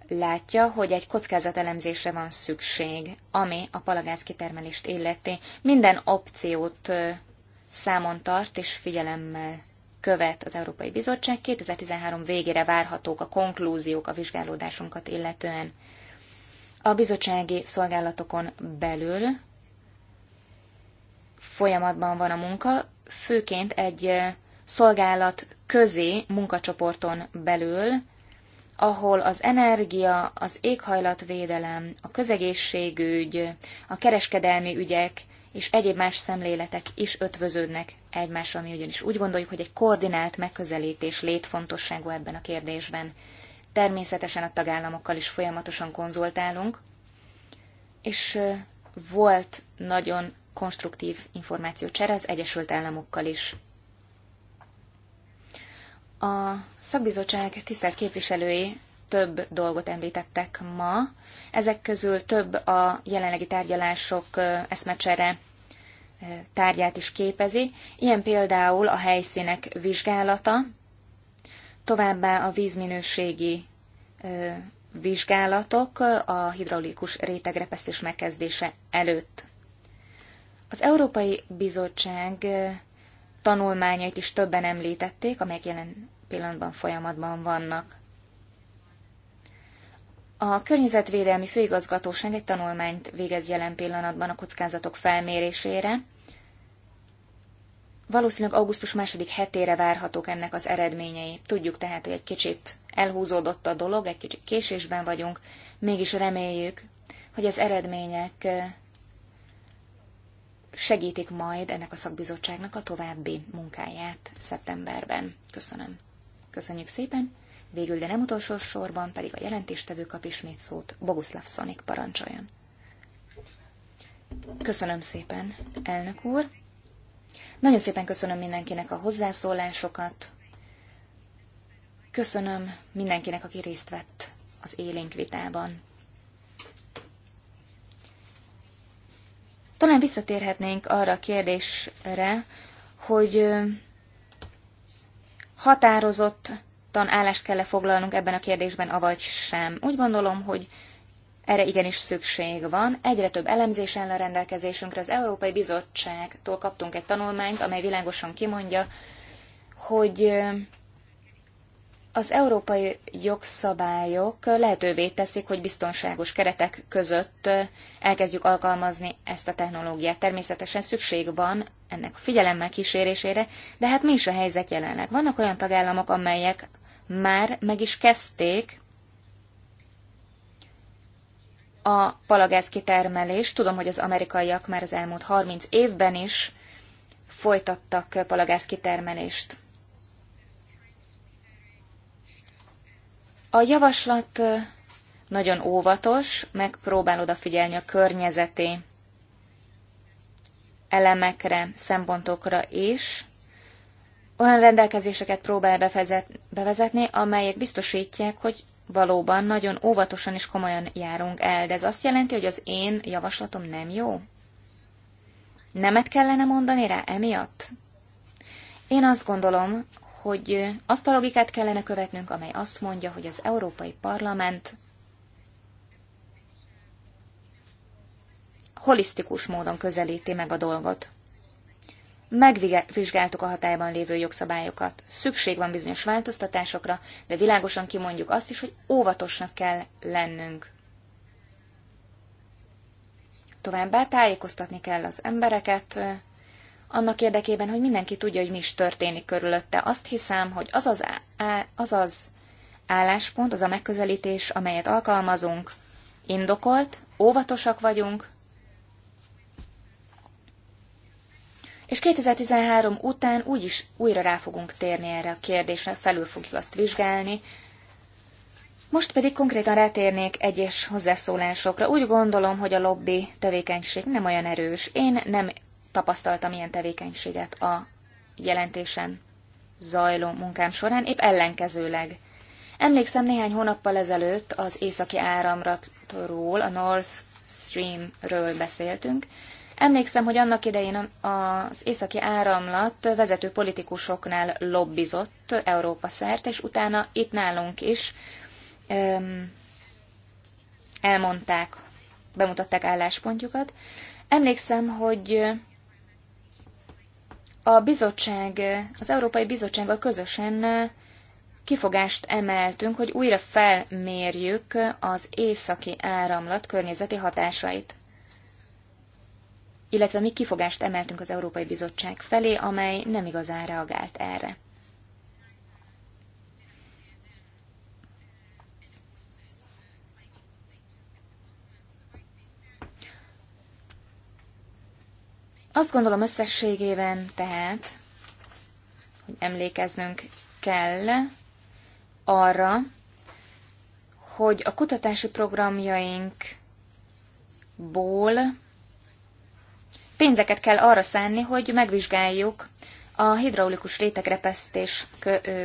látja, hogy egy kockázatelemzésre van szükség, ami a palagáz kitermelést illeti. Minden opciót számon tart és figyelemmel követ az Európai Bizottság. 2013 végére várhatók a konklúziók a vizsgálódásunkat illetően. A bizottsági szolgálatokon belül folyamatban van a munka, főként egy szolgálat közé munkacsoporton belül, ahol az energia, az éghajlatvédelem, a közegészségügy, a kereskedelmi ügyek és egyéb más szemléletek is ötvöződnek egymással, mi ugyanis úgy gondoljuk, hogy egy koordinált megközelítés létfontosságú ebben a kérdésben. Természetesen a tagállamokkal is folyamatosan konzultálunk, és volt nagyon konstruktív információcsere az Egyesült Államokkal is. A szakbizottság tisztelt képviselői több dolgot említettek ma, ezek közül több a jelenlegi tárgyalások eszmecsere tárgyát is képezi, ilyen például a helyszínek vizsgálata, továbbá a vízminőségi vizsgálatok a hidraulikus rétegrepesztés megkezdése előtt. Az Európai Bizottság tanulmányait is többen említették, amelyek jelen pillanatban folyamatban vannak. A Környezetvédelmi Főigazgatóság egy tanulmányt végez jelen pillanatban a kockázatok felmérésére. Valószínűleg augusztus második hetére várhatók ennek az eredményei. Tudjuk tehát, hogy egy kicsit elhúzódott a dolog, egy kicsit késésben vagyunk, mégis reméljük, hogy az eredmények segítik majd ennek a szakbizottságnak a további munkáját szeptemberben. Köszönöm. Köszönjük szépen! Végül, de nem utolsó sorban pedig a jelentéstevő kap ismét szót, Boguslav Szonik parancsoljon. Köszönöm szépen, elnök úr. Nagyon szépen köszönöm mindenkinek a hozzászólásokat. Köszönöm mindenkinek, aki részt vett az élénk vitában. Talán visszatérhetnénk arra a kérdésre, hogy határozott határozottan állást kell -e foglalnunk ebben a kérdésben, avagy sem. Úgy gondolom, hogy erre igenis szükség van. Egyre több elemzés áll a rendelkezésünkre. Az Európai Bizottságtól kaptunk egy tanulmányt, amely világosan kimondja, hogy az európai jogszabályok lehetővé teszik, hogy biztonságos keretek között elkezdjük alkalmazni ezt a technológiát. Természetesen szükség van ennek figyelemmel kísérésére, de hát mi is a helyzet jelenleg? Vannak olyan tagállamok, amelyek már meg is kezdték a palagáz kitermelést. Tudom, hogy az amerikaiak már az elmúlt 30 évben is folytattak palagáz kitermelést. A javaslat nagyon óvatos, megpróbál odafigyelni a környezeti elemekre, szempontokra is, olyan rendelkezéseket próbál bevezetni, amelyek biztosítják, hogy valóban nagyon óvatosan és komolyan járunk el, de ez azt jelenti, hogy az én javaslatom nem jó? Nemet kellene mondani rá emiatt? Én azt gondolom, hogy azt a logikát kellene követnünk, amely azt mondja, hogy az Európai Parlament holisztikus módon közelíti meg a dolgot megvizsgáltuk a hatályban lévő jogszabályokat. Szükség van bizonyos változtatásokra, de világosan kimondjuk azt is, hogy óvatosnak kell lennünk. Továbbá tájékoztatni kell az embereket, annak érdekében, hogy mindenki tudja, hogy mi is történik körülötte. Azt hiszem, hogy az az, á, az, az álláspont, az a megközelítés, amelyet alkalmazunk, indokolt, óvatosak vagyunk, és 2013 után úgyis újra rá fogunk térni erre a kérdésre, felül fogjuk azt vizsgálni. Most pedig konkrétan rátérnék egyes hozzászólásokra. Úgy gondolom, hogy a lobby tevékenység nem olyan erős. Én nem tapasztaltam ilyen tevékenységet a jelentésen zajló munkám során, épp ellenkezőleg. Emlékszem néhány hónappal ezelőtt az északi áramratról, a North Streamről beszéltünk, Emlékszem, hogy annak idején az északi áramlat vezető politikusoknál lobbizott Európa szert, és utána itt nálunk is öm, elmondták, bemutatták álláspontjukat. Emlékszem, hogy a bizottság, az Európai Bizottsággal közösen kifogást emeltünk, hogy újra felmérjük az északi áramlat környezeti hatásait illetve mi kifogást emeltünk az Európai Bizottság felé, amely nem igazán reagált erre. Azt gondolom összességében tehát, hogy emlékeznünk kell arra, hogy a kutatási programjainkból Pénzeket kell arra szánni, hogy megvizsgáljuk a hidraulikus rétegrepesztés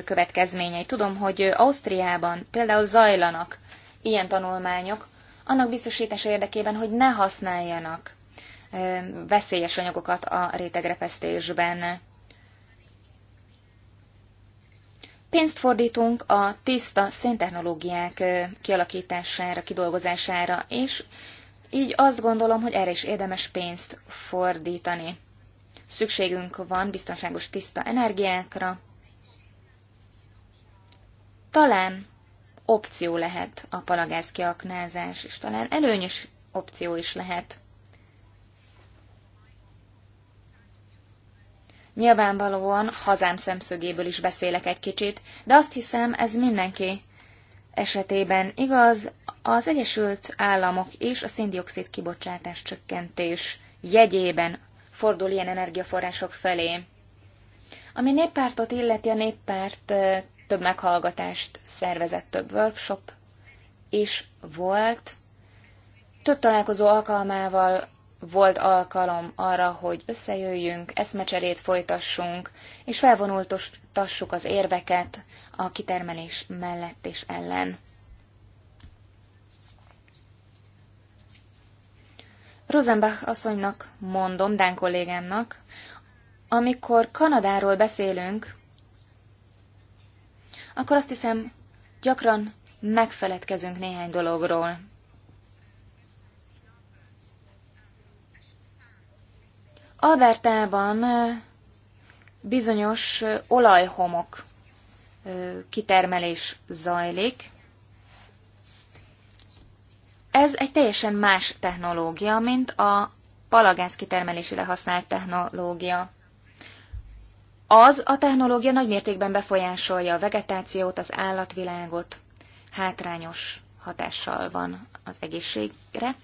következményei. Tudom, hogy Ausztriában például zajlanak ilyen tanulmányok, annak biztosítása érdekében, hogy ne használjanak veszélyes anyagokat a rétegrepesztésben. Pénzt fordítunk a tiszta széntechnológiák kialakítására, kidolgozására, és így azt gondolom, hogy erre is érdemes pénzt fordítani. Szükségünk van biztonságos tiszta energiákra. Talán opció lehet a palagáz kiaknázás, és talán előnyös opció is lehet. Nyilvánvalóan hazám szemszögéből is beszélek egy kicsit, de azt hiszem, ez mindenki esetében igaz, az Egyesült Államok és a széndiokszid kibocsátás csökkentés jegyében fordul ilyen energiaforrások felé. Ami néppártot illeti, a néppárt több meghallgatást szervezett, több workshop is volt. Több találkozó alkalmával volt alkalom arra, hogy összejöjjünk, eszmecserét folytassunk, és felvonultassuk az érveket, a kitermelés mellett és ellen. Rosenbach asszonynak mondom, Dán kollégámnak, amikor Kanadáról beszélünk, akkor azt hiszem, gyakran megfeledkezünk néhány dologról. Albertában eh, bizonyos eh, olajhomok kitermelés zajlik. Ez egy teljesen más technológia, mint a palagáz kitermelésére használt technológia. Az a technológia nagymértékben befolyásolja a vegetációt, az állatvilágot, hátrányos hatással van az egészségre.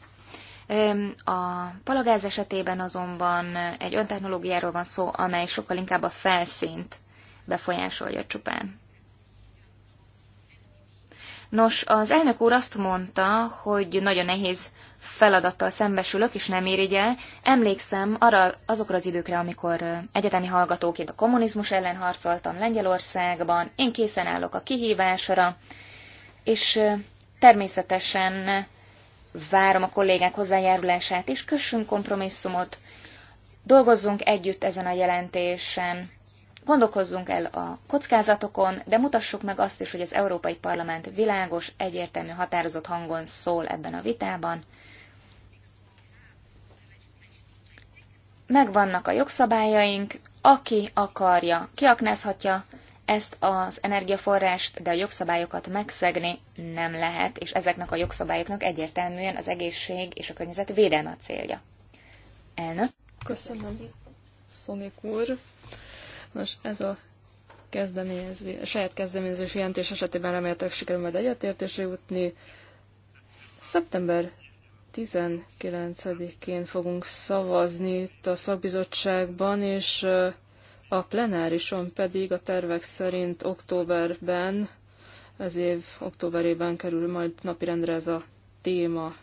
A palagáz esetében azonban egy olyan technológiáról van szó, amely sokkal inkább a felszínt befolyásolja csupán. Nos, az elnök úr azt mondta, hogy nagyon nehéz feladattal szembesülök, és nem el. Emlékszem arra, azokra az időkre, amikor egyetemi hallgatóként a kommunizmus ellen harcoltam Lengyelországban, én készen állok a kihívásra, és természetesen várom a kollégák hozzájárulását, és kössünk kompromisszumot, dolgozzunk együtt ezen a jelentésen. Gondolkozzunk el a kockázatokon, de mutassuk meg azt is, hogy az Európai Parlament világos, egyértelmű, határozott hangon szól ebben a vitában. Megvannak a jogszabályaink, aki akarja, kiaknázhatja ezt az energiaforrást, de a jogszabályokat megszegni nem lehet, és ezeknek a jogszabályoknak egyértelműen az egészség és a környezet védelme a célja. Elnök. Köszönöm. Szonik úr. Nos, ez a kezdeményezés, a saját kezdeményezés jelentés esetében reméltek sikerül majd egyetértésre jutni. Szeptember 19-én fogunk szavazni itt a szakbizottságban, és a plenárison pedig a tervek szerint októberben, ez év októberében kerül majd napirendre ez a téma.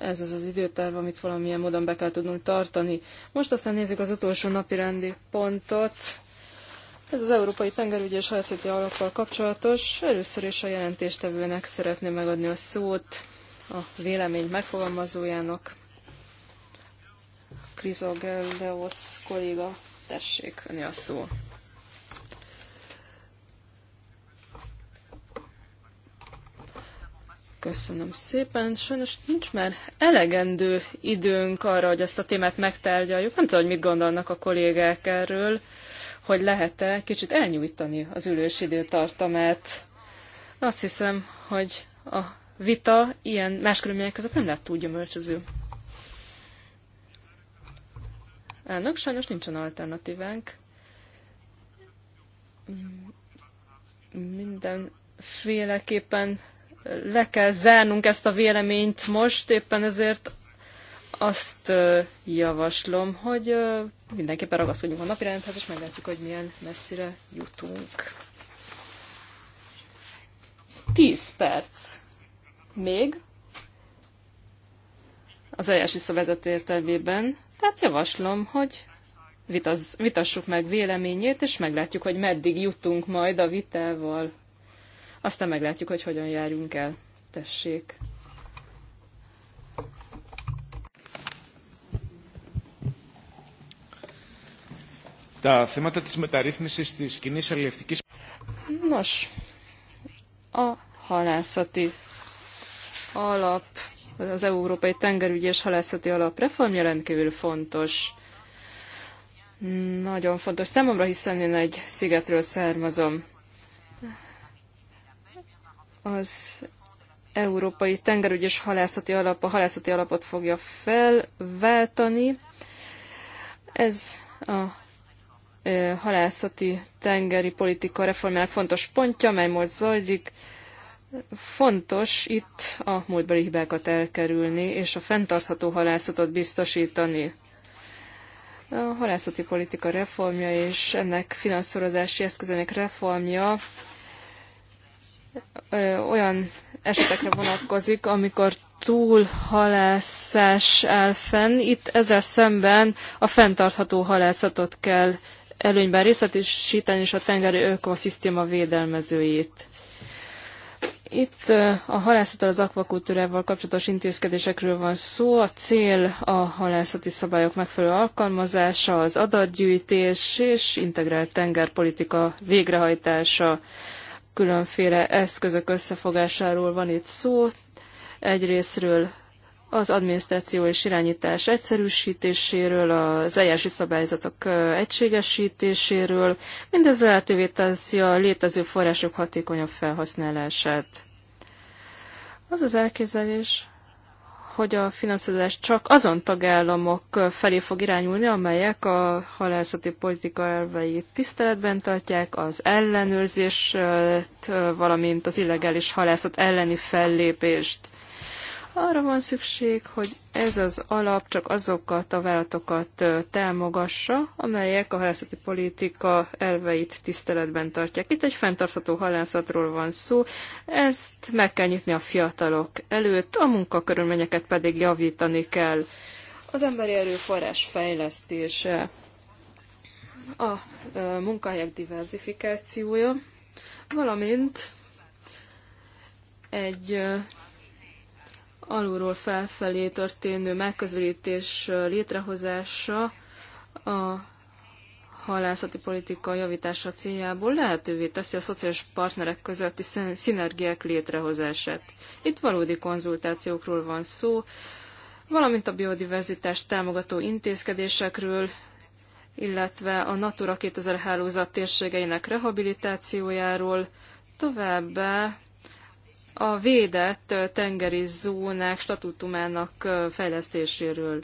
Ez az az időterv, amit valamilyen módon be kell tudnunk tartani. Most aztán nézzük az utolsó napi rendi pontot. Ez az Európai Tengerügyi és Halászati Alappal kapcsolatos. Először is a jelentéstevőnek szeretném megadni a szót a vélemény megfogalmazójának. Krizogeleos kolléga, tessék, öni a szó. Köszönöm szépen. Sajnos nincs már elegendő időnk arra, hogy ezt a témát megtárgyaljuk. Nem tudom, hogy mit gondolnak a kollégák erről, hogy lehet-e kicsit elnyújtani az ülős időtartamát. Azt hiszem, hogy a vita ilyen más körülmények között nem lett túl gyümölcsöző. Elnök, sajnos nincsen alternatívánk. Mindenféleképpen le kell zárnunk ezt a véleményt most, éppen ezért azt javaslom, hogy mindenképpen ragaszkodjunk a napirendhez, és meglátjuk, hogy milyen messzire jutunk. Tíz perc. Még az eljárási visszavezet értelmében. Tehát javaslom, hogy vitaz, vitassuk meg véleményét, és meglátjuk, hogy meddig jutunk majd a vitával. Aztán meglátjuk, hogy hogyan járjunk el. Tessék. Τα θέματα της μεταρρύθμισης της κοινή αλληλευτικής... Nos, a halászati alap, az Európai Tengerügyi és Halászati Alap reformja rendkívül fontos. Nagyon fontos számomra, hiszen én egy szigetről származom az Európai Tengerügy és Halászati Alap a halászati alapot fogja felváltani. Ez a e, halászati tengeri politika reformjának fontos pontja, mely most zajlik. Fontos itt a múltbeli hibákat elkerülni és a fenntartható halászatot biztosítani. A halászati politika reformja és ennek finanszírozási eszközének reformja olyan esetekre vonatkozik, amikor halászás áll fenn. Itt ezzel szemben a fenntartható halászatot kell előnyben részletesíteni, és a tengeri ökoszisztéma védelmezőjét. Itt a halászattal az akvakultúrával kapcsolatos intézkedésekről van szó. A cél a halászati szabályok megfelelő alkalmazása, az adatgyűjtés és integrált tengerpolitika végrehajtása különféle eszközök összefogásáról van itt szó. Egyrésztről az adminisztráció és irányítás egyszerűsítéséről, az eljárási szabályzatok egységesítéséről, mindez lehetővé teszi a létező források hatékonyabb felhasználását. Az az elképzelés, hogy a finanszírozás csak azon tagállamok felé fog irányulni, amelyek a halászati politika elveit tiszteletben tartják, az ellenőrzést, valamint az illegális halászat elleni fellépést. Arra van szükség, hogy ez az alap csak azokat a vállalatokat támogassa, amelyek a halászati politika elveit tiszteletben tartják. Itt egy fenntartható halászatról van szó, ezt meg kell nyitni a fiatalok előtt, a munkakörülményeket pedig javítani kell. Az emberi erőforrás fejlesztése, a munkahelyek diversifikációja, valamint egy alulról felfelé történő megközelítés létrehozása a halászati politika javítása céljából lehetővé teszi a szociális partnerek közötti szinergiák létrehozását. Itt valódi konzultációkról van szó, valamint a biodiverzitás támogató intézkedésekről, illetve a Natura 2000 hálózat térségeinek rehabilitációjáról, továbbá a védett tengeri zónák statutumának fejlesztéséről.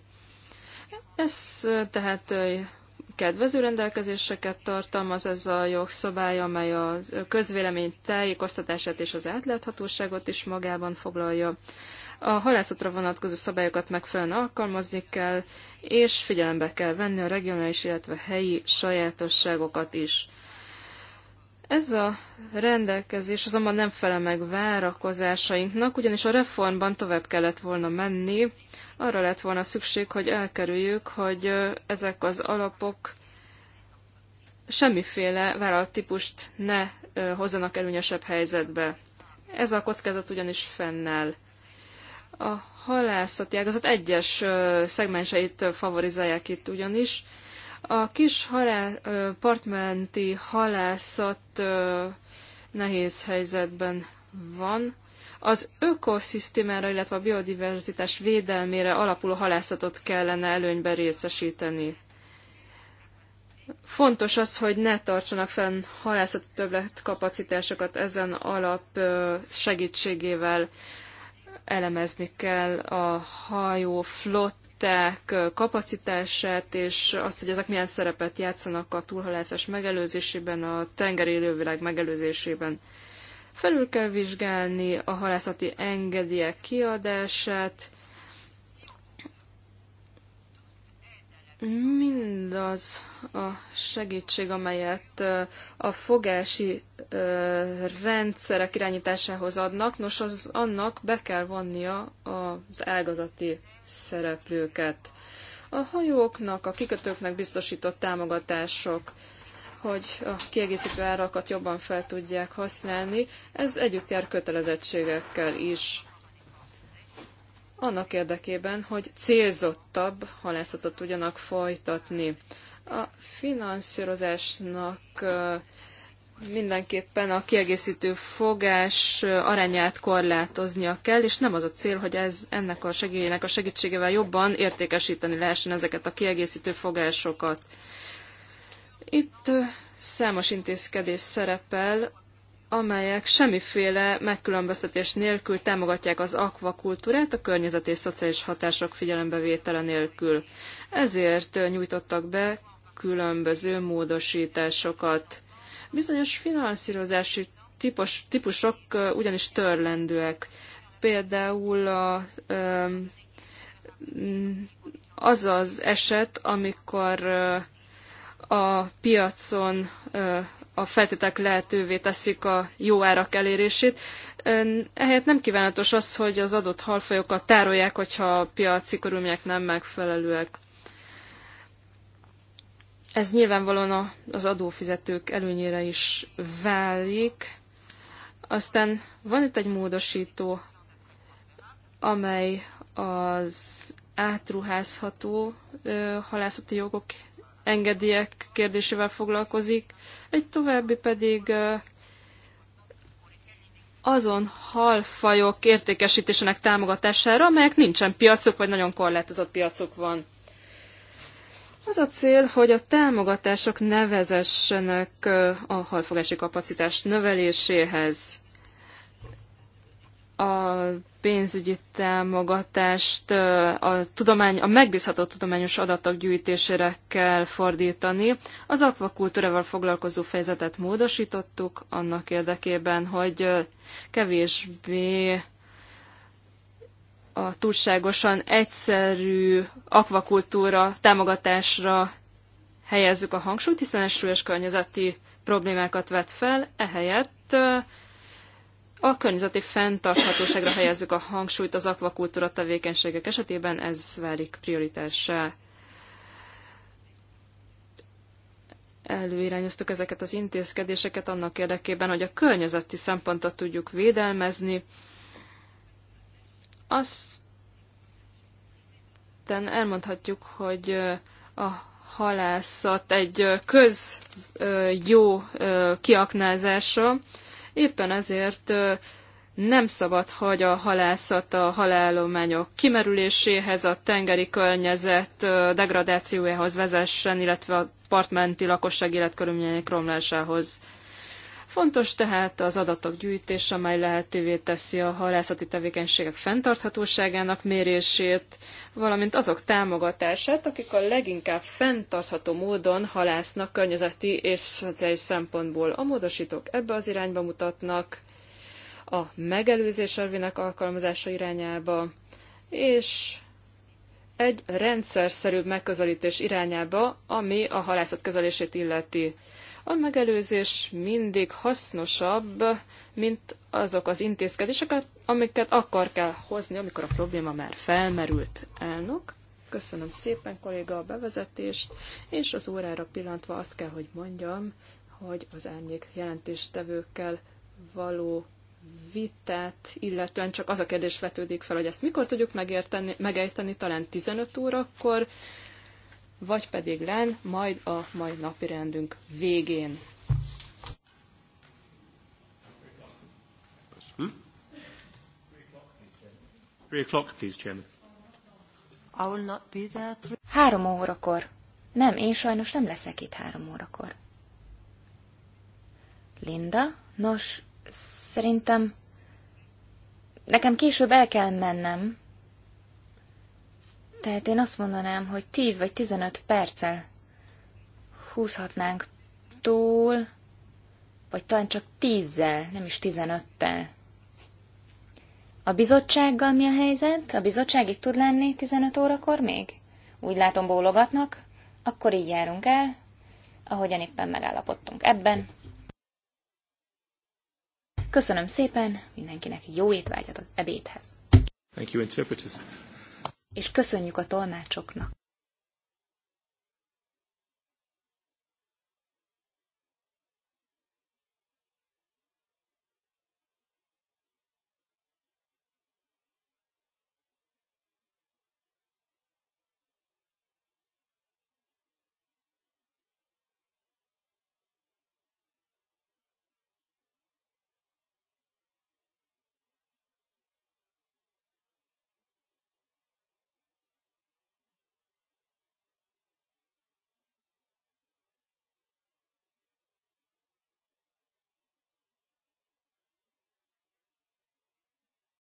Ez tehát kedvező rendelkezéseket tartalmaz ez a jogszabály, amely a közvélemény tájékoztatását és az átláthatóságot is magában foglalja. A halászatra vonatkozó szabályokat megfelelően alkalmazni kell, és figyelembe kell venni a regionális, illetve helyi sajátosságokat is. Ez a rendelkezés azonban nem fele meg várakozásainknak, ugyanis a reformban tovább kellett volna menni. Arra lett volna szükség, hogy elkerüljük, hogy ezek az alapok semmiféle vállalattípust ne hozzanak előnyesebb helyzetbe. Ez a kockázat ugyanis fennáll. A halászati ágazat egyes szegmenseit favorizálják itt ugyanis, a kis halá, partmenti halászat nehéz helyzetben van. Az ökoszisztémára, illetve a biodiverzitás védelmére alapuló halászatot kellene előnyben részesíteni. Fontos az, hogy ne tartsanak fenn halászati többletkapacitásokat ezen alap segítségével elemezni kell a hajó flott floták kapacitását, és azt, hogy ezek milyen szerepet játszanak a túlhalászás megelőzésében, a tengeri élővilág megelőzésében. Felül kell vizsgálni a halászati engedélyek kiadását, mindaz a segítség, amelyet a fogási rendszerek irányításához adnak, nos, az annak be kell vonnia az ágazati szereplőket. A hajóknak, a kikötőknek biztosított támogatások, hogy a kiegészítő árakat jobban fel tudják használni, ez együtt jár kötelezettségekkel is annak érdekében, hogy célzottabb halászatot tudjanak folytatni. A finanszírozásnak mindenképpen a kiegészítő fogás arányát korlátoznia kell, és nem az a cél, hogy ez ennek a segélynek a segítségével jobban értékesíteni lehessen ezeket a kiegészítő fogásokat. Itt számos intézkedés szerepel, amelyek semmiféle megkülönböztetés nélkül támogatják az akvakultúrát a környezeti és szociális hatások figyelembevétele nélkül. Ezért nyújtottak be különböző módosításokat. Bizonyos finanszírozási típus, típusok ugyanis törlendőek. Például a, az az eset, amikor a piacon a feltétek lehetővé teszik a jó árak elérését. Ehelyett nem kívánatos az, hogy az adott halfajokat tárolják, hogyha a piaci körülmények nem megfelelőek. Ez nyilvánvalóan az adófizetők előnyére is válik. Aztán van itt egy módosító, amely az átruházható ö, halászati jogok engedélyek kérdésével foglalkozik, egy további pedig azon halfajok értékesítésének támogatására, amelyek nincsen piacuk, vagy nagyon korlátozott piacuk van. Az a cél, hogy a támogatások nevezessenek a halfogási kapacitás növeléséhez a pénzügyi támogatást a, tudomány, a megbízható tudományos adatok gyűjtésére kell fordítani. Az akvakultúrával foglalkozó fejezetet módosítottuk annak érdekében, hogy kevésbé a túlságosan egyszerű akvakultúra támogatásra helyezzük a hangsúlyt, hiszen ez súlyos környezeti problémákat vet fel, ehelyett a környezeti fenntarthatóságra helyezzük a hangsúlyt az akvakultúra tevékenységek esetében, ez válik prioritássá. Előirányoztuk ezeket az intézkedéseket annak érdekében, hogy a környezeti szempontot tudjuk védelmezni. Aztán elmondhatjuk, hogy a halászat egy közjó kiaknázása, Éppen ezért nem szabad, hagy a halászat a halállományok kimerüléséhez, a tengeri környezet degradációjához vezessen, illetve a partmenti lakosság életkörülményeinek romlásához. Fontos tehát az adatok gyűjtés, amely lehetővé teszi a halászati tevékenységek fenntarthatóságának mérését, valamint azok támogatását, akik a leginkább fenntartható módon halásznak környezeti és szociális szempontból. A módosítók ebbe az irányba mutatnak, a megelőzés elvének alkalmazása irányába, és egy rendszer szerűbb megközelítés irányába, ami a halászat kezelését illeti. A megelőzés mindig hasznosabb, mint azok az intézkedések, amiket akar kell hozni, amikor a probléma már felmerült elnök. Köszönöm szépen, kolléga, a bevezetést, és az órára pillantva azt kell, hogy mondjam, hogy az árnyék jelentéstevőkkel való vitát, illetően csak az a kérdés vetődik fel, hogy ezt mikor tudjuk megérteni, megejteni, talán 15 órakor, vagy pedig len, majd a mai napi rendünk végén. Hm? Három órakor. Nem, én sajnos nem leszek itt három órakor. Linda? Nos, szerintem... Nekem később el kell mennem, tehát én azt mondanám, hogy 10 vagy 15 perccel húzhatnánk túl, vagy talán csak 10 nem is 15-tel. A bizottsággal mi a helyzet? A bizottság itt tud lenni 15 órakor még? Úgy látom bólogatnak, akkor így járunk el, ahogyan éppen megállapodtunk ebben. Köszönöm szépen mindenkinek jó étvágyat az ebédhez. Thank you, interpreters és köszönjük a tolmácsoknak.